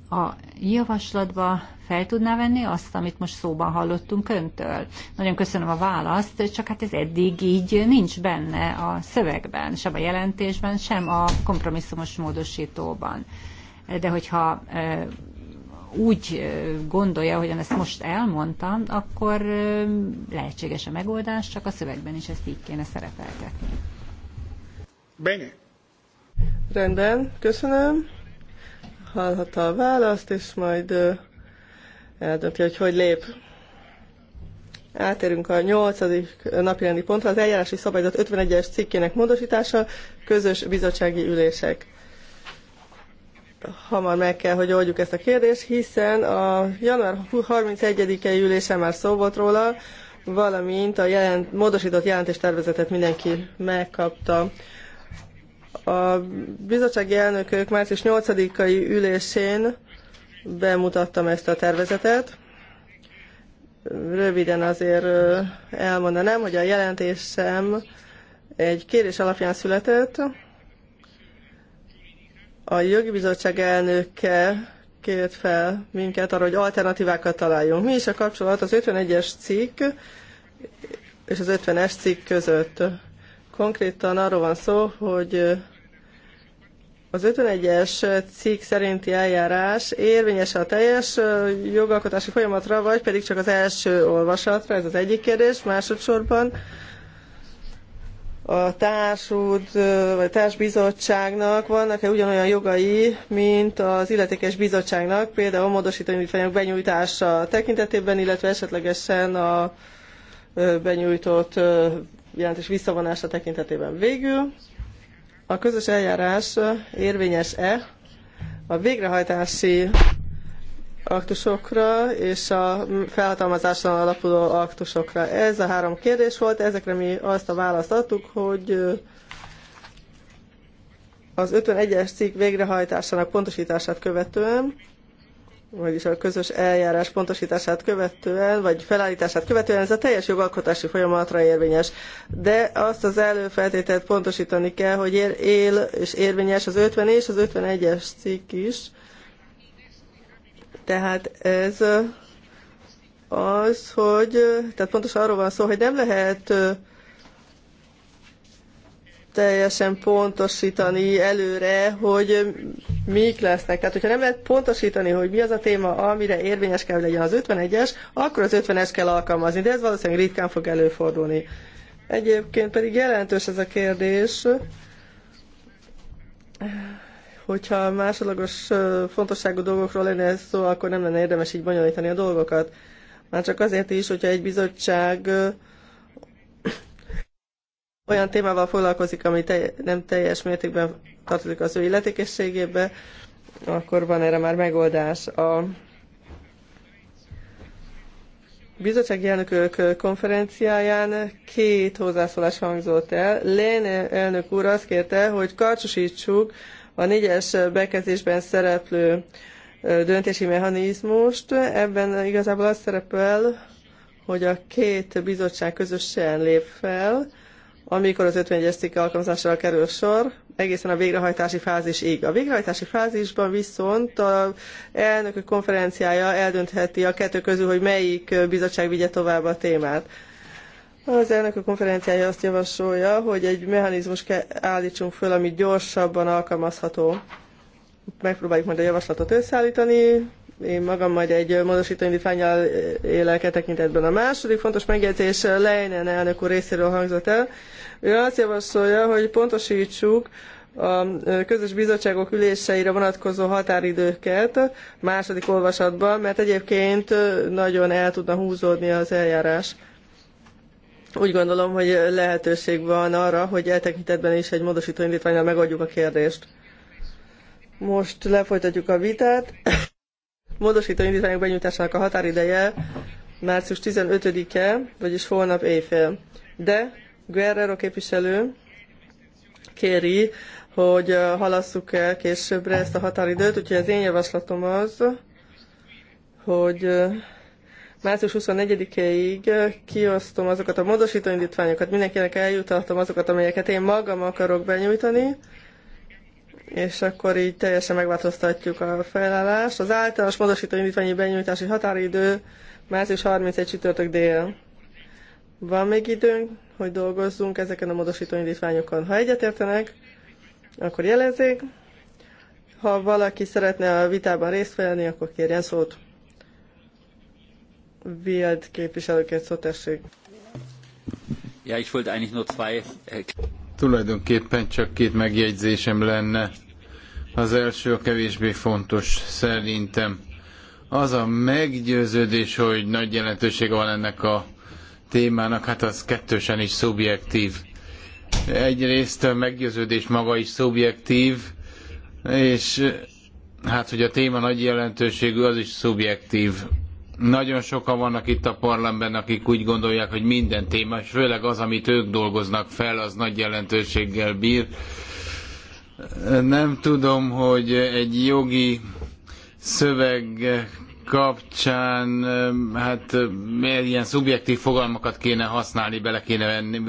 A javaslatba fel tudná venni azt, amit most szóban hallottunk öntől? Nagyon köszönöm a választ, csak hát ez eddig így nincs benne a szövegben, sem a jelentésben, sem a kompromisszumos módosítóban. De hogyha úgy gondolja, hogy ezt most elmondtam, akkor lehetséges a megoldás, csak a szövegben is ezt így kéne szerepeltetni. Rendben, köszönöm. Hallhatta a választ, és majd eldönti, hogy hogy lép. Átérünk a nyolcadik napirendi pontra, az eljárási szabályzat 51-es cikkének módosítása, közös bizottsági ülések. Hamar meg kell, hogy oldjuk ezt a kérdést, hiszen a január 31-i ülésen már szó volt róla, valamint a jelent, módosított jelentéstervezetet mindenki megkapta. A bizottsági elnökök március 8-ai ülésén bemutattam ezt a tervezetet. Röviden azért elmondanám, hogy a jelentésem egy kérés alapján született. A jogi bizottság elnöke kért fel minket arra, hogy alternatívákat találjunk. Mi is a kapcsolat az 51-es cikk és az 50-es cikk között. Konkrétan arról van szó, hogy az 51-es cikk szerinti eljárás érvényes a teljes jogalkotási folyamatra, vagy pedig csak az első olvasatra, ez az egyik kérdés. Másodszorban a társult, vagy társbizottságnak vannak-e ugyanolyan jogai, mint az illetékes bizottságnak, például módosítani indítványok benyújtása tekintetében, illetve esetlegesen a benyújtott jelentés visszavonása tekintetében végül a közös eljárás érvényes-e a végrehajtási aktusokra és a felhatalmazáson alapuló aktusokra. Ez a három kérdés volt, ezekre mi azt a választ adtuk, hogy az 51-es cikk végrehajtásának pontosítását követően vagyis a közös eljárás pontosítását követően, vagy felállítását követően ez a teljes jogalkotási folyamatra érvényes. De azt az előfeltételt pontosítani kell, hogy él, él és érvényes az 50 és az 51-es cikk is. Tehát ez az, hogy, tehát pontosan arról van szó, hogy nem lehet teljesen pontosítani előre, hogy mik lesznek. Tehát, hogyha nem lehet pontosítani, hogy mi az a téma, amire érvényes kell, legyen az 51-es, akkor az 50-es kell alkalmazni, de ez valószínűleg ritkán fog előfordulni. Egyébként pedig jelentős ez a kérdés, hogyha másodlagos fontosságú dolgokról lenne szó, akkor nem lenne érdemes így bonyolítani a dolgokat. Már csak azért is, hogyha egy bizottság olyan témával foglalkozik, ami te, nem teljes mértékben tartozik az ő illetékességébe, akkor van erre már megoldás. A bizottsági elnökök konferenciáján két hozzászólás hangzott el. Lén elnök úr azt kérte, hogy karcsosítsuk a négyes bekezdésben szereplő döntési mechanizmust. Ebben igazából az szerepel, hogy a két bizottság közösen lép fel, amikor az 51-es cikk alkalmazására kerül sor, egészen a végrehajtási fázisig. A végrehajtási fázisban viszont a elnökök konferenciája eldöntheti a kettő közül, hogy melyik bizottság vigye tovább a témát. Az elnökök konferenciája azt javasolja, hogy egy mechanizmus állítsunk föl, ami gyorsabban alkalmazható. Megpróbáljuk majd a javaslatot összeállítani, én magam majd egy módosító indítványjal élek e tekintetben. A második fontos megjegyzés Leinen elnök úr részéről hangzott el. Ő azt javasolja, hogy pontosítsuk a közös bizottságok üléseire vonatkozó határidőket második olvasatban, mert egyébként nagyon el tudna húzódni az eljárás. Úgy gondolom, hogy lehetőség van arra, hogy eltekintetben is egy módosító indítványnal megadjuk a kérdést. Most lefolytatjuk a vitát. Módosító indítványok benyújtásának a határideje március 15-e, vagyis holnap éjfél. De Guerrero képviselő kéri, hogy halasszuk el későbbre ezt a határidőt, úgyhogy az én javaslatom az, hogy március 24-ig kiosztom azokat a módosító indítványokat, mindenkinek eljutatom azokat, amelyeket én magam akarok benyújtani, és akkor így teljesen megváltoztatjuk a felállást. Az általános módosító indítványi benyújtási határidő március 31 csütörtök dél. Van még időnk, hogy dolgozzunk ezeken a módosító indítványokon. Ha egyetértenek, akkor jelezzék. Ha valaki szeretne a vitában részt venni, akkor kérjen szót. Wild képviselőként szó tessék. Ja, ich wollte eigentlich nur zwei... Äh, Tulajdonképpen csak két megjegyzésem lenne. Az első a kevésbé fontos szerintem. Az a meggyőződés, hogy nagy jelentősége van ennek a témának, hát az kettősen is szubjektív. Egyrészt a meggyőződés maga is szubjektív, és hát, hogy a téma nagy jelentőségű, az is szubjektív. Nagyon sokan vannak itt a parlamentben, akik úgy gondolják, hogy minden téma, és főleg az, amit ők dolgoznak fel, az nagy jelentőséggel bír. Nem tudom, hogy egy jogi szöveg kapcsán, hát ilyen szubjektív fogalmakat kéne használni, bele kéne venni,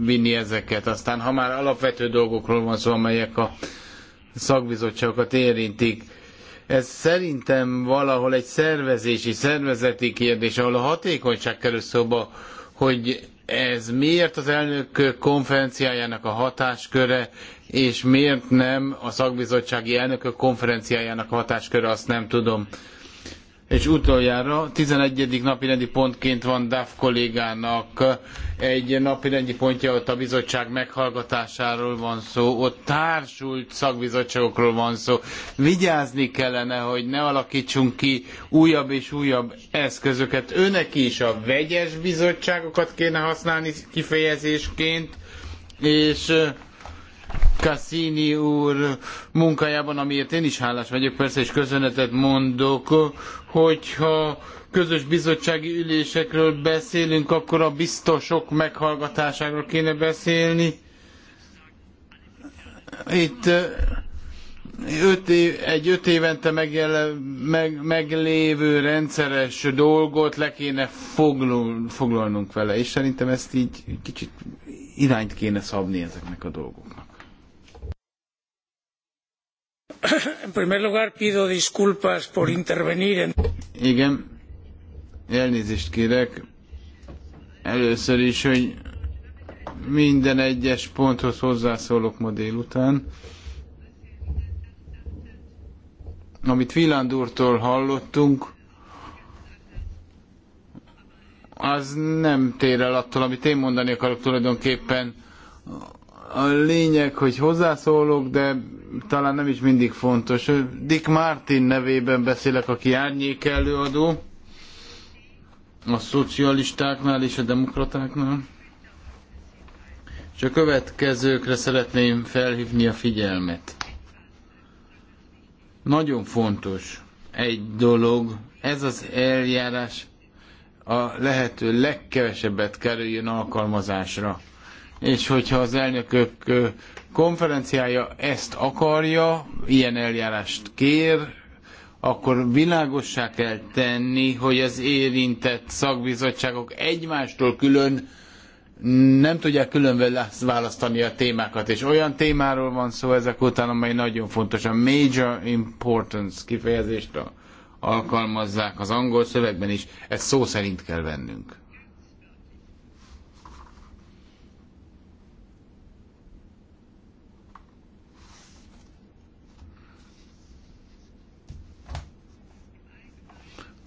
vinni ezeket. Aztán, ha már alapvető dolgokról van szó, amelyek a szakbizottságokat érintik, ez szerintem valahol egy szervezési, szervezeti kérdés, ahol a hatékonyság kerül szóba, hogy ez miért az elnök konferenciájának a hatásköre, és miért nem a szakbizottsági elnökök konferenciájának a hatásköre, azt nem tudom és utoljára 11. napirendi pontként van DAF kollégának egy napirendi pontja, ott a bizottság meghallgatásáról van szó, ott társult szakbizottságokról van szó. Vigyázni kellene, hogy ne alakítsunk ki újabb és újabb eszközöket. Őnek is a vegyes bizottságokat kéne használni kifejezésként, és Cassini úr munkájában, amiért én is hálás vagyok, persze, és köszönetet mondok, hogyha közös bizottsági ülésekről beszélünk, akkor a biztosok meghallgatásáról kéne beszélni. Itt öt év, egy öt évente megjele, meg, meglévő rendszeres dolgot le kéne foglalnunk vele, és szerintem ezt így kicsit irányt kéne szabni ezeknek a dolgoknak. En primer lugar pido disculpas por intervenir en... Igen, elnézést kérek. Először is, hogy minden egyes ponthoz hozzászólok ma délután. Amit Viland úrtól hallottunk, az nem tér el attól, amit én mondani akarok tulajdonképpen a lényeg, hogy hozzászólok, de talán nem is mindig fontos. Dick Martin nevében beszélek, aki árnyék előadó a szocialistáknál és a demokratáknál. És a következőkre szeretném felhívni a figyelmet. Nagyon fontos egy dolog, ez az eljárás a lehető legkevesebbet kerüljön alkalmazásra és hogyha az elnökök konferenciája ezt akarja, ilyen eljárást kér, akkor világossá kell tenni, hogy az érintett szakbizottságok egymástól külön nem tudják külön választani a témákat, és olyan témáról van szó ezek után, amely nagyon fontos. A major importance kifejezést alkalmazzák az angol szövegben is, ezt szó szerint kell vennünk.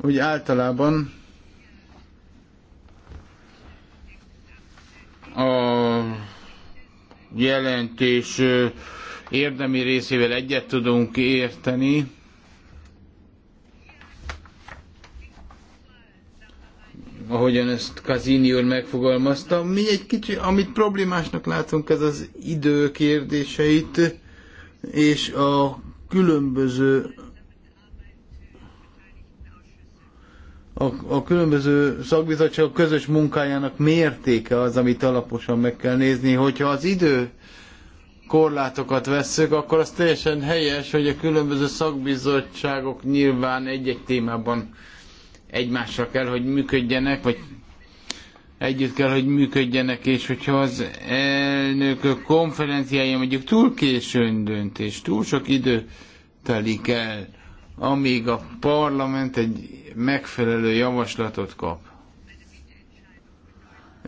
úgy általában a jelentés érdemi részével egyet tudunk érteni. ahogyan ezt Kazini úr megfogalmazta. Mi egy kicsi, amit problémásnak látunk, ez az idő kérdéseit, és a különböző a, a különböző szakbizottságok közös munkájának mértéke az, amit alaposan meg kell nézni. Hogyha az idő korlátokat vesszük, akkor az teljesen helyes, hogy a különböző szakbizottságok nyilván egy-egy témában egymással kell, hogy működjenek, vagy együtt kell, hogy működjenek, és hogyha az elnökök konferenciája mondjuk túl későn dönt, és túl sok idő telik el, amíg a parlament egy megfelelő javaslatot kap.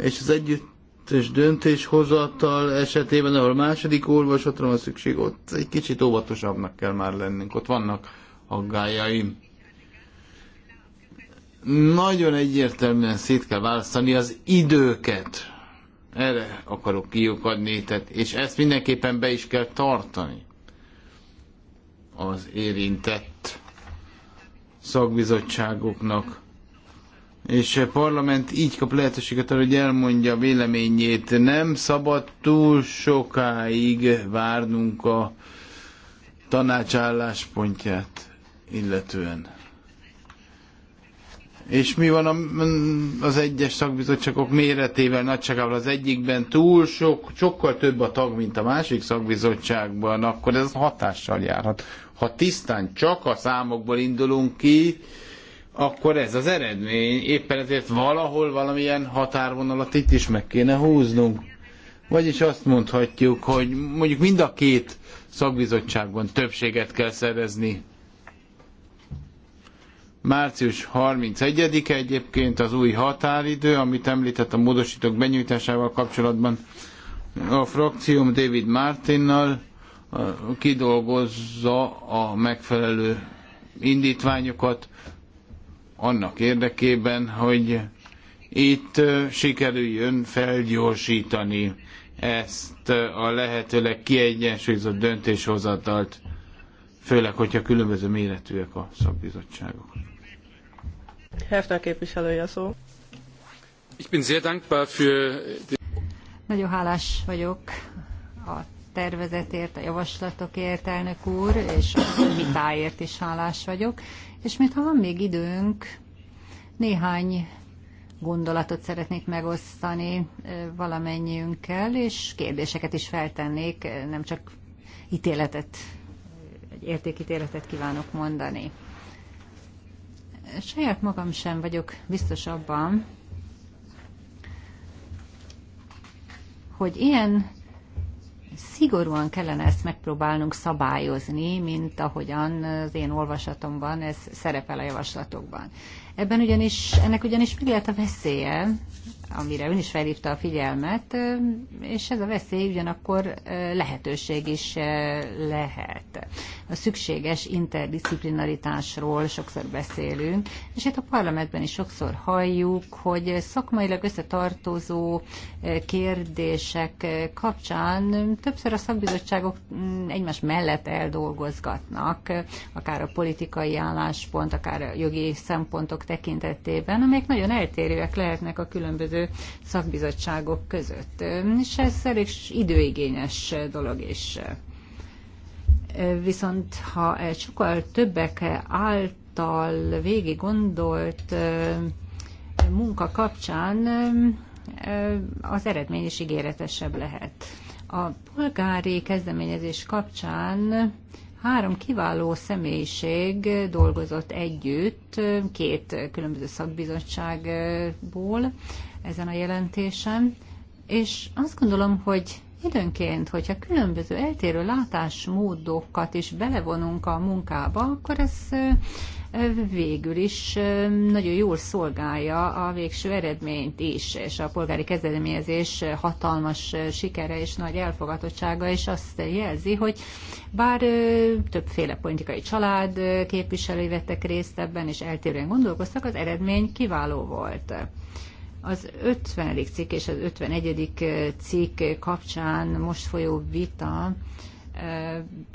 És az együttes döntéshozatal esetében, ahol második olvasatra van szükség, ott egy kicsit óvatosabbnak kell már lennünk. Ott vannak aggájaim. Nagyon egyértelműen szét kell választani az időket. Erre akarok kiukadni, tehát, és ezt mindenképpen be is kell tartani az érintett szakbizottságoknak. És a parlament így kap lehetőséget arra, hogy elmondja a véleményét. Nem szabad túl sokáig várnunk a tanács álláspontját illetően. És mi van a, az egyes szakbizottságok méretével, nagyságával az egyikben túl sok, sokkal több a tag, mint a másik szakbizottságban, akkor ez hatással járhat ha tisztán csak a számokból indulunk ki, akkor ez az eredmény. Éppen ezért valahol valamilyen határvonalat itt is meg kéne húznunk. Vagyis azt mondhatjuk, hogy mondjuk mind a két szakbizottságban többséget kell szerezni. Március 31-e egyébként az új határidő, amit említett a módosítók benyújtásával kapcsolatban a frakcióm David Martinnal kidolgozza a megfelelő indítványokat annak érdekében, hogy itt sikerüljön felgyorsítani ezt a lehetőleg kiegyensúlyozott döntéshozatalt, főleg, hogyha különböző méretűek a szakbizottságok. Hefner képviselője a szó. Ich bin sehr dankbar für Nagyon hálás vagyok a tervezetért, a javaslatokért, elnök úr, és a vitáért is hálás vagyok. És mintha van még időnk, néhány gondolatot szeretnék megosztani valamennyiünkkel, és kérdéseket is feltennék, nem csak ítéletet, egy értékítéletet kívánok mondani. Saját magam sem vagyok biztos abban, hogy ilyen szigorúan kellene ezt megpróbálnunk szabályozni, mint ahogyan az én olvasatomban ez szerepel a javaslatokban. Ebben ugyanis, ennek ugyanis mi lehet a veszélye, amire ön is felhívta a figyelmet, és ez a veszély ugyanakkor lehetőség is lehet. A szükséges interdisziplinaritásról sokszor beszélünk, és itt a parlamentben is sokszor halljuk, hogy szakmailag összetartozó kérdések kapcsán többször a szakbizottságok mm, egymás mellett eldolgozgatnak, akár a politikai álláspont, akár a jogi szempontok tekintetében, amelyek nagyon eltérőek lehetnek a különböző szakbizottságok között. És ez elég időigényes dolog is. Viszont ha egy sokkal többek által végig gondolt munka kapcsán az eredmény is ígéretesebb lehet. A polgári kezdeményezés kapcsán Három kiváló személyiség dolgozott együtt, két különböző szakbizottságból ezen a jelentésen, és azt gondolom, hogy időnként, hogyha különböző eltérő látásmódokat is belevonunk a munkába, akkor ez végül is nagyon jól szolgálja a végső eredményt is, és a polgári kezdeményezés hatalmas sikere és nagy elfogadottsága és azt jelzi, hogy bár többféle politikai család képviselői vettek részt ebben, és eltérően gondolkoztak, az eredmény kiváló volt. Az 50. cikk és az 51. cikk kapcsán most folyó vita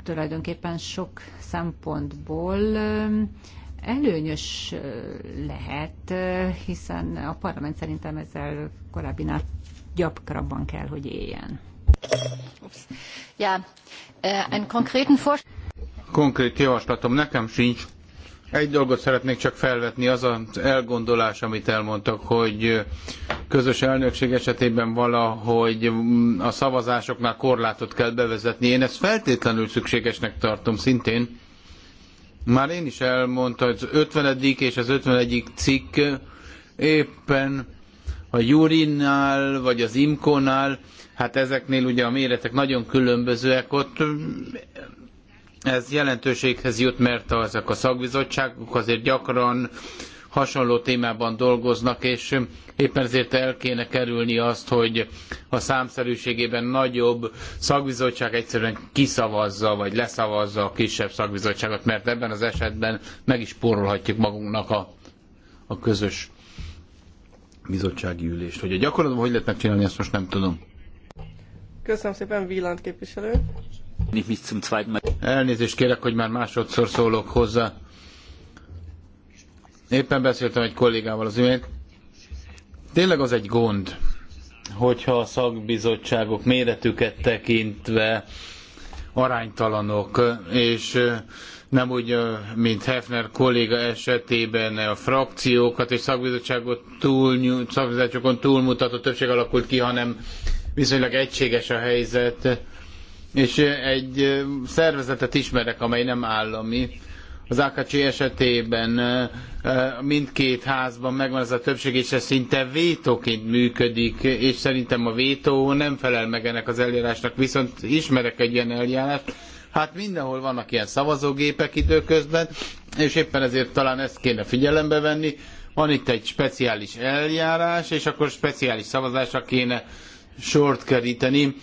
tulajdonképpen sok szempontból előnyös lehet, hiszen a parlament szerintem ezzel korábbi gyakrabban kell, hogy éljen. Ja, einen konkréten Konkrét javaslatom nekem sincs. Egy dolgot szeretnék csak felvetni, az az elgondolás, amit elmondtak, hogy közös elnökség esetében valahogy mm, a szavazásoknál korlátot kell bevezetni. Én ezt feltétlenül szükségesnek tartom szintén, már én is elmondta, az 50. és az 51. cikk éppen a Jurinál, vagy az Imkonál, hát ezeknél ugye a méretek nagyon különbözőek, ott ez jelentőséghez jut, mert ezek a szakbizottságok azért gyakran hasonló témában dolgoznak, és éppen ezért el kéne kerülni azt, hogy a számszerűségében nagyobb szakbizottság egyszerűen kiszavazza, vagy leszavazza a kisebb szakbizottságot, mert ebben az esetben meg is porolhatjuk magunknak a, a közös bizottsági ülést. Hogy a gyakorlatban hogy lehet megcsinálni, ezt most nem tudom. Köszönöm szépen, Villant képviselő. Elnézést kérek, hogy már másodszor szólok hozzá. Éppen beszéltem egy kollégával az imént. Tényleg az egy gond, hogyha a szakbizottságok méretüket tekintve aránytalanok, és nem úgy, mint Hefner kolléga esetében a frakciókat és szakbizottságot túl, szakbizottságokon túlmutató többség alakult ki, hanem viszonylag egységes a helyzet. És egy szervezetet ismerek, amely nem állami, az AKC esetében mindkét házban megvan ez a többség, és ez szinte vétóként működik, és szerintem a vétó nem felel meg ennek az eljárásnak, viszont ismerek egy ilyen eljárást, Hát mindenhol vannak ilyen szavazógépek időközben, és éppen ezért talán ezt kéne figyelembe venni. Van itt egy speciális eljárás, és akkor speciális szavazásra kéne sort keríteni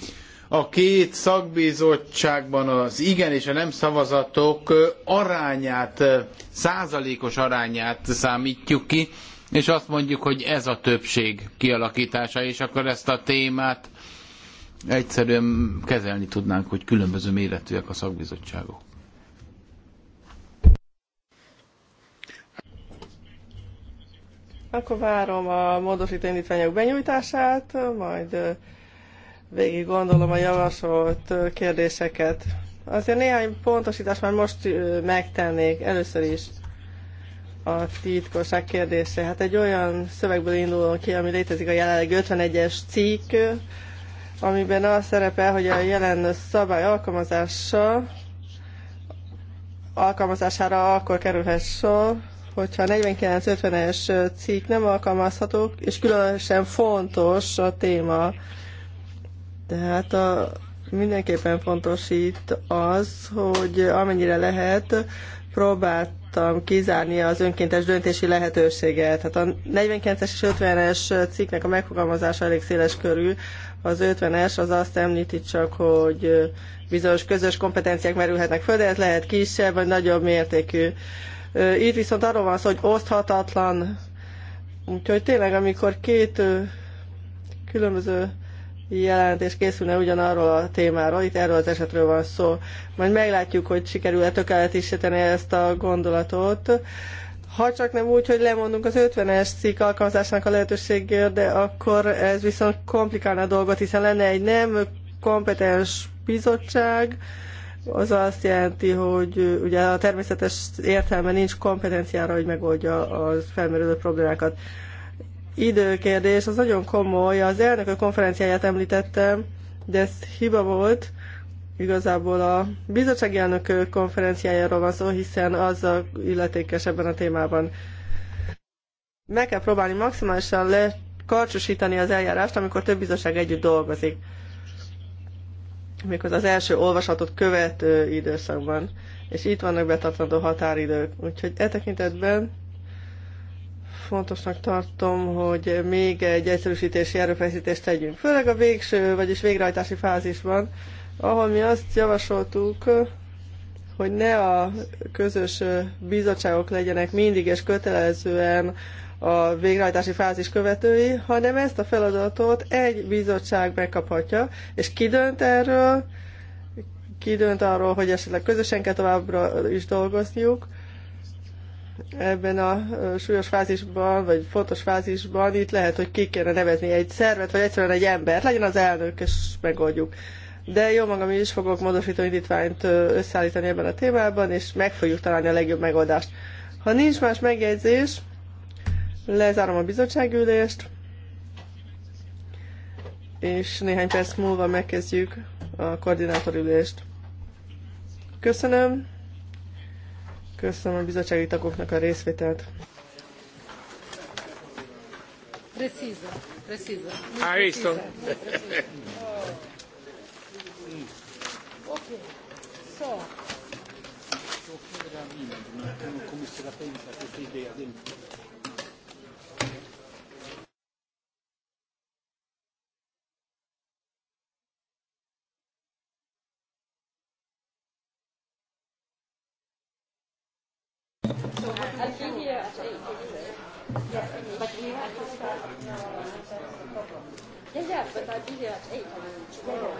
a két szakbizottságban az igen és a nem szavazatok arányát, százalékos arányát számítjuk ki, és azt mondjuk, hogy ez a többség kialakítása, és akkor ezt a témát egyszerűen kezelni tudnánk, hogy különböző méretűek a szakbizottságok. Akkor várom a módosító indítványok benyújtását, majd végig gondolom a javasolt kérdéseket. Azért néhány pontosítást már most megtennék, először is a titkosság kérdése. Hát egy olyan szövegből indulom ki, ami létezik a jelenleg 51-es cikk, amiben az szerepel, hogy a jelen szabály alkalmazása alkalmazására akkor kerülhet sor, hogyha 49-50-es cikk nem alkalmazható, és különösen fontos a téma, tehát a, mindenképpen fontos itt az, hogy amennyire lehet, próbáltam kizárni az önkéntes döntési lehetőséget. Hát a 49-es és 50-es cikknek a megfogalmazása elég széles körül. Az 50-es az azt említi csak, hogy bizonyos közös kompetenciák merülhetnek föl, de ez lehet kisebb vagy nagyobb mértékű. Itt viszont arról van szó, hogy oszthatatlan. Úgyhogy tényleg, amikor két különböző jelentés készülne ugyanarról a témáról, itt erről az esetről van szó. Majd meglátjuk, hogy sikerül-e tökéletesíteni ezt a gondolatot. Ha csak nem úgy, hogy lemondunk az 50-es cikk alkalmazásának a lehetőségéről, de akkor ez viszont komplikálna a dolgot, hiszen lenne egy nem kompetens bizottság, az azt jelenti, hogy ugye a természetes értelme nincs kompetenciára, hogy megoldja a felmerülő problémákat időkérdés, az nagyon komoly. Az elnökök konferenciáját említettem, de ez hiba volt. Igazából a bizottsági elnökök konferenciájáról van szó, hiszen az a illetékes ebben a témában. Meg kell próbálni maximálisan lekarcsosítani az eljárást, amikor több bizottság együtt dolgozik amikor az első olvasatot követő időszakban. És itt vannak betartandó határidők. Úgyhogy e tekintetben fontosnak tartom, hogy még egy egyszerűsítési erőfeszítést tegyünk. Főleg a végső, vagyis végrehajtási fázisban, ahol mi azt javasoltuk, hogy ne a közös bizottságok legyenek mindig és kötelezően a végrehajtási fázis követői, hanem ezt a feladatot egy bizottság megkaphatja, és kidönt erről, kidönt arról, hogy esetleg közösen kell továbbra is dolgozniuk, ebben a súlyos fázisban, vagy fontos fázisban itt lehet, hogy ki kéne nevezni egy szervet, vagy egyszerűen egy embert, legyen az elnök, és megoldjuk. De jó magam is fogok módosító indítványt összeállítani ebben a témában, és meg fogjuk találni a legjobb megoldást. Ha nincs más megjegyzés, lezárom a bizottságülést, és néhány perc múlva megkezdjük a koordinátorülést. Köszönöm! Köszönöm a bizottsági tagoknak a részvételt. Precisa, precisa. Ah, visto. ok, so. Come se la pensa questa idea here at 8 and I'm together.